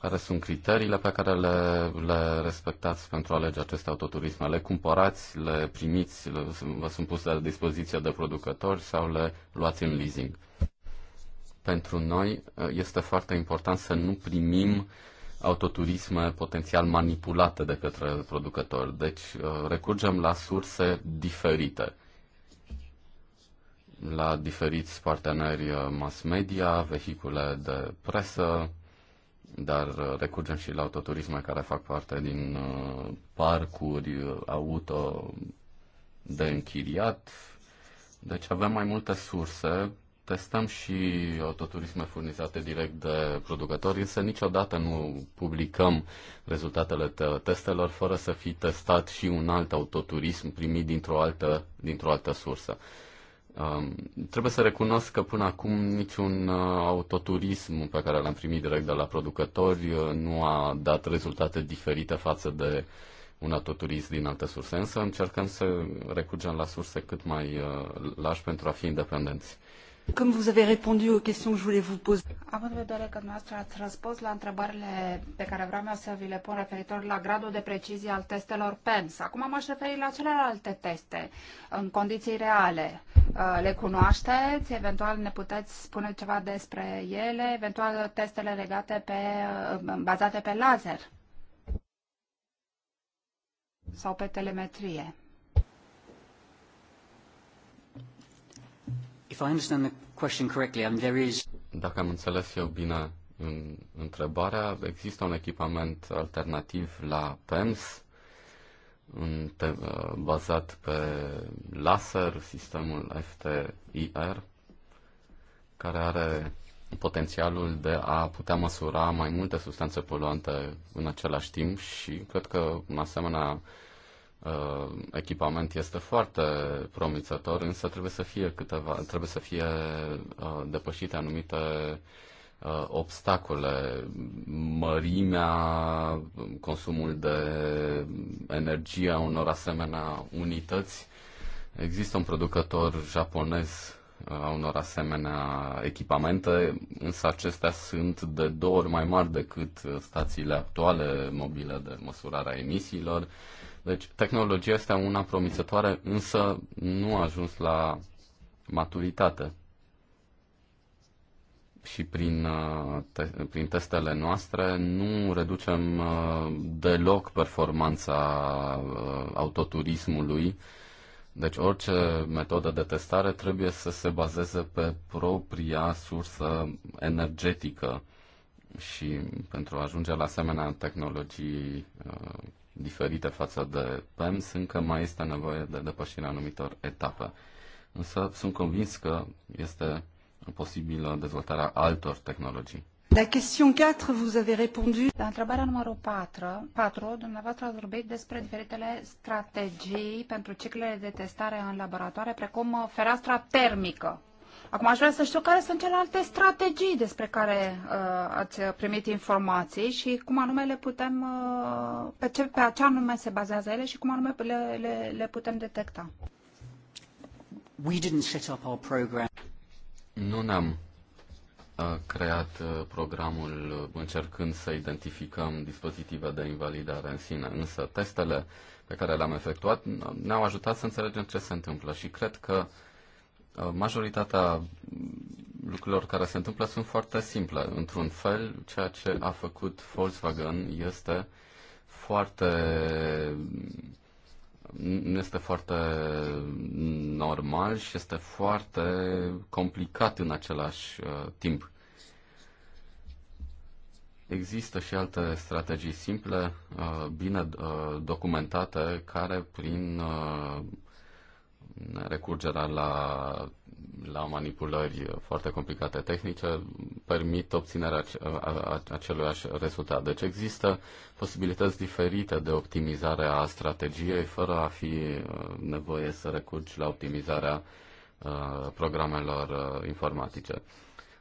Care sunt criteriile pe care le, le respectați pentru a alege aceste autoturisme? Le cumpărați, le primiți, le, vă sunt puse la dispoziția de producători sau le luați în leasing? Pentru noi uh, este foarte important să nu primim autoturisme potențial manipulate de către producători. Deci recurgem la surse diferite la diferiți parteneri uh, mass media, vehicule de presă, dar uh, recurgem și la autoturisme care fac parte din uh, parcuri auto de închiriat. Deci avem mai multe surse, testăm și autoturisme furnizate direct de producători, însă niciodată nu publicăm rezultatele testelor fără să fi testat și un alt autoturism primit dintr-o altă, dintr-o altă sursă. Um, trebuie să recunosc că până acum niciun uh, autoturism pe care l-am primit direct de la producători uh, nu a dat rezultate diferite față de un autoturism din alte surse, însă încercăm să recurgem la surse cât mai uh, lași pentru a fi independenți. Cum vous avez répondu aux questions que je voulais vous poser. Având în vedere că noastră ați răspuns la întrebările pe care vreau eu să vi le pun referitor la gradul de precizie al testelor PEMS. Acum m-aș referi la celelalte teste în condiții reale. Uh, le cunoașteți? Eventual ne puteți spune ceva despre ele? Eventual testele legate pe, uh, bazate pe laser? Sau pe telemetrie? Um, Dacă am înțeles eu bine în întrebarea, există un echipament alternativ la PEMS în te- uh, bazat pe laser, sistemul FTIR, care are potențialul de a putea măsura mai multe substanțe poluante în același timp și cred că un asemenea Uh, echipament este foarte promițător, însă trebuie să fie câteva, trebuie să fie uh, depășite anumite uh, obstacole, mărimea, consumul de energie a unor asemenea unități. Există un producător japonez uh, a unor asemenea echipamente, însă acestea sunt de două ori mai mari decât stațiile actuale mobile de măsurare a emisiilor. Uh, deci, tehnologia este una promițătoare, însă nu a ajuns la maturitate. Și prin, uh, te- prin testele noastre nu reducem uh, deloc performanța uh, autoturismului. Deci orice metodă de testare trebuie să se bazeze pe propria sursă energetică și pentru a ajunge la asemenea tehnologii diferite față de PEMS, încă mai este nevoie de depășirea anumitor etape. Însă sunt convins că este posibilă dezvoltarea altor tehnologii. La question 4, vous avez répondu. La întrebarea numărul 4, 4, dumneavoastră ați vorbit despre diferitele strategii pentru ciclele de testare în laboratoare, precum uh, fereastra termică. Acum aș vrea să știu care sunt celelalte strategii despre care uh, ați primit informații și cum anume le putem, uh, pe, ce, pe ce anume se bazează ele și cum anume le, le, le putem detecta. We didn't set up our program. Nu ne-am uh, creat uh, programul încercând să identificăm dispozitive de invalidare în sine, însă testele pe care le-am efectuat ne-au ajutat să înțelegem ce se întâmplă și cred că uh, Majoritatea lucrurilor care se întâmplă sunt foarte simple. Într-un fel, ceea ce a făcut Volkswagen este foarte nu este foarte normal și este foarte complicat în același uh, timp. Există și alte strategii simple, uh, bine uh, documentate, care prin uh, recurgerea la, la manipulări foarte complicate tehnice permit obținerea acelui rezultat. Deci există posibilități diferite de optimizare a strategiei fără a fi uh, nevoie să recurgi la optimizarea uh, programelor uh, informatice.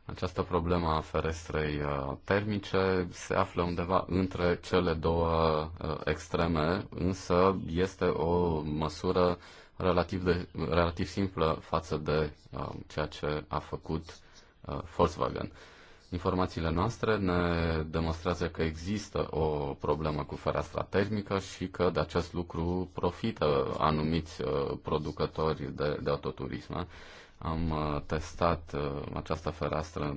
Această problemă a ferestrei termice se află undeva între cele două extreme, însă este o măsură relativ, de, relativ simplă față de uh, ceea ce a făcut uh, Volkswagen. Informațiile noastre ne demonstrează că există o problemă cu fereastra termică și că de acest lucru profită anumiți uh, producători de, de autoturisme. Am uh, testat uh, această fereastră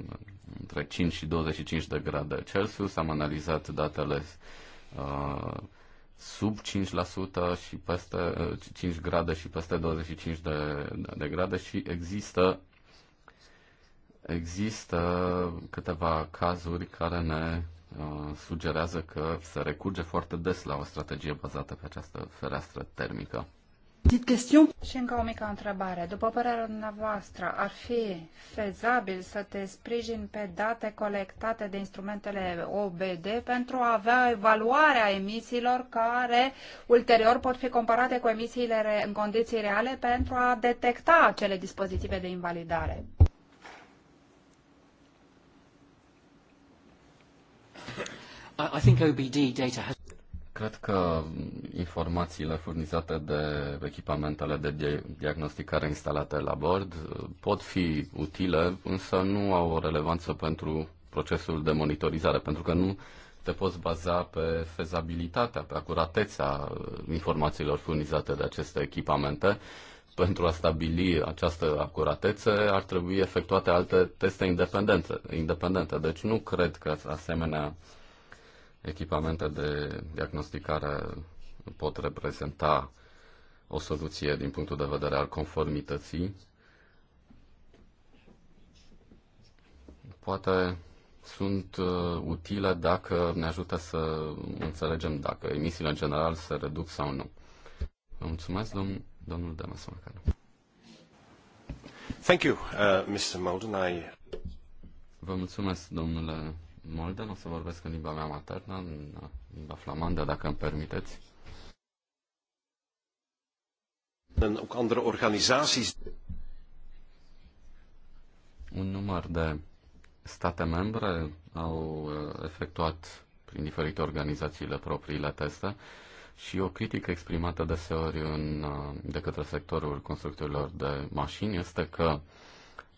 între 5 și 25 de grade Celsius, am analizat datele uh, sub 5% și peste 5 eh, grade și peste 25 de, de grade și există există câteva cazuri care ne uh, sugerează că se recurge foarte des la o strategie bazată pe această fereastră termică. Și încă o mică întrebare. După părerea dumneavoastră, ar fi fezabil să te sprijin pe date colectate de instrumentele OBD pentru a avea evaluarea emisiilor care ulterior pot fi comparate cu emisiile în condiții reale pentru a detecta acele dispozitive de invalidare? I think OBD data has Cred că informațiile furnizate de echipamentele de diagnosticare instalate la bord uh, pot fi utile, însă nu au o relevanță pentru procesul de monitorizare, pentru că nu te poți baza pe fezabilitatea, pe acuratețea uh, informațiilor furnizate de aceste echipamente. Pentru a stabili această acuratețe ar trebui efectuate alte teste independente. independente. Deci nu cred că asemenea Echipamente de diagnosticare pot reprezenta o soluție din punctul de vedere al conformității. Poate sunt uh, utile dacă ne ajută să înțelegem dacă emisiile în general se reduc sau nu. Vă mulțumesc, domn, domnul Demasmacan. Thank you, uh, Mr. Molden. I... Vă mulțumesc, domnule Molden, o să vorbesc în limba mea maternă, în limba flamandă, dacă îmi permiteți. Un număr de state membre au uh, efectuat prin diferite organizațiile propriile teste și o critică exprimată deseori în, uh, de către sectorul constructorilor de mașini este că uh,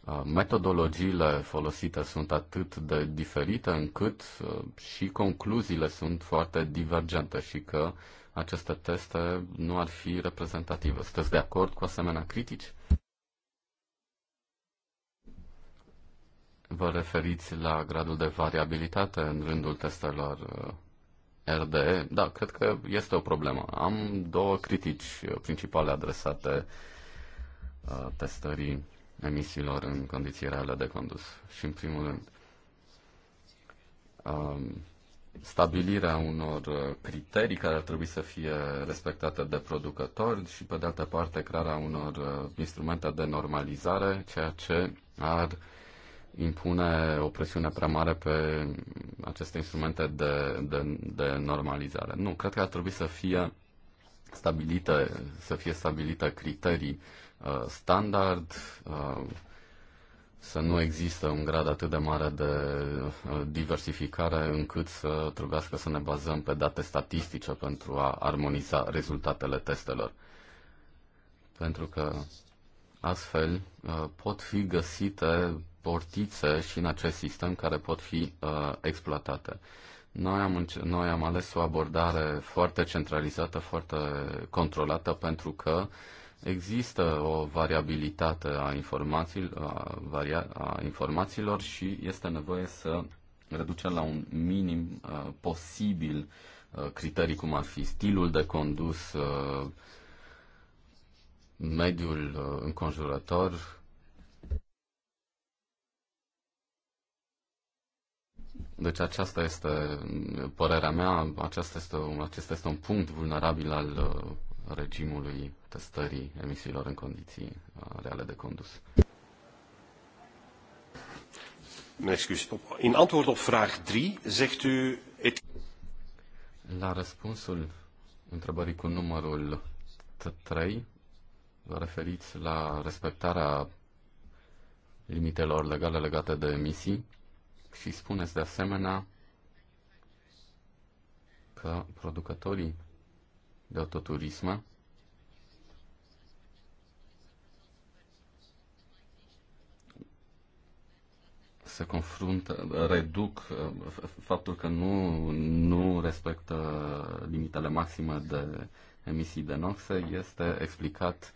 Uh, metodologiile folosite sunt atât de diferite încât uh, și concluziile sunt foarte divergente și că aceste teste nu ar fi reprezentative. Sunteți de acord cu asemenea critici? Vă referiți la gradul de variabilitate în rândul testelor uh, RDE? Da, cred că este o problemă. Am două critici principale adresate testării emisiilor în condiții reale de condus. Și în primul rând, um, stabilirea unor uh, criterii care ar trebui să fie respectate de producători și, pe de altă parte, crearea unor uh, instrumente de normalizare, ceea ce ar impune o presiune prea mare pe aceste instrumente de, de, de normalizare. Nu, cred că ar trebui să fie stabilite, să fie stabilite criterii uh, Uh, standard, uh, să nu există un grad atât de mare de uh, diversificare încât să trebuiască să ne bazăm pe date statistice pentru a armoniza rezultatele testelor. Pentru că astfel pot fi găsite portițe și în acest sistem care pot fi exploatate. Noi am, noi am ales o abordare foarte centralizată, foarte controlată, pentru că uh, Există o variabilitate a, informații, a, varia, a informațiilor și este nevoie să reducem la un minim uh, posibil uh, criterii cum ar fi stilul de condus, uh, mediul uh, înconjurător. Deci aceasta este părerea mea, aceasta este, un, acesta este un punct vulnerabil al, regimului testării emisiilor în condiții uh, reale de condus. In antwoord op vraag 3 zegt u... Het... La răspunsul întrebării cu numărul 3, vă referiți la respectarea limitelor legale legate de emisii și spuneți de asemenea că producătorii de autoturisme. se confruntă, reduc uh, faptul că nu, nu respectă limitele maxime de emisii de noxe este explicat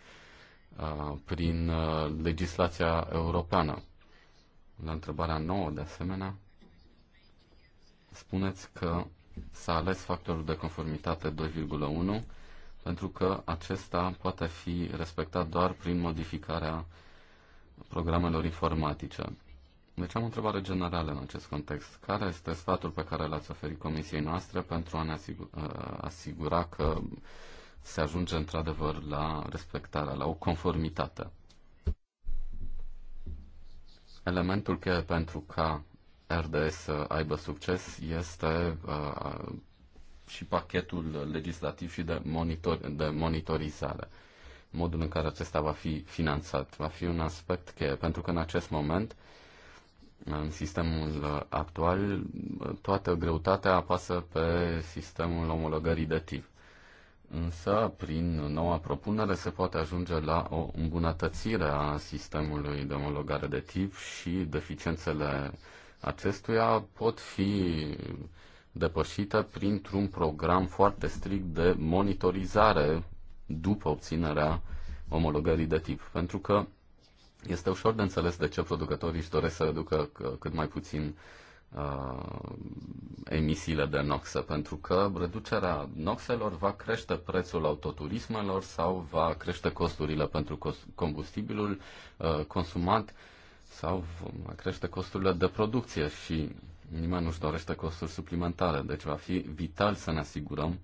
uh, prin uh, legislația europeană. La întrebarea nouă, de asemenea, spuneți că s-a ales factorul de conformitate 2,1 pentru că acesta poate fi respectat doar prin modificarea programelor informatice. Deci am o întrebare generală în acest context. Care este sfatul pe care l-ați oferit comisiei noastre pentru a ne uh, asigura, că se ajunge într-adevăr la respectarea, la o conformitate? Elementul cheie pentru ca RDS să aibă succes este uh, și pachetul legislativ și de, monitor, de monitorizare. Modul în care acesta va fi finanțat va fi un aspect cheie, pentru că în acest moment, în sistemul actual, toată greutatea apasă pe sistemul omologării de tip. Însă, prin noua propunere, se poate ajunge la o îmbunătățire a sistemului de omologare de tip și deficiențele acestuia pot fi depășită printr-un program foarte strict de monitorizare după obținerea omologării de tip. Pentru că este ușor de înțeles de ce producătorii își doresc să reducă cât mai puțin uh, emisiile de noxă, pentru că reducerea noxelor va crește prețul autoturismelor sau va crește costurile pentru cost- combustibilul uh, consumat uh, sau va crește costurile de producție și nimeni nu-și dorește costuri suplimentare. Deci va fi vital să ne asigurăm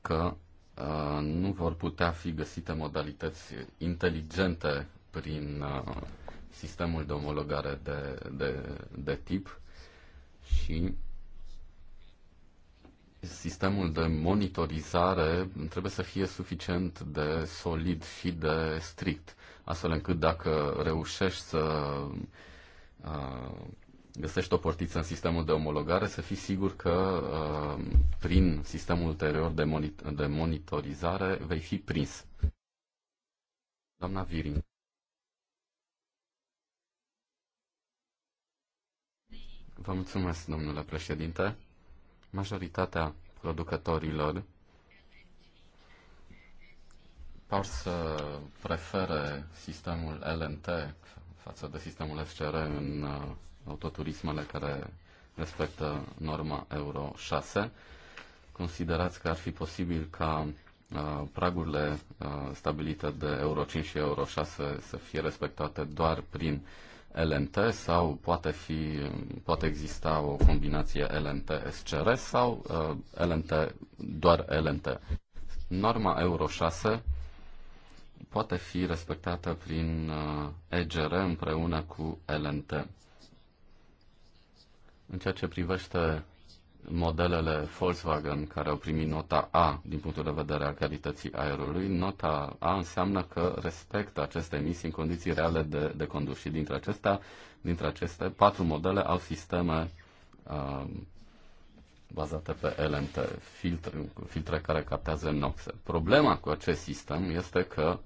că uh, nu vor putea fi găsite modalități inteligente prin uh, sistemul de omologare de, de, de tip și sistemul de monitorizare trebuie să fie suficient de solid și de strict astfel încât dacă reușești să uh, găsești o portiță în sistemul de omologare, să fii sigur că uh, prin sistemul ulterior de, de monitorizare vei fi prins. Doamna Virin. Vă mulțumesc, domnule președinte. Majoritatea producătorilor par să prefere sistemul LNT față de sistemul SCR în uh, autoturismele care respectă norma Euro 6. Considerați că ar fi posibil ca uh, pragurile uh, stabilite de Euro 5 și Euro 6 să fie respectate doar prin LNT sau poate, fi, poate exista o combinație LNT-SCR sau LNT, doar LNT. Norma Euro 6 poate fi respectată prin uh, EGR împreună cu LNT. În ceea ce privește modelele Volkswagen care au primit nota A din punctul de vedere al calității aerului, nota A înseamnă că respectă aceste emisii în condiții reale de, de condus și dintre acestea, dintre aceste patru modele au sisteme uh, bazate pe LNT, filtre, filtre care captează noxe. Problema cu acest sistem este că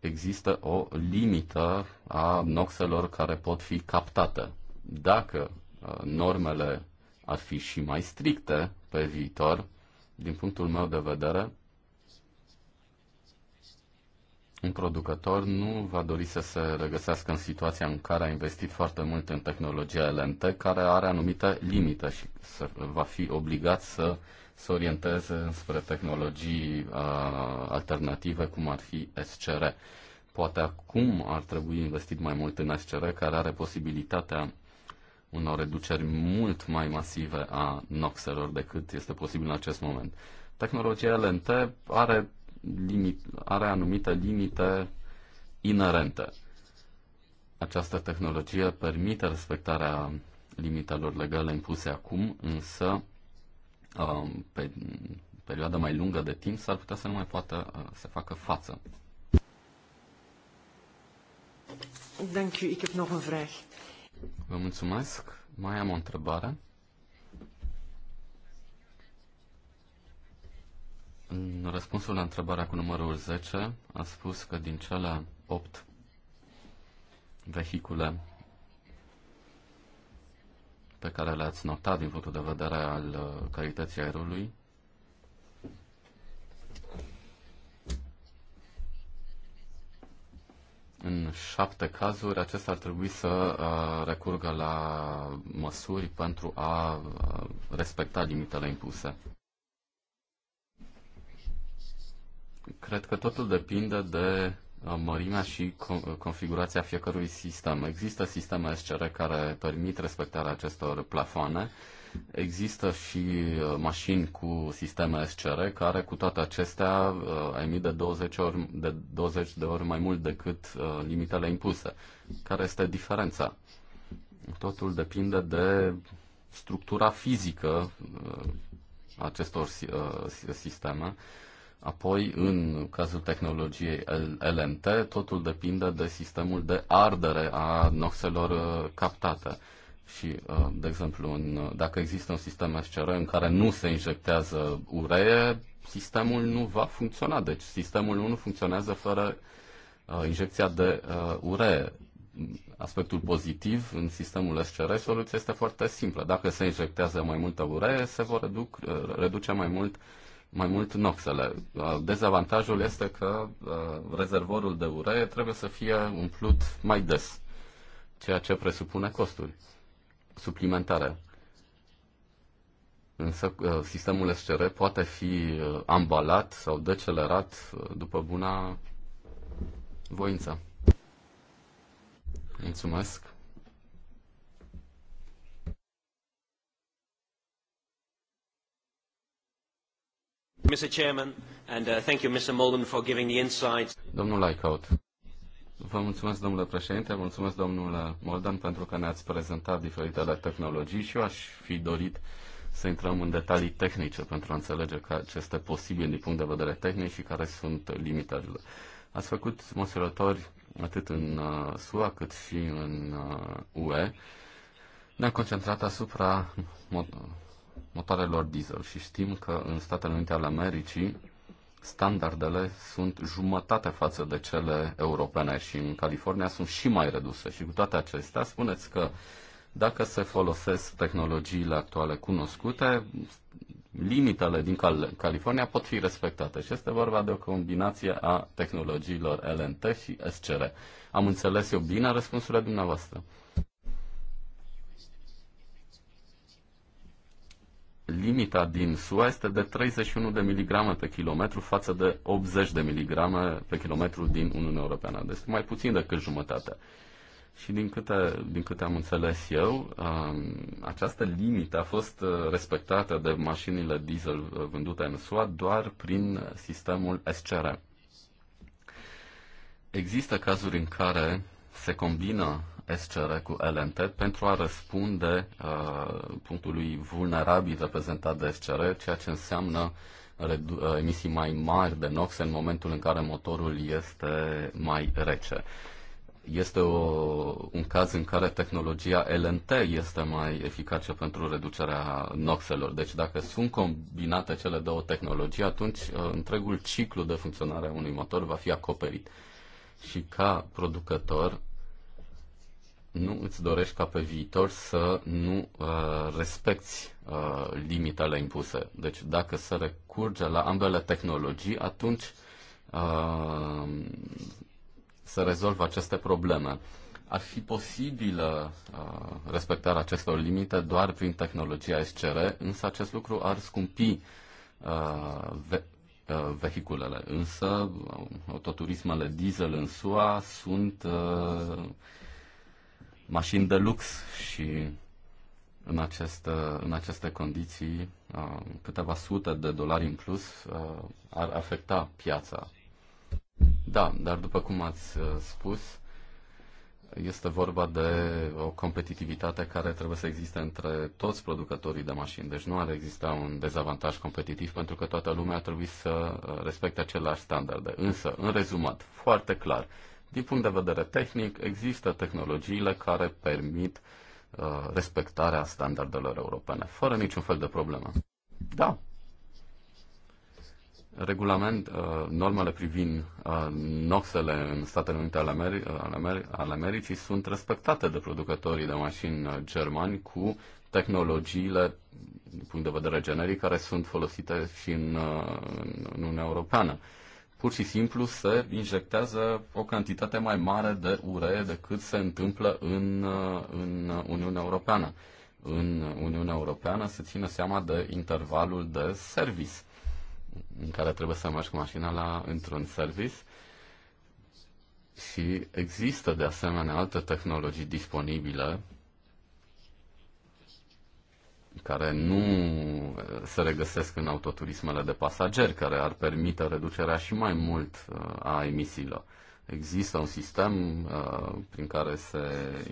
există o limită a noxelor care pot fi captate. Dacă uh, normele ar fi și mai stricte pe viitor, din punctul meu de vedere, un producător nu va dori să se regăsească în situația în care a investit foarte mult în tehnologia LNT, care are anumite limite și va fi obligat să să orienteze spre tehnologii uh, alternative, cum ar fi SCR. Poate acum ar trebui investit mai mult în SCR, care are posibilitatea unor reduceri mult mai masive a noxelor decât este posibil în acest moment. Tehnologia LNT are, limit, are anumite limite inerente. Această tehnologie permite respectarea limitelor legale impuse acum, însă Um, pe perioadă mai lungă de timp, s-ar putea să nu mai poată uh, să facă față. ik heb nog een vraag. Vă mulțumesc. Mai am o întrebare. În răspunsul la întrebarea cu numărul 10, a spus că din cele 8 vehicule pe care le-ați notat din punctul de vedere al uh, calității aerului. În șapte cazuri, acesta ar trebui să uh, recurgă la măsuri pentru a uh, respecta limitele impuse. Cred că totul depinde de Uh, mărimea și configurația fiecărui sistem. Există sisteme SCR care permit respectarea acestor plafoane. Există și uh, mașini cu sisteme SCR care cu toate acestea uh, emit de 20, ori, de 20 de ori mai mult decât limitele impuse. Care este diferența? Totul depinde de structura fizică acestor sisteme Apoi, în cazul tehnologiei LNT, totul depinde de sistemul de ardere a noxelor uh, captate. Și, uh, de exemplu, în, uh, dacă există un sistem SCR în care nu se injectează uree, sistemul nu va funcționa. Deci sistemul nu funcționează fără uh, injecția de uh, uree. Aspectul pozitiv în sistemul SCR, soluția este foarte simplă. Dacă se injectează mai multă uree, se vor reduc, reduce mai mult uh, mai mult noxele. Uh, dezavantajul este că uh, rezervorul de uree trebuie să fie umplut mai des, ceea ce presupune costuri suplimentare. Însă uh, sistemul SCR poate fi ambalat sau decelerat după buna voință. Mulțumesc. Domnul Leicaut, vă mulțumesc, domnule președinte, mulțumesc, domnule Moldan, pentru că ne-ați prezentat diferitele tehnologii și eu aș fi dorit să intrăm în detalii tehnice pentru a înțelege că ce este posibil din punct de vedere tehnic și care sunt limitările. Ați făcut măsurători atât în uh, SUA cât și în UE. Uh, Ne-am concentrat asupra motoarelor diesel și știm că în Statele Unite ale Americii standardele sunt jumătate față de cele europene și în California sunt și mai reduse. Și cu toate acestea, spuneți că dacă se folosesc tehnologiile actuale cunoscute, limitele din Cal- California pot fi respectate și este vorba de o combinație a tehnologiilor LNT și SCR. Am înțeles eu bine răspunsurile dumneavoastră. Uh, limita din SUA este de 31 de miligrame pe kilometru față de 80 de miligrame pe kilometru din Uniunea Europeană. Deci mai puțin decât jumătate. Și din câte, din câte am înțeles eu, um, această limită a fost uh, respectată de mașinile diesel uh, vândute în SUA doar prin sistemul SCR. Există cazuri în care se combină SCR cu LNT pentru a răspunde uh, punctului vulnerabil reprezentat de SCR, ceea ce înseamnă uh, emisii mai mari de NOx în momentul în care motorul este mai rece. Este o, un caz în care tehnologia LNT este mai eficace pentru reducerea noxelor. Deci dacă sunt combinate cele două tehnologii, atunci uh, întregul ciclu de funcționare a unui motor va fi acoperit. Și ca producător nu îți dorești ca pe viitor să nu uh, respecti uh, limitele impuse. Deci dacă se recurge la ambele tehnologii, atunci uh, se rezolvă aceste probleme. Ar fi posibilă uh, respectarea acestor limite doar prin tehnologia SCR, însă acest lucru ar scumpi uh, ve- uh, vehiculele. Însă uh, autoturismele diesel în SUA sunt uh, mașini de lux și în aceste, în aceste condiții uh, câteva sute de dolari în plus uh, ar afecta piața. Da, dar după cum ați uh, spus, este vorba de o competitivitate care trebuie să existe între toți producătorii de mașini. Deci nu ar exista un dezavantaj competitiv pentru că toată lumea ar trebui să respecte aceleași standarde. Însă, în rezumat, foarte clar, din punct de vedere tehnic, există tehnologiile care permit uh, respectarea standardelor europene, fără niciun fel de problemă. Da. Regulament, uh, normele privind uh, noxele în Statele Unite ale, Ameri- uh, ale, Ameri- ale Americii sunt respectate de producătorii de mașini uh, germani cu tehnologiile, din punct de vedere generic, care sunt folosite și în, uh, în Uniunea Europeană. Uh, pur și simplu se injectează o cantitate mai mare de uree decât se întâmplă în, uh, în Uniunea Europeană. În Uniunea Europeană se ține seama de intervalul de service în care trebuie să mergi cu mașina la, într-un service și există de asemenea alte tehnologii disponibile care nu eh, se regăsesc în autoturismele de pasageri, care ar permite reducerea și mai mult eh, a emisiilor. Există un sistem uh, prin care se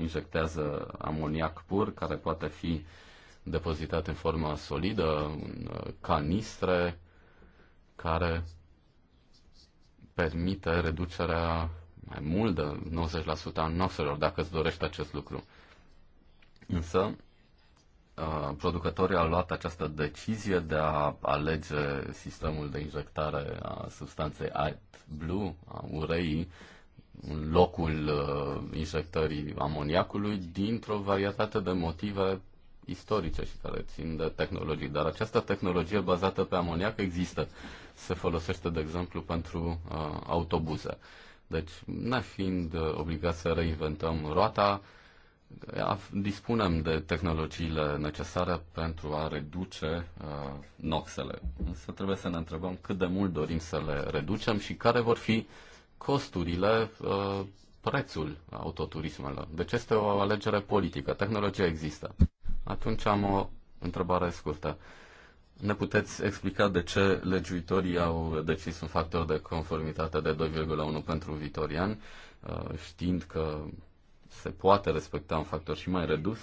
injectează amoniac pur, care poate fi depozitat în formă solidă, în canistre, care permite reducerea mai mult de 90% a noxelor, dacă îți dorești acest lucru. Însă, Uh, producătorii au luat această decizie de a alege sistemul de injectare a substanței Alt Blue, a ureii, în locul uh, injectării amoniacului dintr-o varietate de motive istorice și care țin de tehnologii. Dar această tehnologie bazată pe amoniac există. Se folosește, de exemplu, pentru uh, autobuze. Deci, ne fiind uh, obligați să reinventăm roata, uh, dispunem de tehnologiile necesare pentru a reduce uh, noxele. Însă trebuie să ne întrebăm cât de mult dorim să le reducem și care vor fi costurile, uh, prețul autoturismelor. Deci este o alegere politică. Tehnologia există. Atunci am o întrebare scurtă. Ne puteți explica de ce legiuitorii au decis un factor de conformitate de 2,1 pentru vitorian, uh, știind că se poate respecta un factor și mai redus,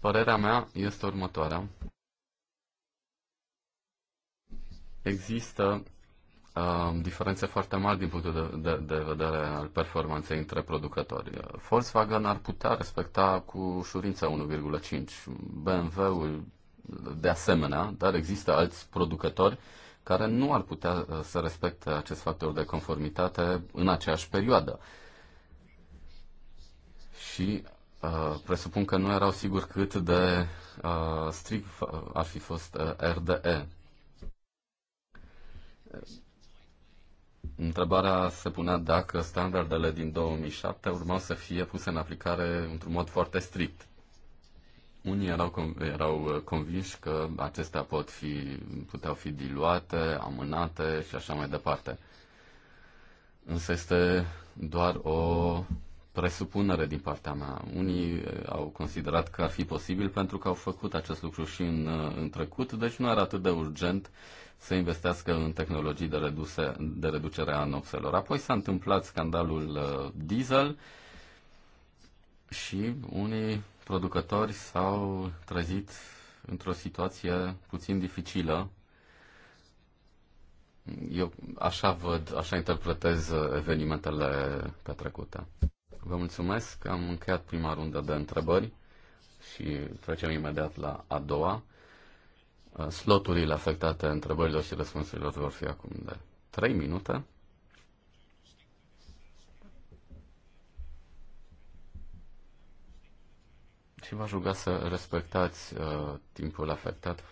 părerea mea este următoarea. Există uh, diferențe foarte mari din punctul de, de, de vedere al performanței între producători. Volkswagen ar putea respecta cu ușurință 1,5, BMW-ul de asemenea, dar există alți producători care nu ar putea uh, să respecte acest factor de conformitate în aceeași perioadă și uh, presupun că nu erau sigur cât de uh, strict ar fi fost uh, RDE. Întrebarea se punea dacă standardele din 2007 urmau să fie puse în aplicare într-un mod foarte strict. Unii erau, erau uh, convinși că acestea pot fi, puteau fi diluate, amânate și așa mai departe. Însă este doar o presupunere din partea mea. Unii eh, au considerat că ar fi posibil pentru că au făcut acest lucru și în, eh, în trecut, deci nu era atât de urgent să investească în tehnologii de, reduse, de reducere a noxelor. Apoi s-a întâmplat scandalul eh, diesel și unii producători s-au trezit într-o situație puțin dificilă. Eu așa văd, așa interpretez evenimentele petrecute. Vă mulțumesc. Am încheiat prima rundă de întrebări și trecem imediat la a doua. Uh, sloturile afectate întrebărilor și răspunsurilor vor fi acum de 3 minute. Și v-aș ruga să respectați uh, timpul afectat,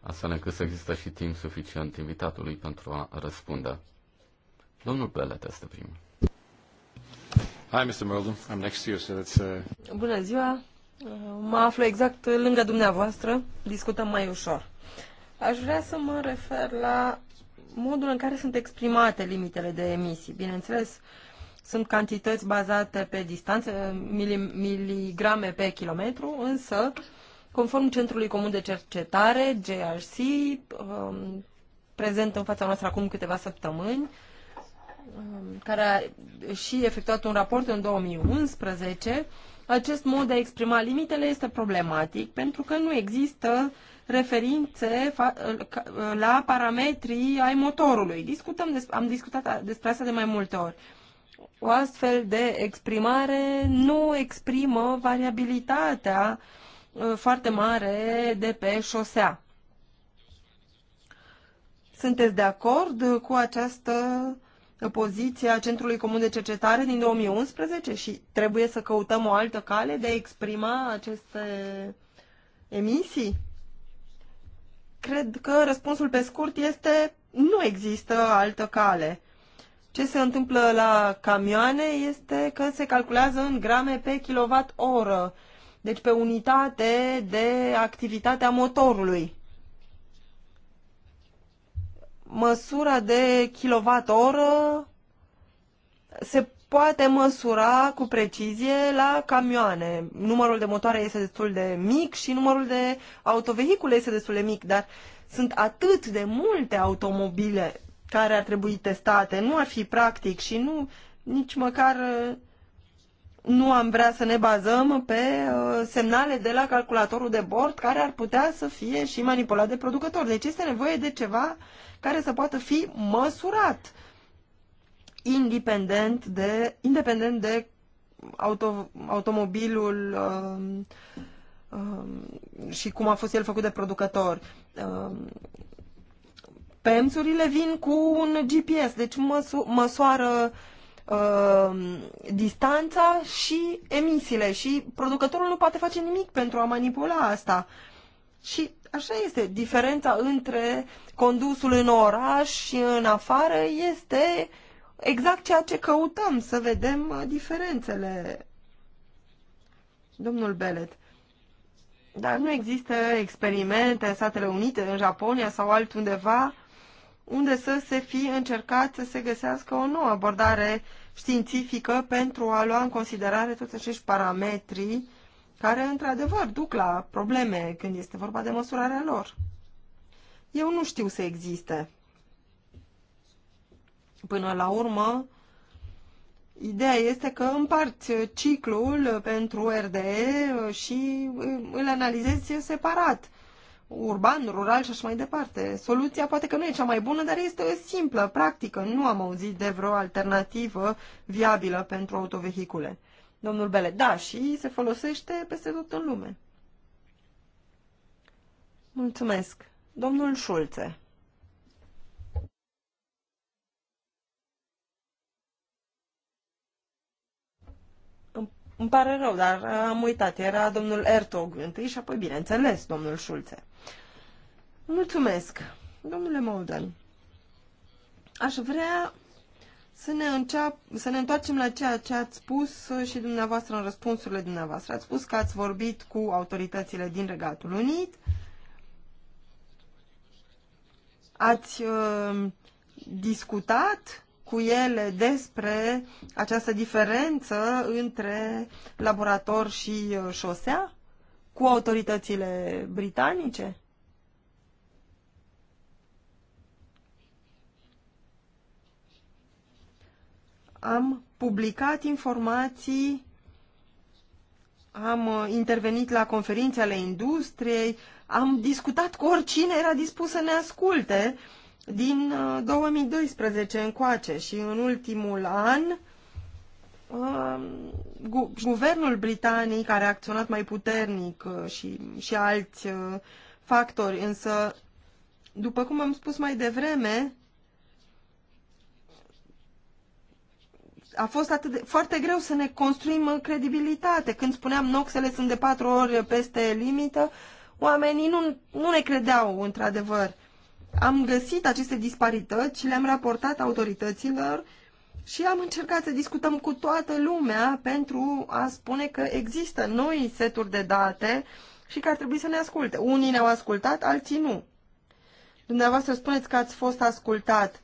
astfel încât să există și timp suficient invitatului pentru a răspunde. Domnul Pelet este primul. Hi, Mr. Merlin. I'm next to you, so that's, uh... Bună ziua! Mă aflu exact lângă dumneavoastră. Discutăm mai ușor. Aș vrea să mă refer la modul în care sunt exprimate limitele de emisii. Bineînțeles, sunt cantități bazate pe distanță, mili, miligrame pe kilometru, însă, conform Centrului Comun de Cercetare, GRC, um, prezent în fața noastră acum câteva săptămâni, Um, care a și efectuat un raport în 2011, acest mod de a exprima limitele este problematic pentru că nu există referințe la parametrii ai motorului. Discutăm am discutat despre asta de mai multe ori. O astfel de exprimare nu exprimă variabilitatea uh, foarte mare de pe șosea. Sunteți de acord cu această uh, poziția Centrului Comun de Cercetare din 2011 și trebuie să căutăm o altă cale de a exprima aceste emisii? Cred că răspunsul pe scurt este nu există altă cale. Ce se întâmplă la camioane este că se calculează în grame pe kilowatt oră, deci pe unitate de activitate a motorului măsura de kilowatt-oră se poate măsura cu precizie la camioane. Numărul de motoare este destul de mic și numărul de autovehicule este destul de mic, dar sunt atât de multe automobile care ar trebui testate. Nu ar fi practic și nu nici măcar nu am vrea să ne bazăm pe uh, semnale de la calculatorul de bord care ar putea să fie și manipulat de producător. Deci este nevoie de ceva uh, care să poată fi măsurat independent de, independent de auto, automobilul uh, uh, și cum a fost el făcut de producător. Uh, um, Pemsurile vin cu un GPS, deci măsu- măsoară uh, distanța și emisiile și producătorul nu poate face nimic pentru a manipula asta. Și așa este. Diferența între condusul în oraș și în afară este exact ceea ce căutăm, să vedem uh, diferențele. Domnul Belet, dar nu există experimente în Statele Unite, în Japonia sau altundeva unde să se fi încercat să se găsească o nouă abordare științifică pentru a lua în considerare toți acești parametri care într-adevăr duc la probleme când este vorba de măsurarea lor. Eu nu știu să existe. Până la urmă, ideea este că împarți ciclul pentru RDE și îl analizezi separat. Urban, rural și așa mai departe. Soluția poate că nu e cea mai bună, dar este simplă, practică. Nu am auzit de vreo alternativă viabilă pentru autovehicule. Domnul Bele, da, și se folosește peste tot în lume. Mulțumesc. Domnul Șulțe. Îmi pare rău, dar am uitat. Era domnul Ertog întâi și apoi, bineînțeles, domnul Șulțe. Mulțumesc, domnule Moldan. Aș vrea să ne, înceap, să ne întoarcem la ceea ce ați spus și dumneavoastră în răspunsurile dumneavoastră. Ați spus că ați vorbit cu autoritățile din Regatul Unit, ați uh, discutat cu ele despre această diferență între laborator și uh, șosea cu autoritățile britanice? am publicat informații, am uh, intervenit la conferințe ale industriei, am discutat cu oricine era dispus să ne asculte din 2012 uh, încoace și în ultimul an um, guvernul britanic care a acționat mai puternic uh, și, și alți factori, însă după cum am spus mai devreme, a fost atât de, foarte greu să ne construim uh, credibilitate. Când spuneam noxele sunt de patru ori uh, peste limită, oamenii nu, nu ne credeau într-adevăr. Am găsit aceste disparități și le-am raportat autorităților și am încercat să discutăm cu toată lumea pentru a spune că există noi seturi de date și că ar trebui să ne asculte. Unii ne-au ascultat, alții nu. Dumneavoastră spuneți că ați fost ascultat.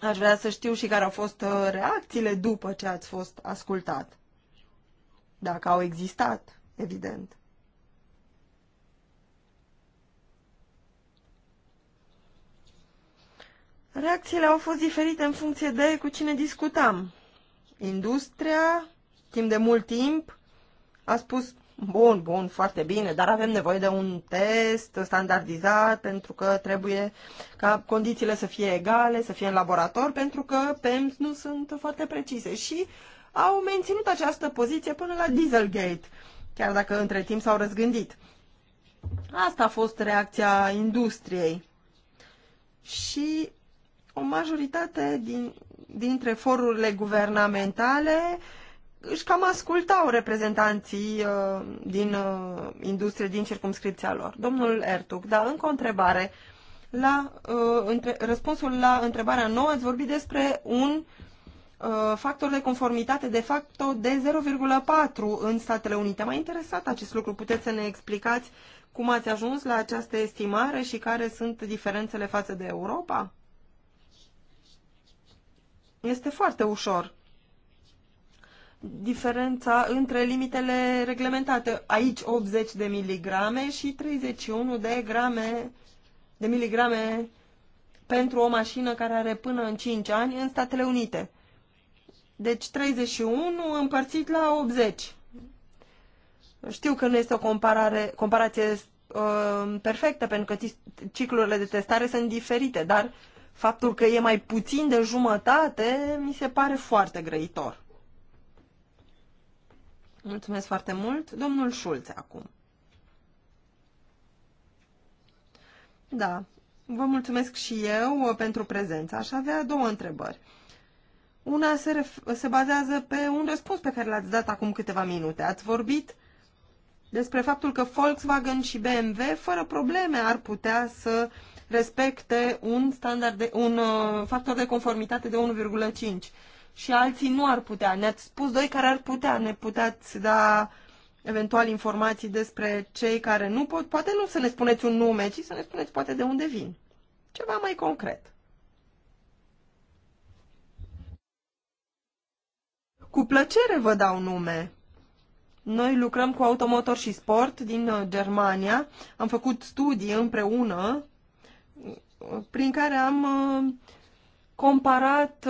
Aș vrea să știu și care au fost uh, reacțiile după ce ați fost ascultat. Dacă au existat, evident. Reacțiile au fost diferite în funcție de cu cine discutam. Industria, timp de mult timp, a spus Bun, bun, foarte bine, dar avem nevoie de un test standardizat pentru că trebuie ca condițiile să fie egale, să fie în laborator, pentru că PEMS nu sunt foarte precise și au menținut această poziție până la Dieselgate, chiar dacă între timp s-au răzgândit. Asta a fost reacția industriei. Și o majoritate din, dintre forurile guvernamentale uh, își cam ascultau reprezentanții uh, din uh, industrie, din circumscripția lor. Domnul Ertug, Dar încă o întrebare. La, uh, între, răspunsul la întrebarea nouă ați vorbit despre un factor de conformitate de facto de 0,4 în Statele Unite. M-a interesat acest lucru. Puteți să ne explicați cum ați ajuns la această estimare și care sunt diferențele față de Europa? Este foarte ușor diferența între limitele reglementate. Aici 80 de miligrame și 31 de grame de miligrame pentru o mașină care are până în 5 ani în Statele Unite. Deci 31 împărțit la 80. Știu că nu este o comparare, comparație uh, perfectă, pentru că ciclurile de testare sunt diferite, dar faptul că e mai puțin de jumătate mi se pare foarte grăitor. Mulțumesc foarte mult. Domnul Șulțe acum. Da, vă mulțumesc și eu uh, pentru prezență. Aș avea două întrebări. Una se, se bazează pe un răspuns pe care l-ați dat acum câteva minute. Ați vorbit despre faptul că Volkswagen și BMW, fără probleme, ar putea să respecte un, standard de, un uh, factor de conformitate de 1,5 și alții nu ar putea. Ne-ați spus doi care ar putea, ne puteți da eventual informații despre cei care nu pot, poate nu să ne spuneți un nume, ci să ne spuneți poate de unde vin. Ceva mai concret. Cu plăcere vă dau nume. Noi lucrăm cu Automotor și Sport din uh, Germania. Am făcut studii împreună uh, prin care am uh, comparat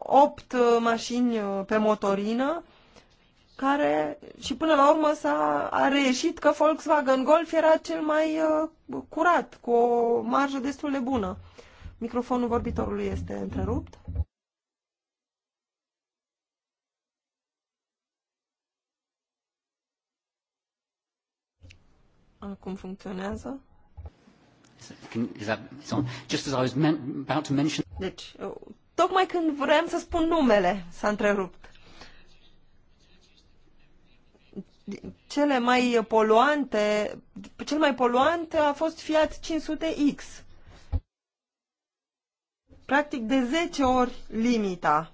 8 uh, mașini uh, pe motorină care și până la urmă s-a a reieșit că Volkswagen Golf era cel mai uh, curat, cu o marjă destul de bună. Microfonul vorbitorului este întrerupt. Acum funcționează. Deci, Tocmai când vrem să spun numele, s-a întrerupt. Cele mai poluante, cel mai poluant a fost Fiat 500X. Practic de 10 ori limita.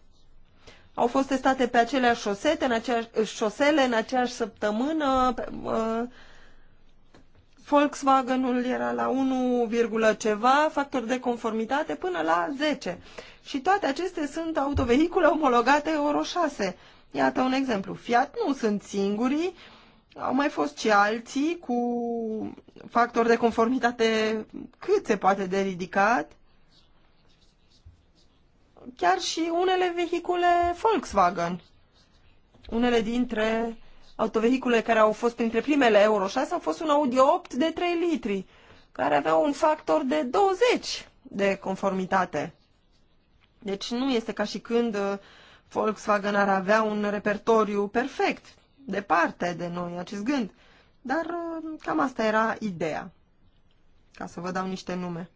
Au fost testate pe aceleași șosete, în aceeași, șosele, în aceeași săptămână, pe, uh, Volkswagenul era la 1, ceva, factor de conformitate, până la 10. Și toate acestea sunt autovehicule omologate Euro 6. Iată un exemplu. Fiat nu sunt singurii, au mai fost și alții cu factor de conformitate cât se poate de ridicat. Chiar și unele vehicule Volkswagen. Unele dintre autovehicule care au fost printre primele Euro 6 au fost un Audi 8 de 3 litri, care avea un factor de 20 de conformitate. Deci nu este ca și când uh, Volkswagen ar avea un repertoriu perfect, departe de noi acest gând. Dar uh, cam asta era ideea, ca să vă dau niște nume.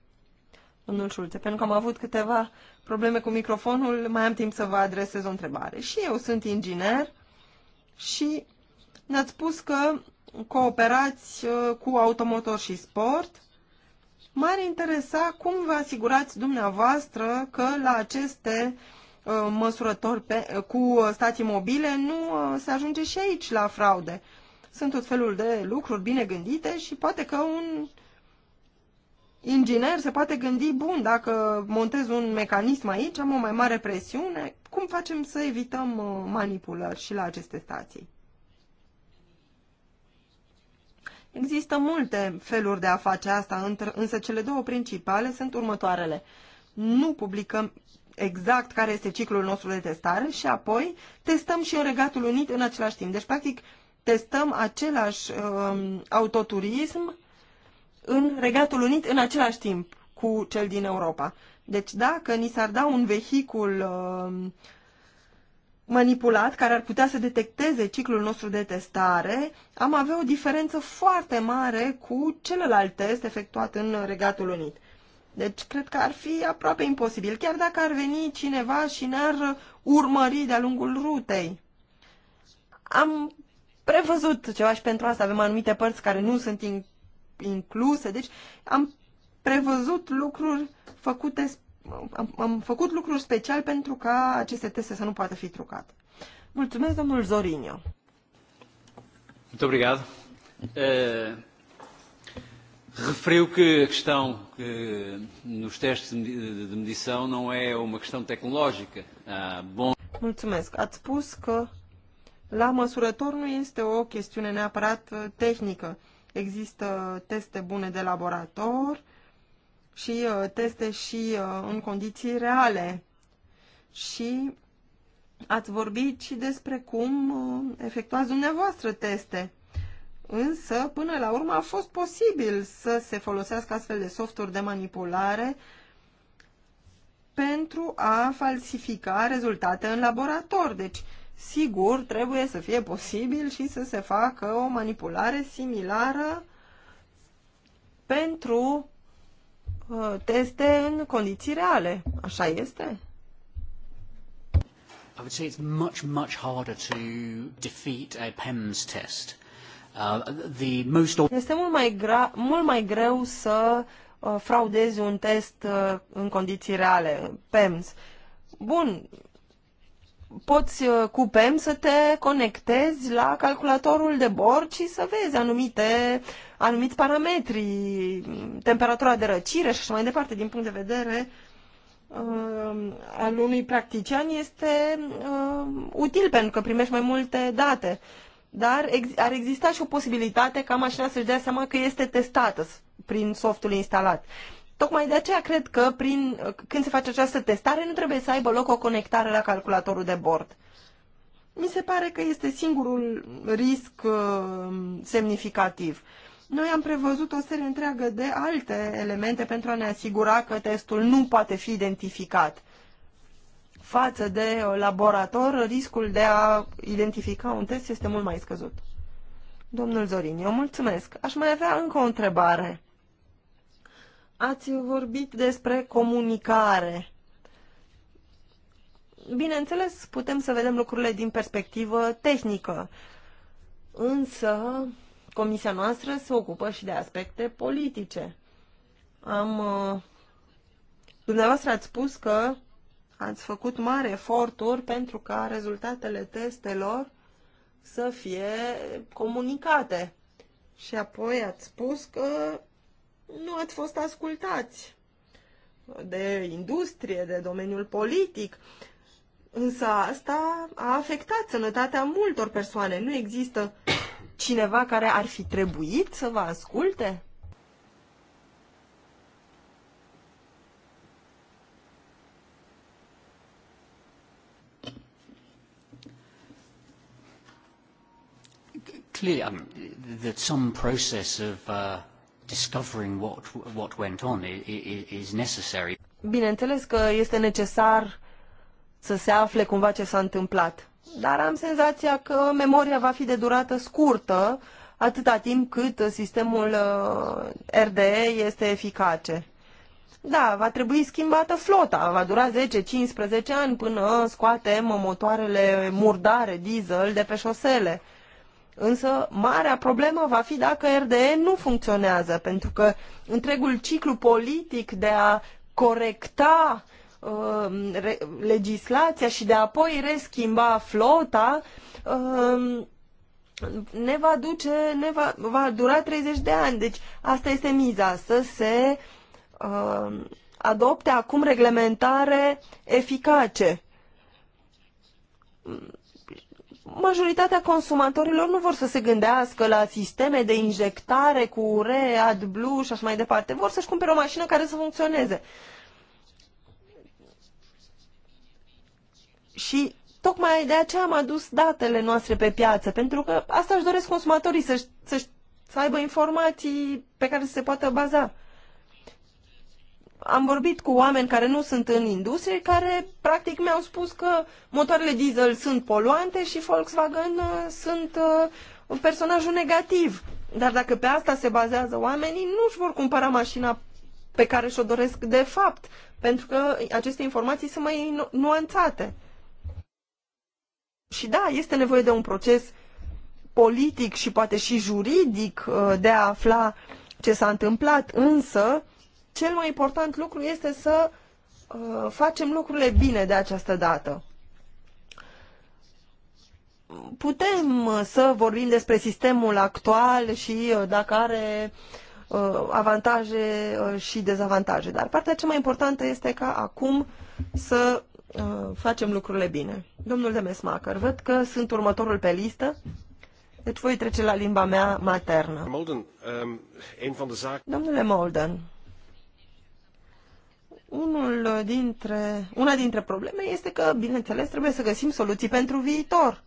Domnul Șulțe, pentru că am avut câteva probleme cu microfonul, mai am timp să vă adresez o întrebare. Și eu sunt inginer și ne-ați spus că cooperați uh, cu automotor și sport. M-ar interesa cum vă asigurați dumneavoastră că la aceste uh, măsurători pe, uh, cu stații mobile nu se ajunge și aici la fraude. Sunt tot felul de lucruri bine gândite și poate că un inginer se poate gândi, bun, dacă montez un mecanism aici, am o mai mare presiune, cum facem să evităm manipulări și la aceste stații? Există multe feluri de a face asta, însă cele două principale sunt următoarele. Nu publicăm exact care este ciclul nostru de testare și apoi testăm și în Regatul Unit în același timp. Deci, practic, testăm același um, autoturism în Regatul Unit în același timp cu cel din Europa. Deci, dacă ni s-ar da un vehicul um, manipulat care ar putea să detecteze ciclul nostru de testare, am avea o diferență foarte mare cu celălalt test efectuat în Regatul Unit. Deci cred că ar fi aproape imposibil, chiar dacă ar veni cineva și ne-ar urmări de-a lungul rutei. Am prevăzut ceva și pentru asta avem anumite părți care nu sunt in- incluse, deci am prevăzut lucruri făcute am, am făcut lucruri special pentru ca aceste teste să nu poată fi trucate. Mulțumesc, domnul Zorinio. Muito obrigado. Uh, referiu que a questão que nos testes de medição não é uma questão tecnológica. Ah, bom... Mulțumesc. Ați spus că la măsurător nu este o chestiune neapărat eh, tehnică. Există teste bune de laborator, și uh, teste și uh, în condiții reale. Și ați vorbit și despre cum uh, efectuați dumneavoastră teste. Însă, până la urmă, a fost posibil să se folosească astfel de softuri de manipulare pentru a falsifica rezultate în laborator. Deci, sigur, trebuie să fie posibil și să se facă o manipulare similară pentru Uh, teste în condiții reale. Așa este? I would say it's much, much harder to defeat a PEMS test. Uh, the most... Este mult mai, gra- mult mai greu să uh, fraudezi un test uh, în condiții reale, PEMS. Bun, poți uh, cu PEM să te conectezi la calculatorul de bord și să vezi anumite, anumiți parametri, temperatura de răcire și așa mai departe, din punct de vedere uh, al unui practician este uh, util pentru că primești mai multe date. Dar ex- ar exista și o posibilitate ca mașina să-și dea seama că este testată prin softul instalat. Tocmai de aceea cred că prin, când se face această testare nu trebuie să aibă loc o conectare la calculatorul de bord. Mi se pare că este singurul risc uh, semnificativ. Noi am prevăzut o serie întreagă de alte elemente pentru a ne asigura că testul nu poate fi identificat. Față de laborator, riscul de a identifica un test este mult mai scăzut. Domnul Zorin, eu mulțumesc. Aș mai avea încă o întrebare. Ați vorbit despre comunicare. Bineînțeles, putem să vedem lucrurile din perspectivă tehnică, însă comisia noastră se ocupă și de aspecte politice. Am, uh, dumneavoastră ați spus că ați făcut mari eforturi pentru ca rezultatele testelor să fie comunicate. Și apoi ați spus că nu ați fost ascultați de industrie, de domeniul politic. Însă asta a afectat sănătatea multor persoane. Nu există cineva care ar fi trebuit să vă asculte? Clearly, um, that some process of uh, discovering what, what went on is necessary. Bineînțeles că este necesar să se afle cumva ce s-a întâmplat, dar am senzația că memoria va fi de durată scurtă atâta timp cât sistemul uh, RDE este eficace. Da, va trebui schimbată flota, va dura 10-15 ani până scoatem motoarele murdare diesel de pe șosele Însă, marea problemă va fi dacă RDE nu funcționează, pentru că întregul ciclu politic de a corecta uh, re, legislația și de a apoi reschimba flota uh, ne va duce, ne va, va dura 30 de ani. Deci asta este miza, să se uh, adopte acum reglementare eficace majoritatea consumatorilor nu vor să se gândească la sisteme de injectare cu URE, AdBlue și așa mai departe. Vor să-și cumpere o mașină care să funcționeze. Și tocmai de aceea am adus datele noastre pe piață, pentru că asta își doresc consumatorii, să, să, să aibă informații pe care să se poată baza am vorbit cu oameni care nu sunt în industrie, care practic mi-au spus că motoarele diesel sunt poluante și Volkswagen uh, sunt uh, personajul negativ. Dar dacă pe asta se bazează oamenii, nu își vor cumpăra mașina pe care și-o doresc de fapt, pentru că aceste informații sunt mai nu nuanțate. Și da, este nevoie de un proces politic și poate și juridic uh, de a afla ce s-a întâmplat, însă cel mai important lucru este să uh, facem lucrurile bine de această dată. Putem uh, să vorbim despre sistemul actual și uh, dacă are uh, avantaje și dezavantaje, dar partea cea mai importantă este ca acum să facem lucrurile bine. Domnul Demesmacher, văd că sunt următorul pe listă, deci voi trece la limba mea maternă. Molden, um, Domnule Molden, unul dintre, una dintre probleme este că, bineînțeles, trebuie să găsim soluții pentru viitor.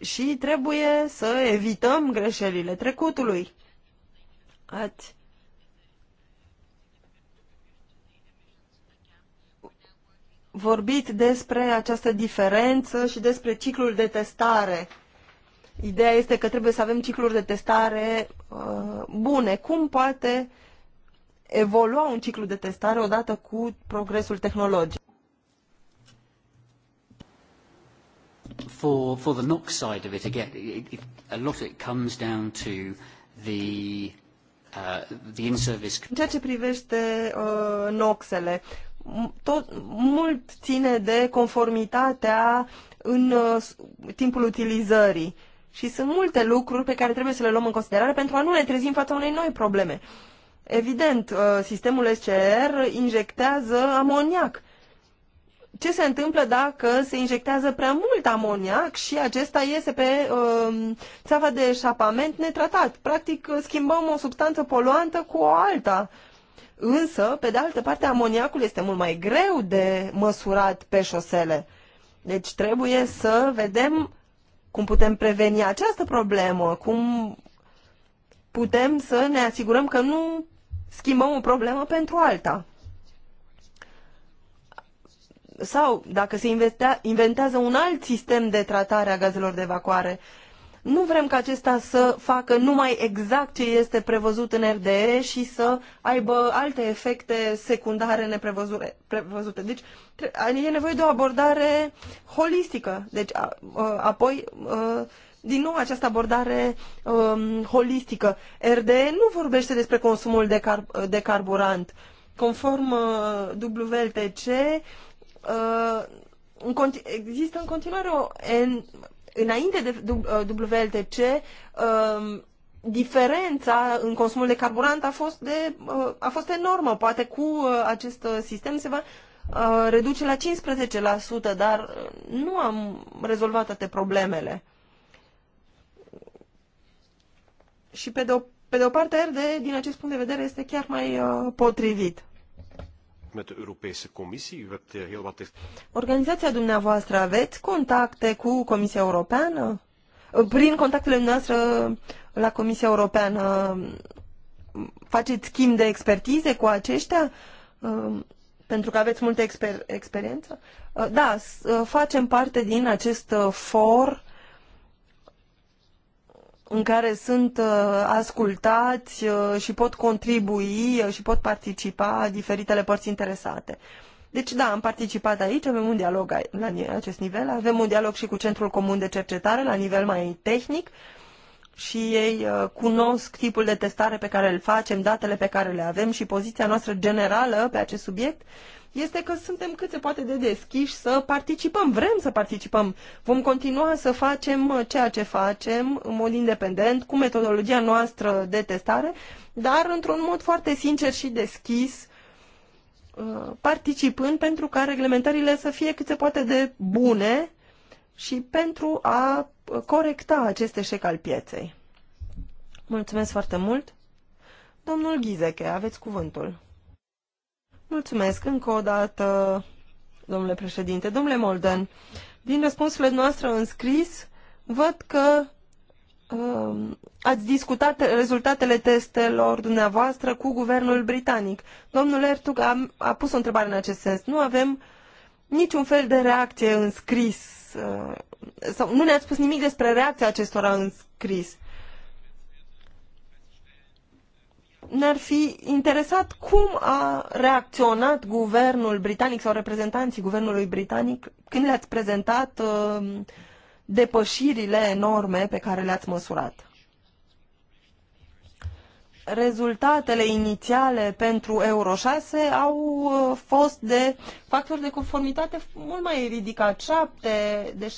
Și trebuie să evităm greșelile trecutului. Ați vorbit despre această diferență și despre ciclul de testare. Ideea este că trebuie să avem cicluri de testare uh, bune. Cum poate uh, evolua un ciclu de testare odată cu progresul tehnologic. For, for the knock side of it, again, it, it, a lot of it comes down to the, uh, the in-service... În ceea ce privește uh, NOx-ele, tot, mult ține de conformitatea în uh, timpul utilizării. Și sunt multe lucruri pe care trebuie să le luăm în considerare pentru a nu ne trezi în fața unei noi probleme. Uh, Evident, uh, sistemul SCR injectează amoniac. Ce se întâmplă dacă se injectează prea mult amoniac și acesta iese pe uh, țeava de eșapament netratat? Practic uh, schimbăm o substanță poluantă cu o alta. Însă, pe de altă parte, amoniacul este mult mai greu de măsurat pe șosele. Deci trebuie să vedem cum putem preveni această problemă, cum putem să ne asigurăm că nu schimbăm o problemă pentru alta. Sau dacă se inventează un alt sistem de tratare a gazelor de evacuare, nu vrem ca acesta să facă numai exact ce este prevăzut în RDE și să aibă alte efecte secundare neprevăzute. Deci e nevoie de o abordare holistică. Deci a, a, apoi a, din nou această abordare um, holistică. RDE nu vorbește despre consumul de, car- de carburant. Conform uh, WLTC, uh, în există în continuare o, în, înainte de WLTC, uh, um, diferența în consumul de carburant a fost, de, uh, a fost enormă. Poate cu uh, acest uh, sistem se va uh, reduce la 15%, dar uh, nu am rezolvat toate problemele. Și pe de, o, pe de o parte RD, din acest punct de vedere, este chiar mai uh, potrivit. Met de Europese Comisie, u hebt uh, heel wat... Organizația dumneavoastră, aveți contacte cu Comisia Europeană? Uh, prin contactele noastre la Comisia Europeană, uh, faceți schimb de expertize cu aceștia? Uh, pentru că aveți multă exper- experiență? Uh, da, uh, facem parte din acest for în care sunt uh, ascultați uh, și pot contribui uh, și pot participa diferitele părți interesate. Deci da, am participat aici, avem un dialog la acest nivel, avem un dialog și cu Centrul Comun de Cercetare la nivel mai tehnic și ei cunosc tipul de testare pe care îl facem, datele pe care le avem și poziția noastră generală pe acest subiect este că suntem cât se poate de deschiși să participăm. Vrem să participăm. Vom continua să facem uh, ceea ce facem în mod independent, cu metodologia noastră de testare, dar într-un mod foarte sincer și deschis, uh, participând pentru ca reglementările să fie cât se poate de bune și pentru a uh, corecta acest eșec al pieței. Mulțumesc foarte mult! Domnul Ghizeche, aveți cuvântul. Mulțumesc încă o dată, domnule președinte. Domnule Molden, din răspunsurile noastre în scris, văd că um, ați discutat rezultatele testelor dumneavoastră cu guvernul britanic. Domnul Ertug a, a pus o întrebare în acest sens. Nu avem niciun fel de reacție în scris uh, sau nu ne-ați spus nimic despre reacția acestora în scris. ne-ar fi interesat cum a reacționat guvernul britanic sau reprezentanții guvernului britanic când le-ați prezentat uh, depășirile enorme pe care le-ați măsurat rezultatele inițiale pentru Euro 6 au uh, fost de factori de conformitate mult mai ridicat, 7, de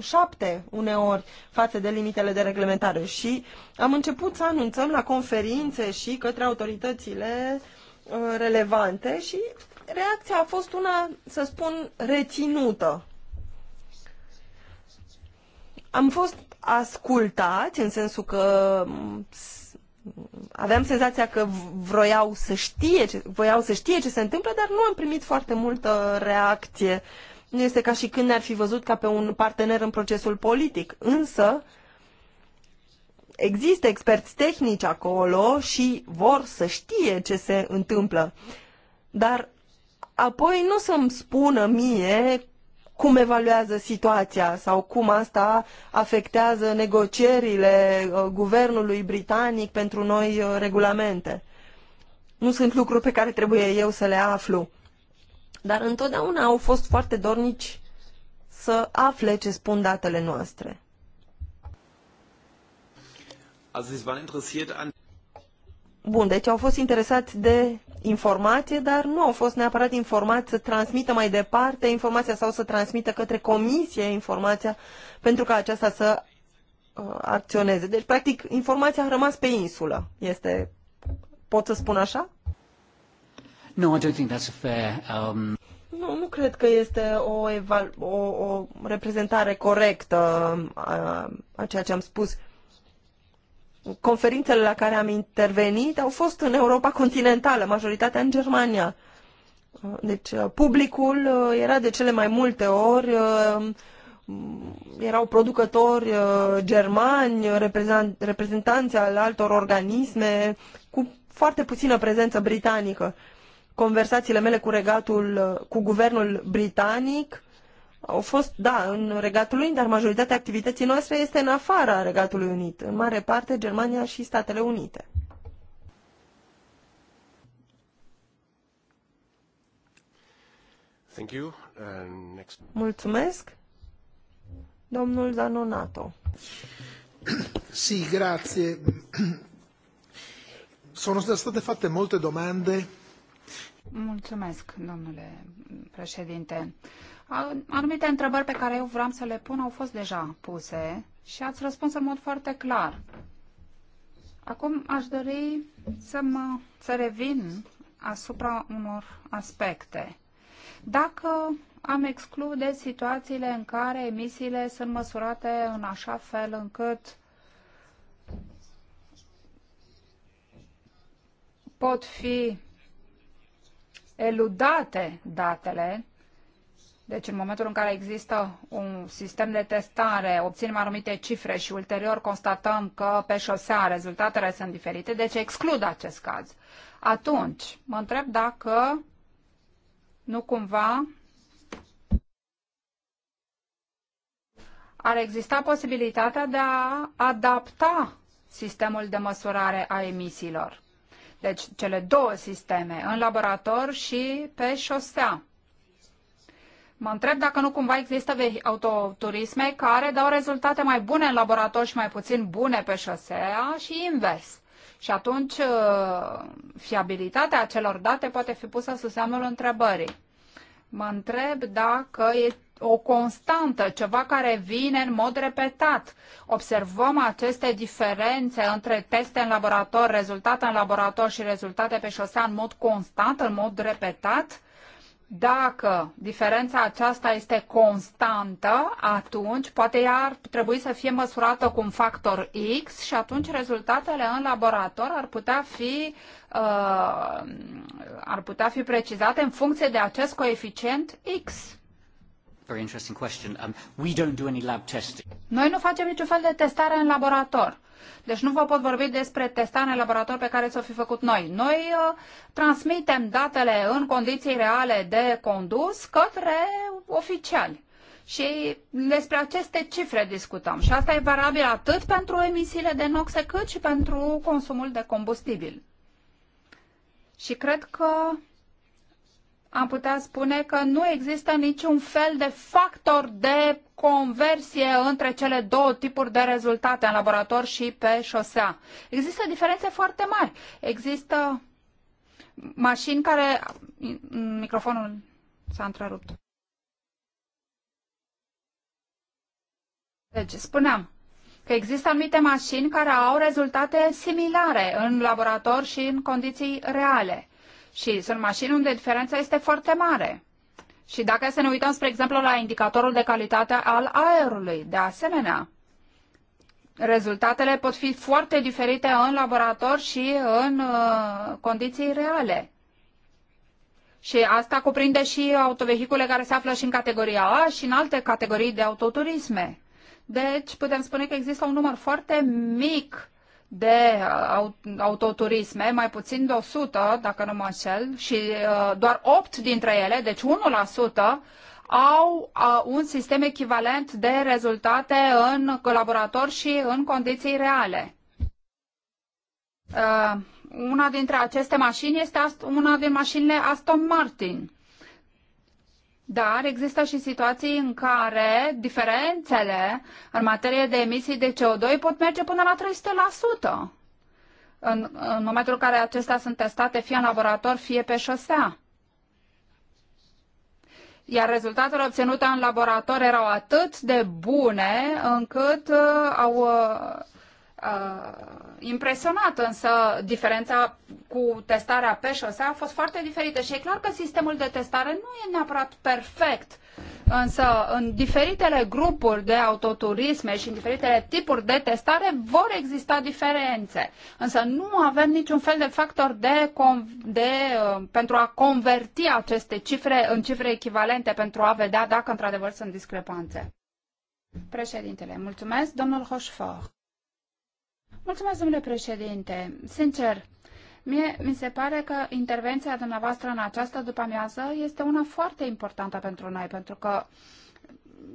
7 uneori față de limitele de reglementare și am început să anunțăm la conferințe și către autoritățile uh, relevante și reacția a fost una, să spun, reținută. Am fost ascultați în sensul că aveam senzația că vroiau să știe, ce, voiau să știe ce se întâmplă, dar nu am primit foarte multă reacție. Nu este ca și când ne-ar fi văzut ca pe un partener în procesul politic. Însă, există experți tehnici acolo și vor să știe ce se întâmplă. Dar apoi nu să-mi spună mie cum evaluează situația sau cum asta afectează negocierile uh, guvernului britanic pentru noi uh, regulamente. Nu sunt lucruri pe care trebuie eu să le aflu. Dar întotdeauna au fost foarte dornici să afle ce spun datele noastre. Bun, deci au fost interesați de informație, dar nu au fost neapărat informați să transmită mai departe informația sau să transmită către comisie informația pentru ca aceasta să uh, acționeze. Deci, practic, informația a rămas pe insulă. Este, pot să spun așa? No, I don't think that's fair. Um... Nu, nu cred că este o, eval- o, o reprezentare corectă a, uh, a ceea ce am spus conferințele la care am intervenit au fost în Europa continentală, majoritatea în Germania. Deci uh, publicul uh, era de cele mai multe ori uh, erau producători germani, reprezentanți al altor organisme, cu foarte puțină prezență britanică. Conversațiile mele cu regatul, cu guvernul britanic au fost, da, în Regatul Unit, dar majoritatea activității noastre este în afara Regatului Unit, în mare parte Germania și Statele Unite. Thank you. Uh, next. Mulțumesc. Domnul Zanonato. Sì, grazie. Sono state fatte molte domande. Mulțumesc, domnule președinte. Anumite întrebări pe care eu vreau să le pun au fost deja puse și ați răspuns în mod foarte clar. Acum aș dori să, mă, să revin asupra unor aspecte. Dacă am exclude situațiile în care emisiile sunt măsurate în așa fel încât pot fi eludate datele, deci în momentul în care există un sistem de testare, obținem anumite cifre și ulterior constatăm că pe șosea rezultatele sunt diferite, deci exclud acest caz. Atunci, mă întreb dacă nu cumva ar exista posibilitatea de a adapta sistemul de măsurare a emisiilor. Deci cele două sisteme, în laborator și pe șosea. Mă întreb dacă nu cumva există autoturisme care dau rezultate mai bune în laborator și mai puțin bune pe șosea și invers. Și atunci uh, fiabilitatea acelor date poate fi pusă sub semnul întrebării. Mă întreb dacă e o constantă, ceva care vine în mod repetat. Observăm aceste diferențe între teste în laborator, rezultate în laborator și rezultate pe șosea în mod constant, în mod repetat? Dacă diferența aceasta este constantă, atunci poate ea ar trebui să fie măsurată cu un factor X și atunci rezultatele în laborator ar putea fi, uh, ar putea fi precizate în funcție de acest coeficient X. Very interesting question. Um, we don't do any lab testing. Noi nu facem niciun fel de testare în laborator. Deci nu vă pot vorbi despre testarea în laborator pe care ți-o fi făcut noi. Noi uh, transmitem datele în condiții reale de condus către oficiali. Și despre aceste cifre discutăm. Și asta e variabil atât pentru emisiile de noxe, cât și pentru consumul de combustibil. Și cred că am putea spune că nu există niciun fel de factor de conversie între cele două tipuri de rezultate în laborator și pe șosea. Există diferențe foarte mari. Există mașini care... Microfonul s-a întrerupt. Deci, spuneam că există anumite mașini care au rezultate similare în laborator și în condiții reale. Și sunt mașini unde diferența este foarte mare. Și dacă să ne uităm, spre exemplu, la indicatorul de calitate al aerului, de asemenea, rezultatele pot fi foarte diferite în laborator și în uh, condiții reale. Și asta cuprinde și autovehicule care se află și în categoria A și în alte categorii de autoturisme. Deci putem spune că există un număr foarte mic de uh, autoturisme, mai puțin de 100, dacă nu mă înșel, și uh, doar 8 dintre ele, deci 1%, au uh, un sistem echivalent de rezultate în colaborator și în condiții reale. Una dintre aceste mașini este una din mașinile Aston Martin. Dar există și situații în care diferențele în materie de emisii de CO2 pot merge până la 300% în, în momentul în care acestea sunt testate fie în laborator, fie pe șosea. Iar rezultatele obținute în laborator erau atât de bune încât uh, au uh, uh, impresionat, însă diferența cu testarea pe șosea a fost foarte diferită și e clar că sistemul de testare nu e neapărat perfect, însă în diferitele grupuri de autoturisme și în diferitele tipuri de testare vor exista diferențe, însă nu avem niciun fel de factor de, de uh, pentru a converti aceste cifre în cifre echivalente pentru a vedea dacă într-adevăr sunt discrepanțe. Președintele, mulțumesc, domnul Rochefort. Mulțumesc, domnule președinte. Sincer, Mie mi se pare că intervenția dumneavoastră în această după-amiază este una foarte importantă pentru noi, pentru că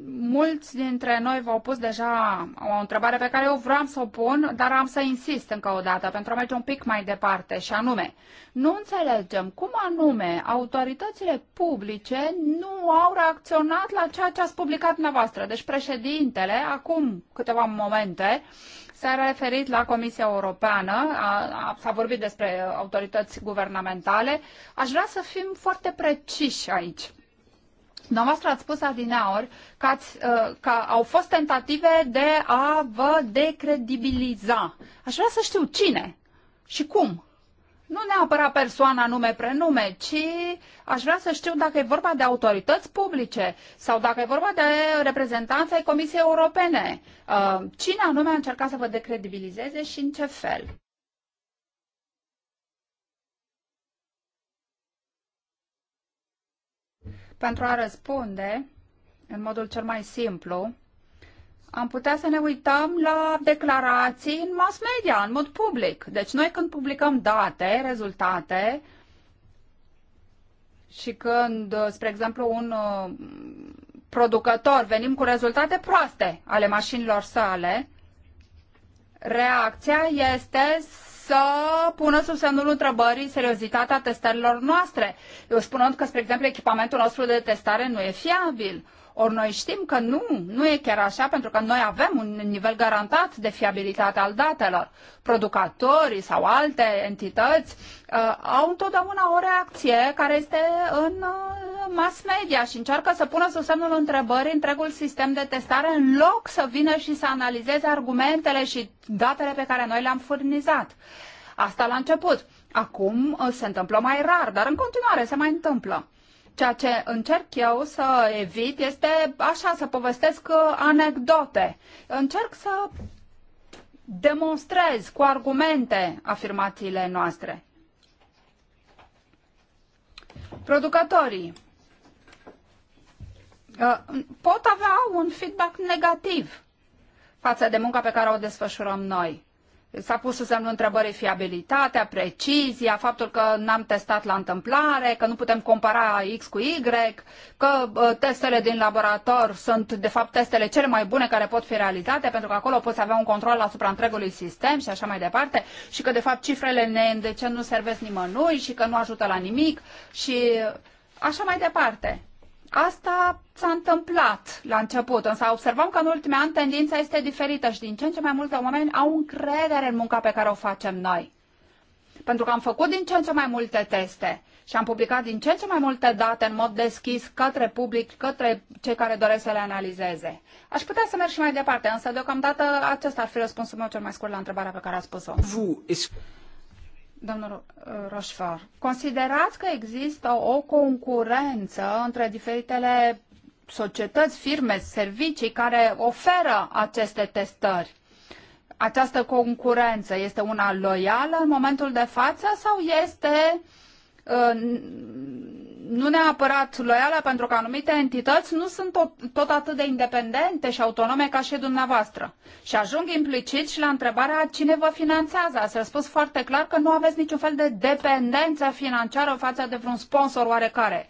mulți dintre noi v-au pus deja o întrebare pe care eu vreau să o pun, dar am să insist încă o dată pentru a merge un pic mai departe și anume, nu înțelegem cum anume autoritățile publice nu au reacționat la ceea ce ați publicat dumneavoastră. Deci președintele, acum câteva momente, S-a referit la Comisia Europeană, s-a vorbit despre autorități guvernamentale. Aș vrea să fim foarte preciși aici. Dumneavoastră ați spus adineaori că, ați, ă, că au fost tentative de a vă decredibiliza. Aș vrea să știu cine și cum nu neapărat persoana nume prenume, ci aș vrea să știu dacă e vorba de autorități publice sau dacă e vorba de reprezentanța Comisiei Europene. Uh, cine anume a încercat să vă decredibilizeze și în ce fel? Pentru a răspunde în modul cel mai simplu, am putea să ne uităm la declarații în mass media, în mod public. Deci noi când publicăm date, rezultate, și când, uh, spre exemplu, un uh, producător venim cu rezultate proaste ale mașinilor sale, reacția este să pună sub semnul întrebării seriozitatea testărilor noastre, Eu spunând că, spre exemplu, echipamentul nostru de testare nu e fiabil. Ori noi știm că nu, nu e chiar așa, pentru că noi avem un nivel garantat de fiabilitate al datelor. Producătorii sau alte entități uh, au întotdeauna o reacție care este în uh, mass media și încearcă să pună sub semnul întrebării întregul sistem de testare în loc să vină și să analizeze argumentele și datele pe care noi le-am furnizat. Asta la început. Acum uh, se întâmplă mai rar, dar în continuare se mai întâmplă. Ceea ce încerc eu să evit este așa, să povestesc uh, anecdote. Încerc să demonstrez cu argumente afirmațiile noastre. Producătorii uh, pot avea un feedback negativ față de munca pe care o desfășurăm noi. S-a pus sub semnul întrebării fiabilitatea, precizia, faptul că n-am testat la întâmplare, că nu putem compara X cu Y, că testele din laborator sunt de fapt testele cele mai bune care pot fi realizate, pentru că acolo poți avea un control asupra întregului sistem și așa mai departe, și că de fapt cifrele neîndecent nu servesc nimănui și că nu ajută la nimic și așa mai departe. Asta s-a întâmplat la început, însă observăm că în ultimii ani tendința este diferită și din ce în ce mai mulți oameni au încredere în munca pe care o facem noi. Pentru că am făcut din ce în ce mai multe teste și am publicat din ce în ce mai multe date în mod deschis către public, către cei care doresc să le analizeze. Aș putea să merg și mai departe, însă deocamdată acesta ar fi răspunsul meu cel mai scurt la întrebarea pe care a spus-o. Domnul uh, Roșfor, considerați că există o concurență între diferitele societăți, firme, servicii care oferă aceste testări? Această concurență este una loială în momentul de față sau este uh, nu neapărat loială pentru că anumite entități nu sunt tot, tot atât de independente și autonome ca și dumneavoastră. Și ajung implicit și la întrebarea cine vă finanțează. Ați răspuns foarte clar că nu aveți niciun fel de dependență financiară față de vreun sponsor oarecare.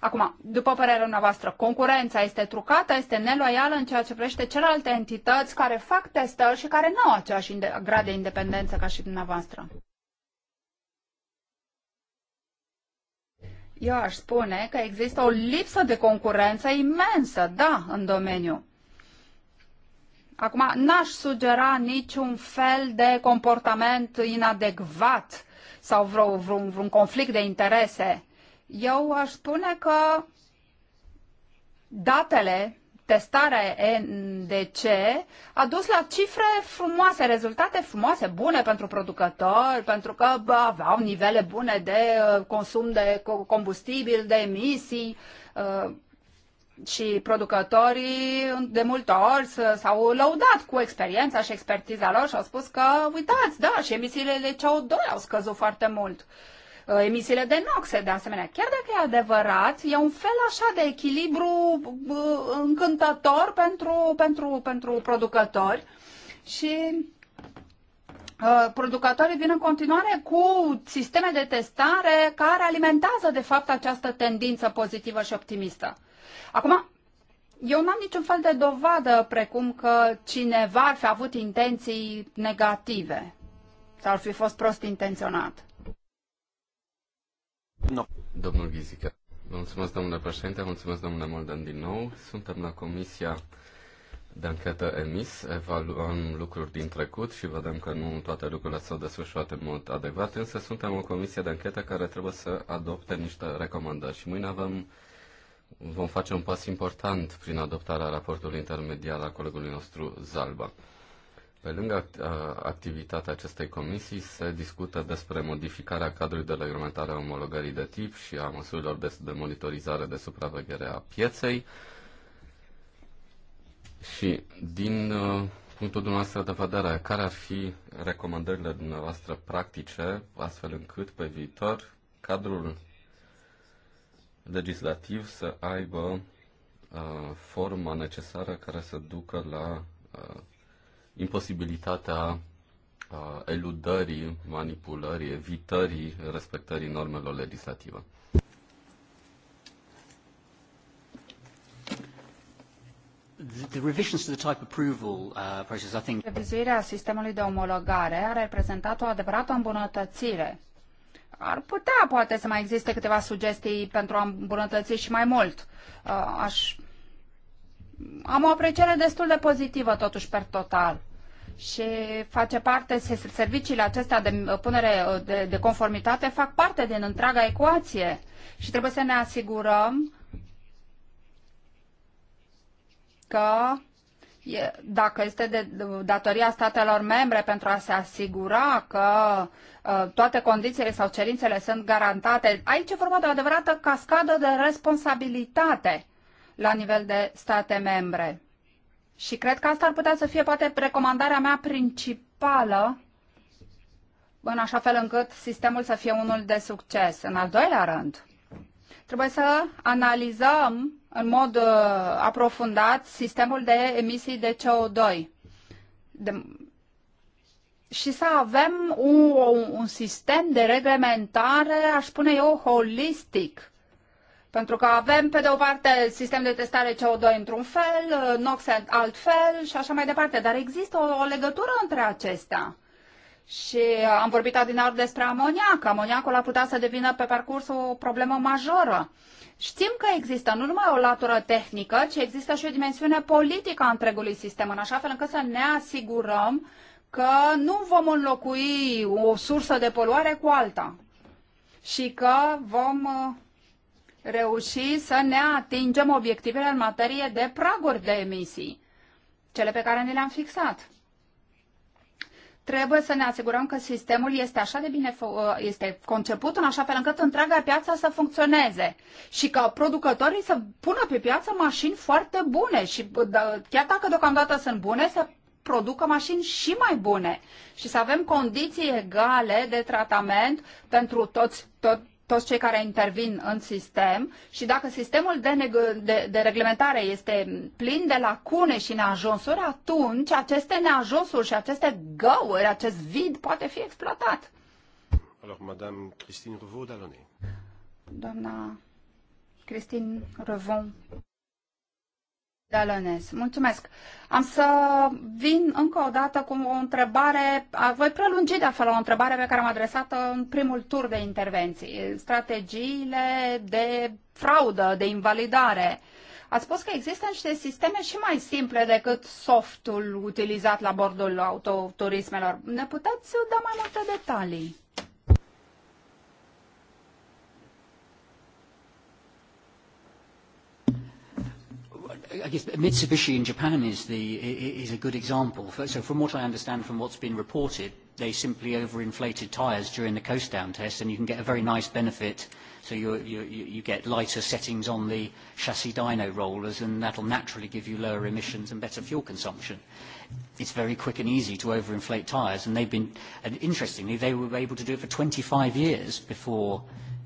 Acum, după părerea noastră, concurența este trucată, este neloială în ceea ce privește celelalte entități care fac testări și care nu au aceeași grad de independență ca și dumneavoastră. eu aș spune că există o lipsă de concurență imensă, da, în domeniu. Acum, n-aș sugera niciun fel de comportament inadecvat sau vreo, vreun, vreun conflict de interese. Eu aș spune că datele testarea NDC a dus la cifre frumoase, rezultate frumoase, bune pentru producători, pentru că bă, aveau nivele bune de uh, consum de combustibil, de emisii uh, și producătorii de multe ori s-au lăudat cu experiența și expertiza lor și au spus că, uitați, da, și emisiile de CO2 au scăzut foarte mult. Uh, Uh, emisiile de noxe, de asemenea. Chiar dacă e adevărat, e un fel așa de echilibru uh, încântător pentru, pentru, pentru producători și uh, producătorii vin în continuare cu sisteme de testare care alimentează, de fapt, această tendință pozitivă și optimistă. Acum, eu n-am niciun fel de dovadă precum că cineva ar fi avut intenții negative sau ar fi fost prost intenționat. No. Domnul Ghizică. Mulțumesc, domnule președinte, mulțumesc, domnule Moldan, din nou. Suntem la Comisia de anchetă emis, evaluăm lucruri din trecut și vedem că nu toate lucrurile s-au desfășurat în mod adecvat, însă suntem o comisie de anchetă care trebuie să adopte niște recomandări și mâine avem vom face un pas important prin adoptarea raportului intermediar al colegului nostru Zalba. Pe lângă activitatea acestei comisii se discută despre modificarea cadrului de reglementare a omologării de tip și a măsurilor de, de monitorizare de supraveghere a pieței. Și din punctul dumneavoastră de vedere, care ar fi recomandările dumneavoastră practice, astfel încât pe viitor cadrul legislativ să aibă uh, forma necesară care să ducă la uh, imposibilitatea uh, eludării, manipulării, evitării respectării normelor legislative. The revisions to the type approval uh, process, I think... Revizuirea sistemului de omologare a reprezentat o adevărată îmbunătățire. Ar putea, poate, să mai existe câteva sugestii pentru a îmbunătăți și mai mult. Uh, aș am o apreciere destul de pozitivă totuși per total și face parte, serviciile acestea de uh, punere uh, de, de conformitate fac parte din întreaga ecuație și trebuie să ne asigurăm că dacă este de datoria statelor membre pentru a se asigura că uh, toate condițiile sau cerințele sunt garantate, aici e vorba de o adevărată cascadă de responsabilitate la nivel de state membre. Și cred că asta ar putea să fie poate recomandarea mea principală în așa fel încât sistemul să fie unul de succes. În al doilea rând, trebuie să analizăm în mod uh, aprofundat sistemul de emisii de CO2. De, și să avem un, un sistem de reglementare, aș spune eu, holistic, pentru că avem, pe de o parte, sistem de testare CO2 într-un fel, NOx altfel și așa mai departe. Dar există o, o legătură între acestea. Și am vorbit adinaori despre amoniac. Amoniacul a putea să devină pe parcurs o problemă majoră. Știm că există nu numai o latură tehnică, ci există și o dimensiune politică a întregului sistem, în așa fel încât să ne asigurăm că nu vom înlocui o sursă de poluare cu alta și că vom uh, reuși să ne atingem obiectivele în materie de praguri de emisii, cele pe care ne le-am fixat. Trebuie să ne asigurăm că sistemul este așa de bine ă, este conceput în așa fel încât întreaga piață să funcționeze și că producătorii să pună pe piață mașini foarte bune și da, chiar dacă deocamdată sunt bune, să producă mașini și mai bune și să avem condiții egale de tratament pentru toți, tot, toți cei care intervin în sistem și dacă sistemul de, de, de reglementare este plin de lacune și neajunsuri, atunci aceste neajunsuri și aceste găuri, acest vid poate fi exploatat. Alors, Madame Christine revaud Doamna Christine Revon Dalones. Mulțumesc. Am să vin încă o dată cu o întrebare, voi prelungi de afară o întrebare pe care am adresat-o în primul tur de intervenții. Strategiile de fraudă, de invalidare. A spus că există niște sisteme și mai simple decât softul utilizat la bordul autoturismelor. Ne puteți da mai multe detalii? I guess Mitsubishi in Japan is, the, is a good example. So from what I understand from what's been reported, they simply overinflated tyres during the coast down test and you can get a very nice benefit. So you, you, you get lighter settings on the chassis dyno rollers and that'll naturally give you lower emissions and better fuel consumption. It's very quick and easy to overinflate tyres and they've been, and interestingly, they were able to do it for 25 years before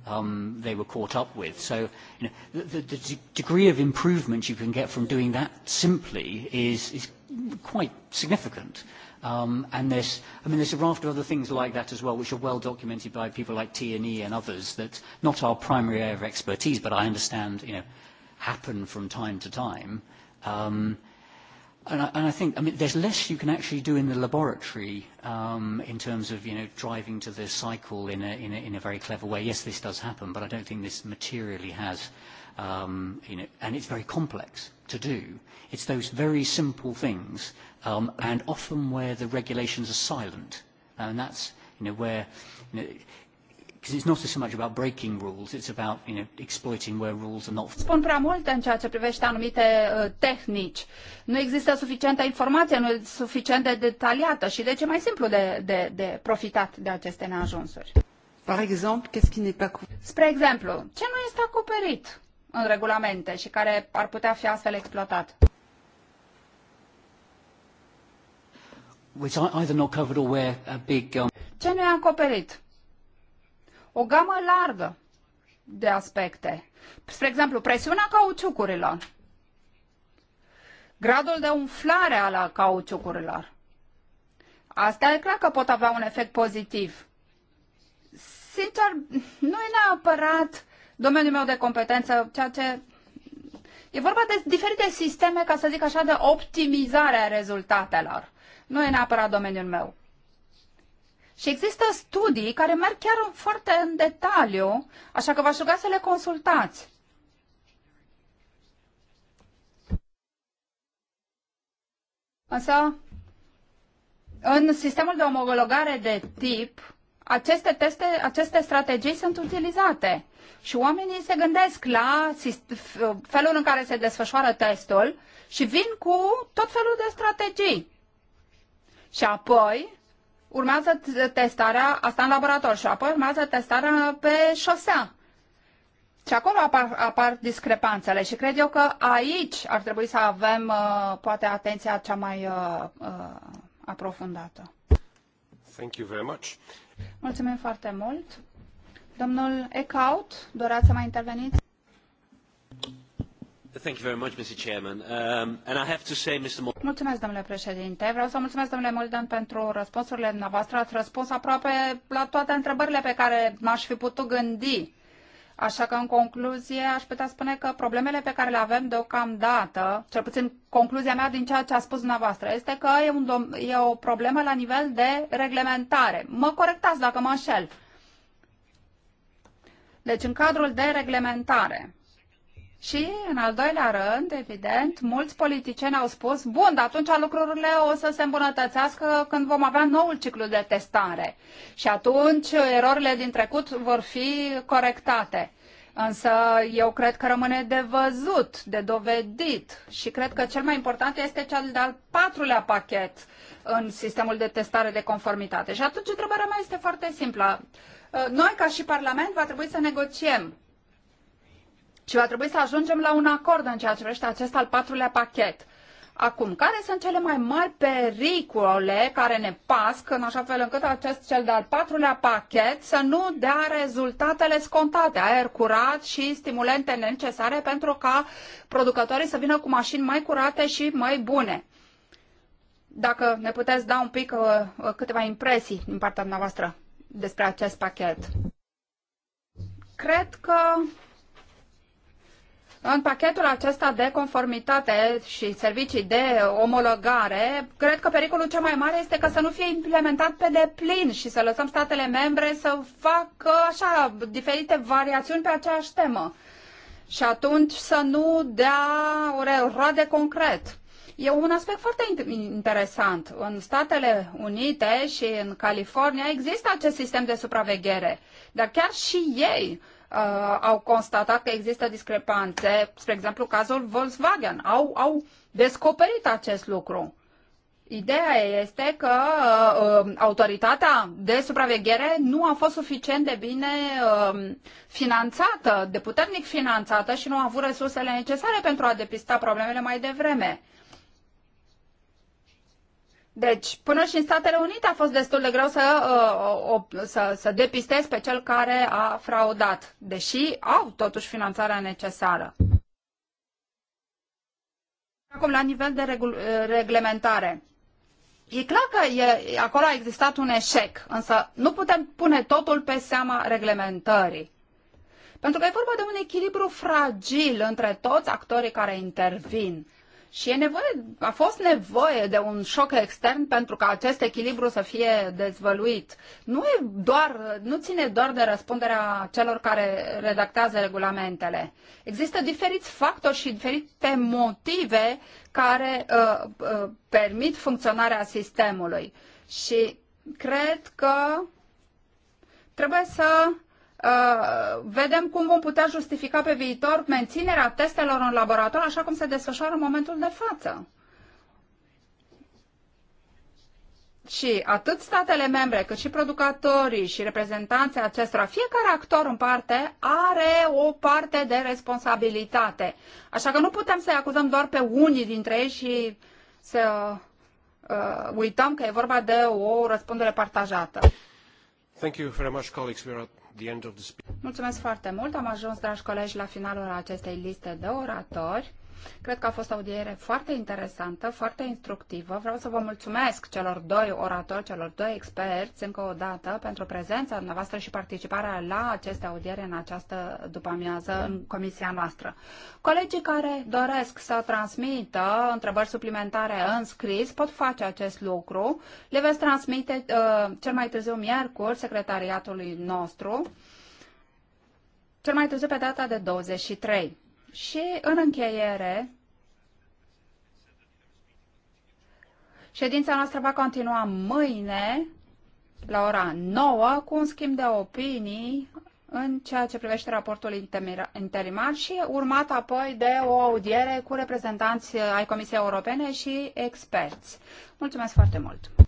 um, they were caught up with. So you know, the, the, the degree of improvement you can get from doing that simply is, is quite significant. Um, and there's, I mean, there's a raft of other things like that as well, which are well documented by people like T&E and others. That's not our primary area of expertise, but I understand, you know, happen from time to time. Um, And I, and I think, I mean, there's less you can actually do in the laboratory um, in terms of, you know, driving to the cycle in a, in, a, in a very clever way. Yes, this does happen, but I don't think this materially has, um, you know, and it's very complex to do. It's those very simple things, um, and often where the regulations are silent, and that's, you know, where, you know, because it's not so much about breaking rules, it's about, you know, exploiting where rules are not. Spun prea multe în ceea ce privește anumite uh, tehnici. Nu există suficientă informație, nu e suficient de detaliată și de deci ce mai simplu de, de, de profitat de aceste neajunsuri. Par exemplu, qu'est-ce qui n'est pas Spre exemplu, ce nu este acoperit în regulamente și care ar putea fi astfel exploatat? Which either not covered or where a big, um... Ce nu e acoperit? o gamă largă de aspecte. Spre exemplu, presiunea cauciucurilor, gradul de umflare al cauciucurilor. Asta e clar că pot avea un efect pozitiv. Sincer, nu e neapărat domeniul meu de competență, ceea ce E vorba de diferite sisteme, ca să zic așa, de optimizare a rezultatelor. Nu e neapărat domeniul meu. Și există studii care merg chiar foarte în detaliu, așa că v-aș ruga să le consultați. Însă, în sistemul de omologare de tip, aceste teste, aceste strategii sunt utilizate și oamenii se gândesc la felul în care se desfășoară testul și vin cu tot felul de strategii. Și apoi, urmează testarea, asta în laborator și apoi urmează testarea pe șosea. Și acolo apar, apar discrepanțele și cred eu că aici ar trebui să avem uh, poate atenția cea mai uh, uh, aprofundată. Thank you very much. Mulțumim foarte mult. Domnul Ecaut, doreați să mai interveniți? Um, mulțumesc, domnule președinte. Vreau să mulțumesc, domnule Moldan, pentru răspunsurile dumneavoastră. Ați răspuns aproape la toate întrebările pe care m-aș fi putut gândi. Așa că, în concluzie, aș putea spune că problemele pe care le avem deocamdată, cel puțin concluzia mea din ceea ce a spus dumneavoastră, este că e, un e o problemă la nivel de reglementare. Mă corectați dacă mă înșel. Deci, în cadrul de reglementare, și, în al doilea rând, evident, mulți politicieni au spus, bun, dar atunci lucrurile o să se îmbunătățească când vom avea noul ciclu de testare. Și atunci erorile din trecut vor fi corectate. Însă eu cred că rămâne de văzut, de dovedit și cred că cel mai important este cel de-al patrulea pachet în sistemul de testare de conformitate. Și atunci întrebarea mea este foarte simplă. Noi, ca și Parlament, va trebui să negociem ci va trebui să ajungem la un acord în ceea ce privește acest al patrulea pachet. Acum, care sunt cele mai mari pericole care ne pasc în așa fel încât acest cel de-al patrulea pachet să nu dea rezultatele scontate, aer curat și stimulente necesare pentru ca producătorii să vină cu mașini mai curate și mai bune? Dacă ne puteți da un pic uh, uh câteva impresii din partea dumneavoastră despre acest pachet. Cred că în pachetul acesta de conformitate și servicii de omologare, cred că pericolul cel mai mare este că să nu fie implementat pe deplin și să lăsăm statele membre să facă așa diferite variațiuni pe aceeași temă. Și atunci să nu dea o roade concret. E un aspect foarte interesant. În Statele Unite și în California există acest sistem de supraveghere, dar chiar și ei uh, au constatat că există discrepanțe, spre exemplu cazul Volkswagen, au, au descoperit acest lucru. Ideea este că uh, um, autoritatea de supraveghere nu a fost suficient de bine uh, finanțată, de puternic finanțată și nu a avut resursele necesare pentru a depista problemele mai devreme. Deci, până și în Statele Unite a fost destul de greu să, uh, o, să, să depistezi pe cel care a fraudat, deși au totuși finanțarea necesară. Acum, la nivel de uh, reglementare. E clar că e, acolo a existat un eșec, însă nu putem pune totul pe seama reglementării. Pentru că e vorba de un echilibru fragil între toți actorii care intervin și e nevoie, a fost nevoie de un șoc extern pentru ca acest echilibru să fie dezvăluit. Nu, e doar, nu ține doar de răspunderea celor care redactează regulamentele. Există diferiți factori și diferite motive care uh, uh, permit funcționarea sistemului. Și cred că trebuie să Uh, vedem cum vom putea justifica pe viitor menținerea testelor în laborator așa cum se desfășoară în momentul de față. Și atât statele membre, cât și producătorii și reprezentanții acestora, fiecare actor în parte are o parte de responsabilitate. Așa că nu putem să-i acuzăm doar pe unii dintre ei și să uh, uităm că e vorba de o răspundere partajată. Thank you very much, colleagues. We are Mulțumesc foarte mult. Am ajuns, dragi colegi, la finalul acestei liste de oratori. Cred că a fost o audiere foarte interesantă, foarte instructivă. Vreau să vă mulțumesc celor doi oratori, celor doi experți, încă o dată, pentru prezența dumneavoastră și participarea la aceste audiere în această după-amiază în comisia noastră. Colegii care doresc să transmită întrebări suplimentare în scris pot face acest lucru. Le veți transmite uh, cel mai târziu miercuri secretariatului nostru cel mai târziu pe data de 23. Și în încheiere, ședința noastră va continua mâine la ora 9 cu un schimb de opinii în ceea ce privește raportul interimar și urmat apoi de o audiere cu reprezentanți ai Comisiei Europene și experți. Mulțumesc foarte mult!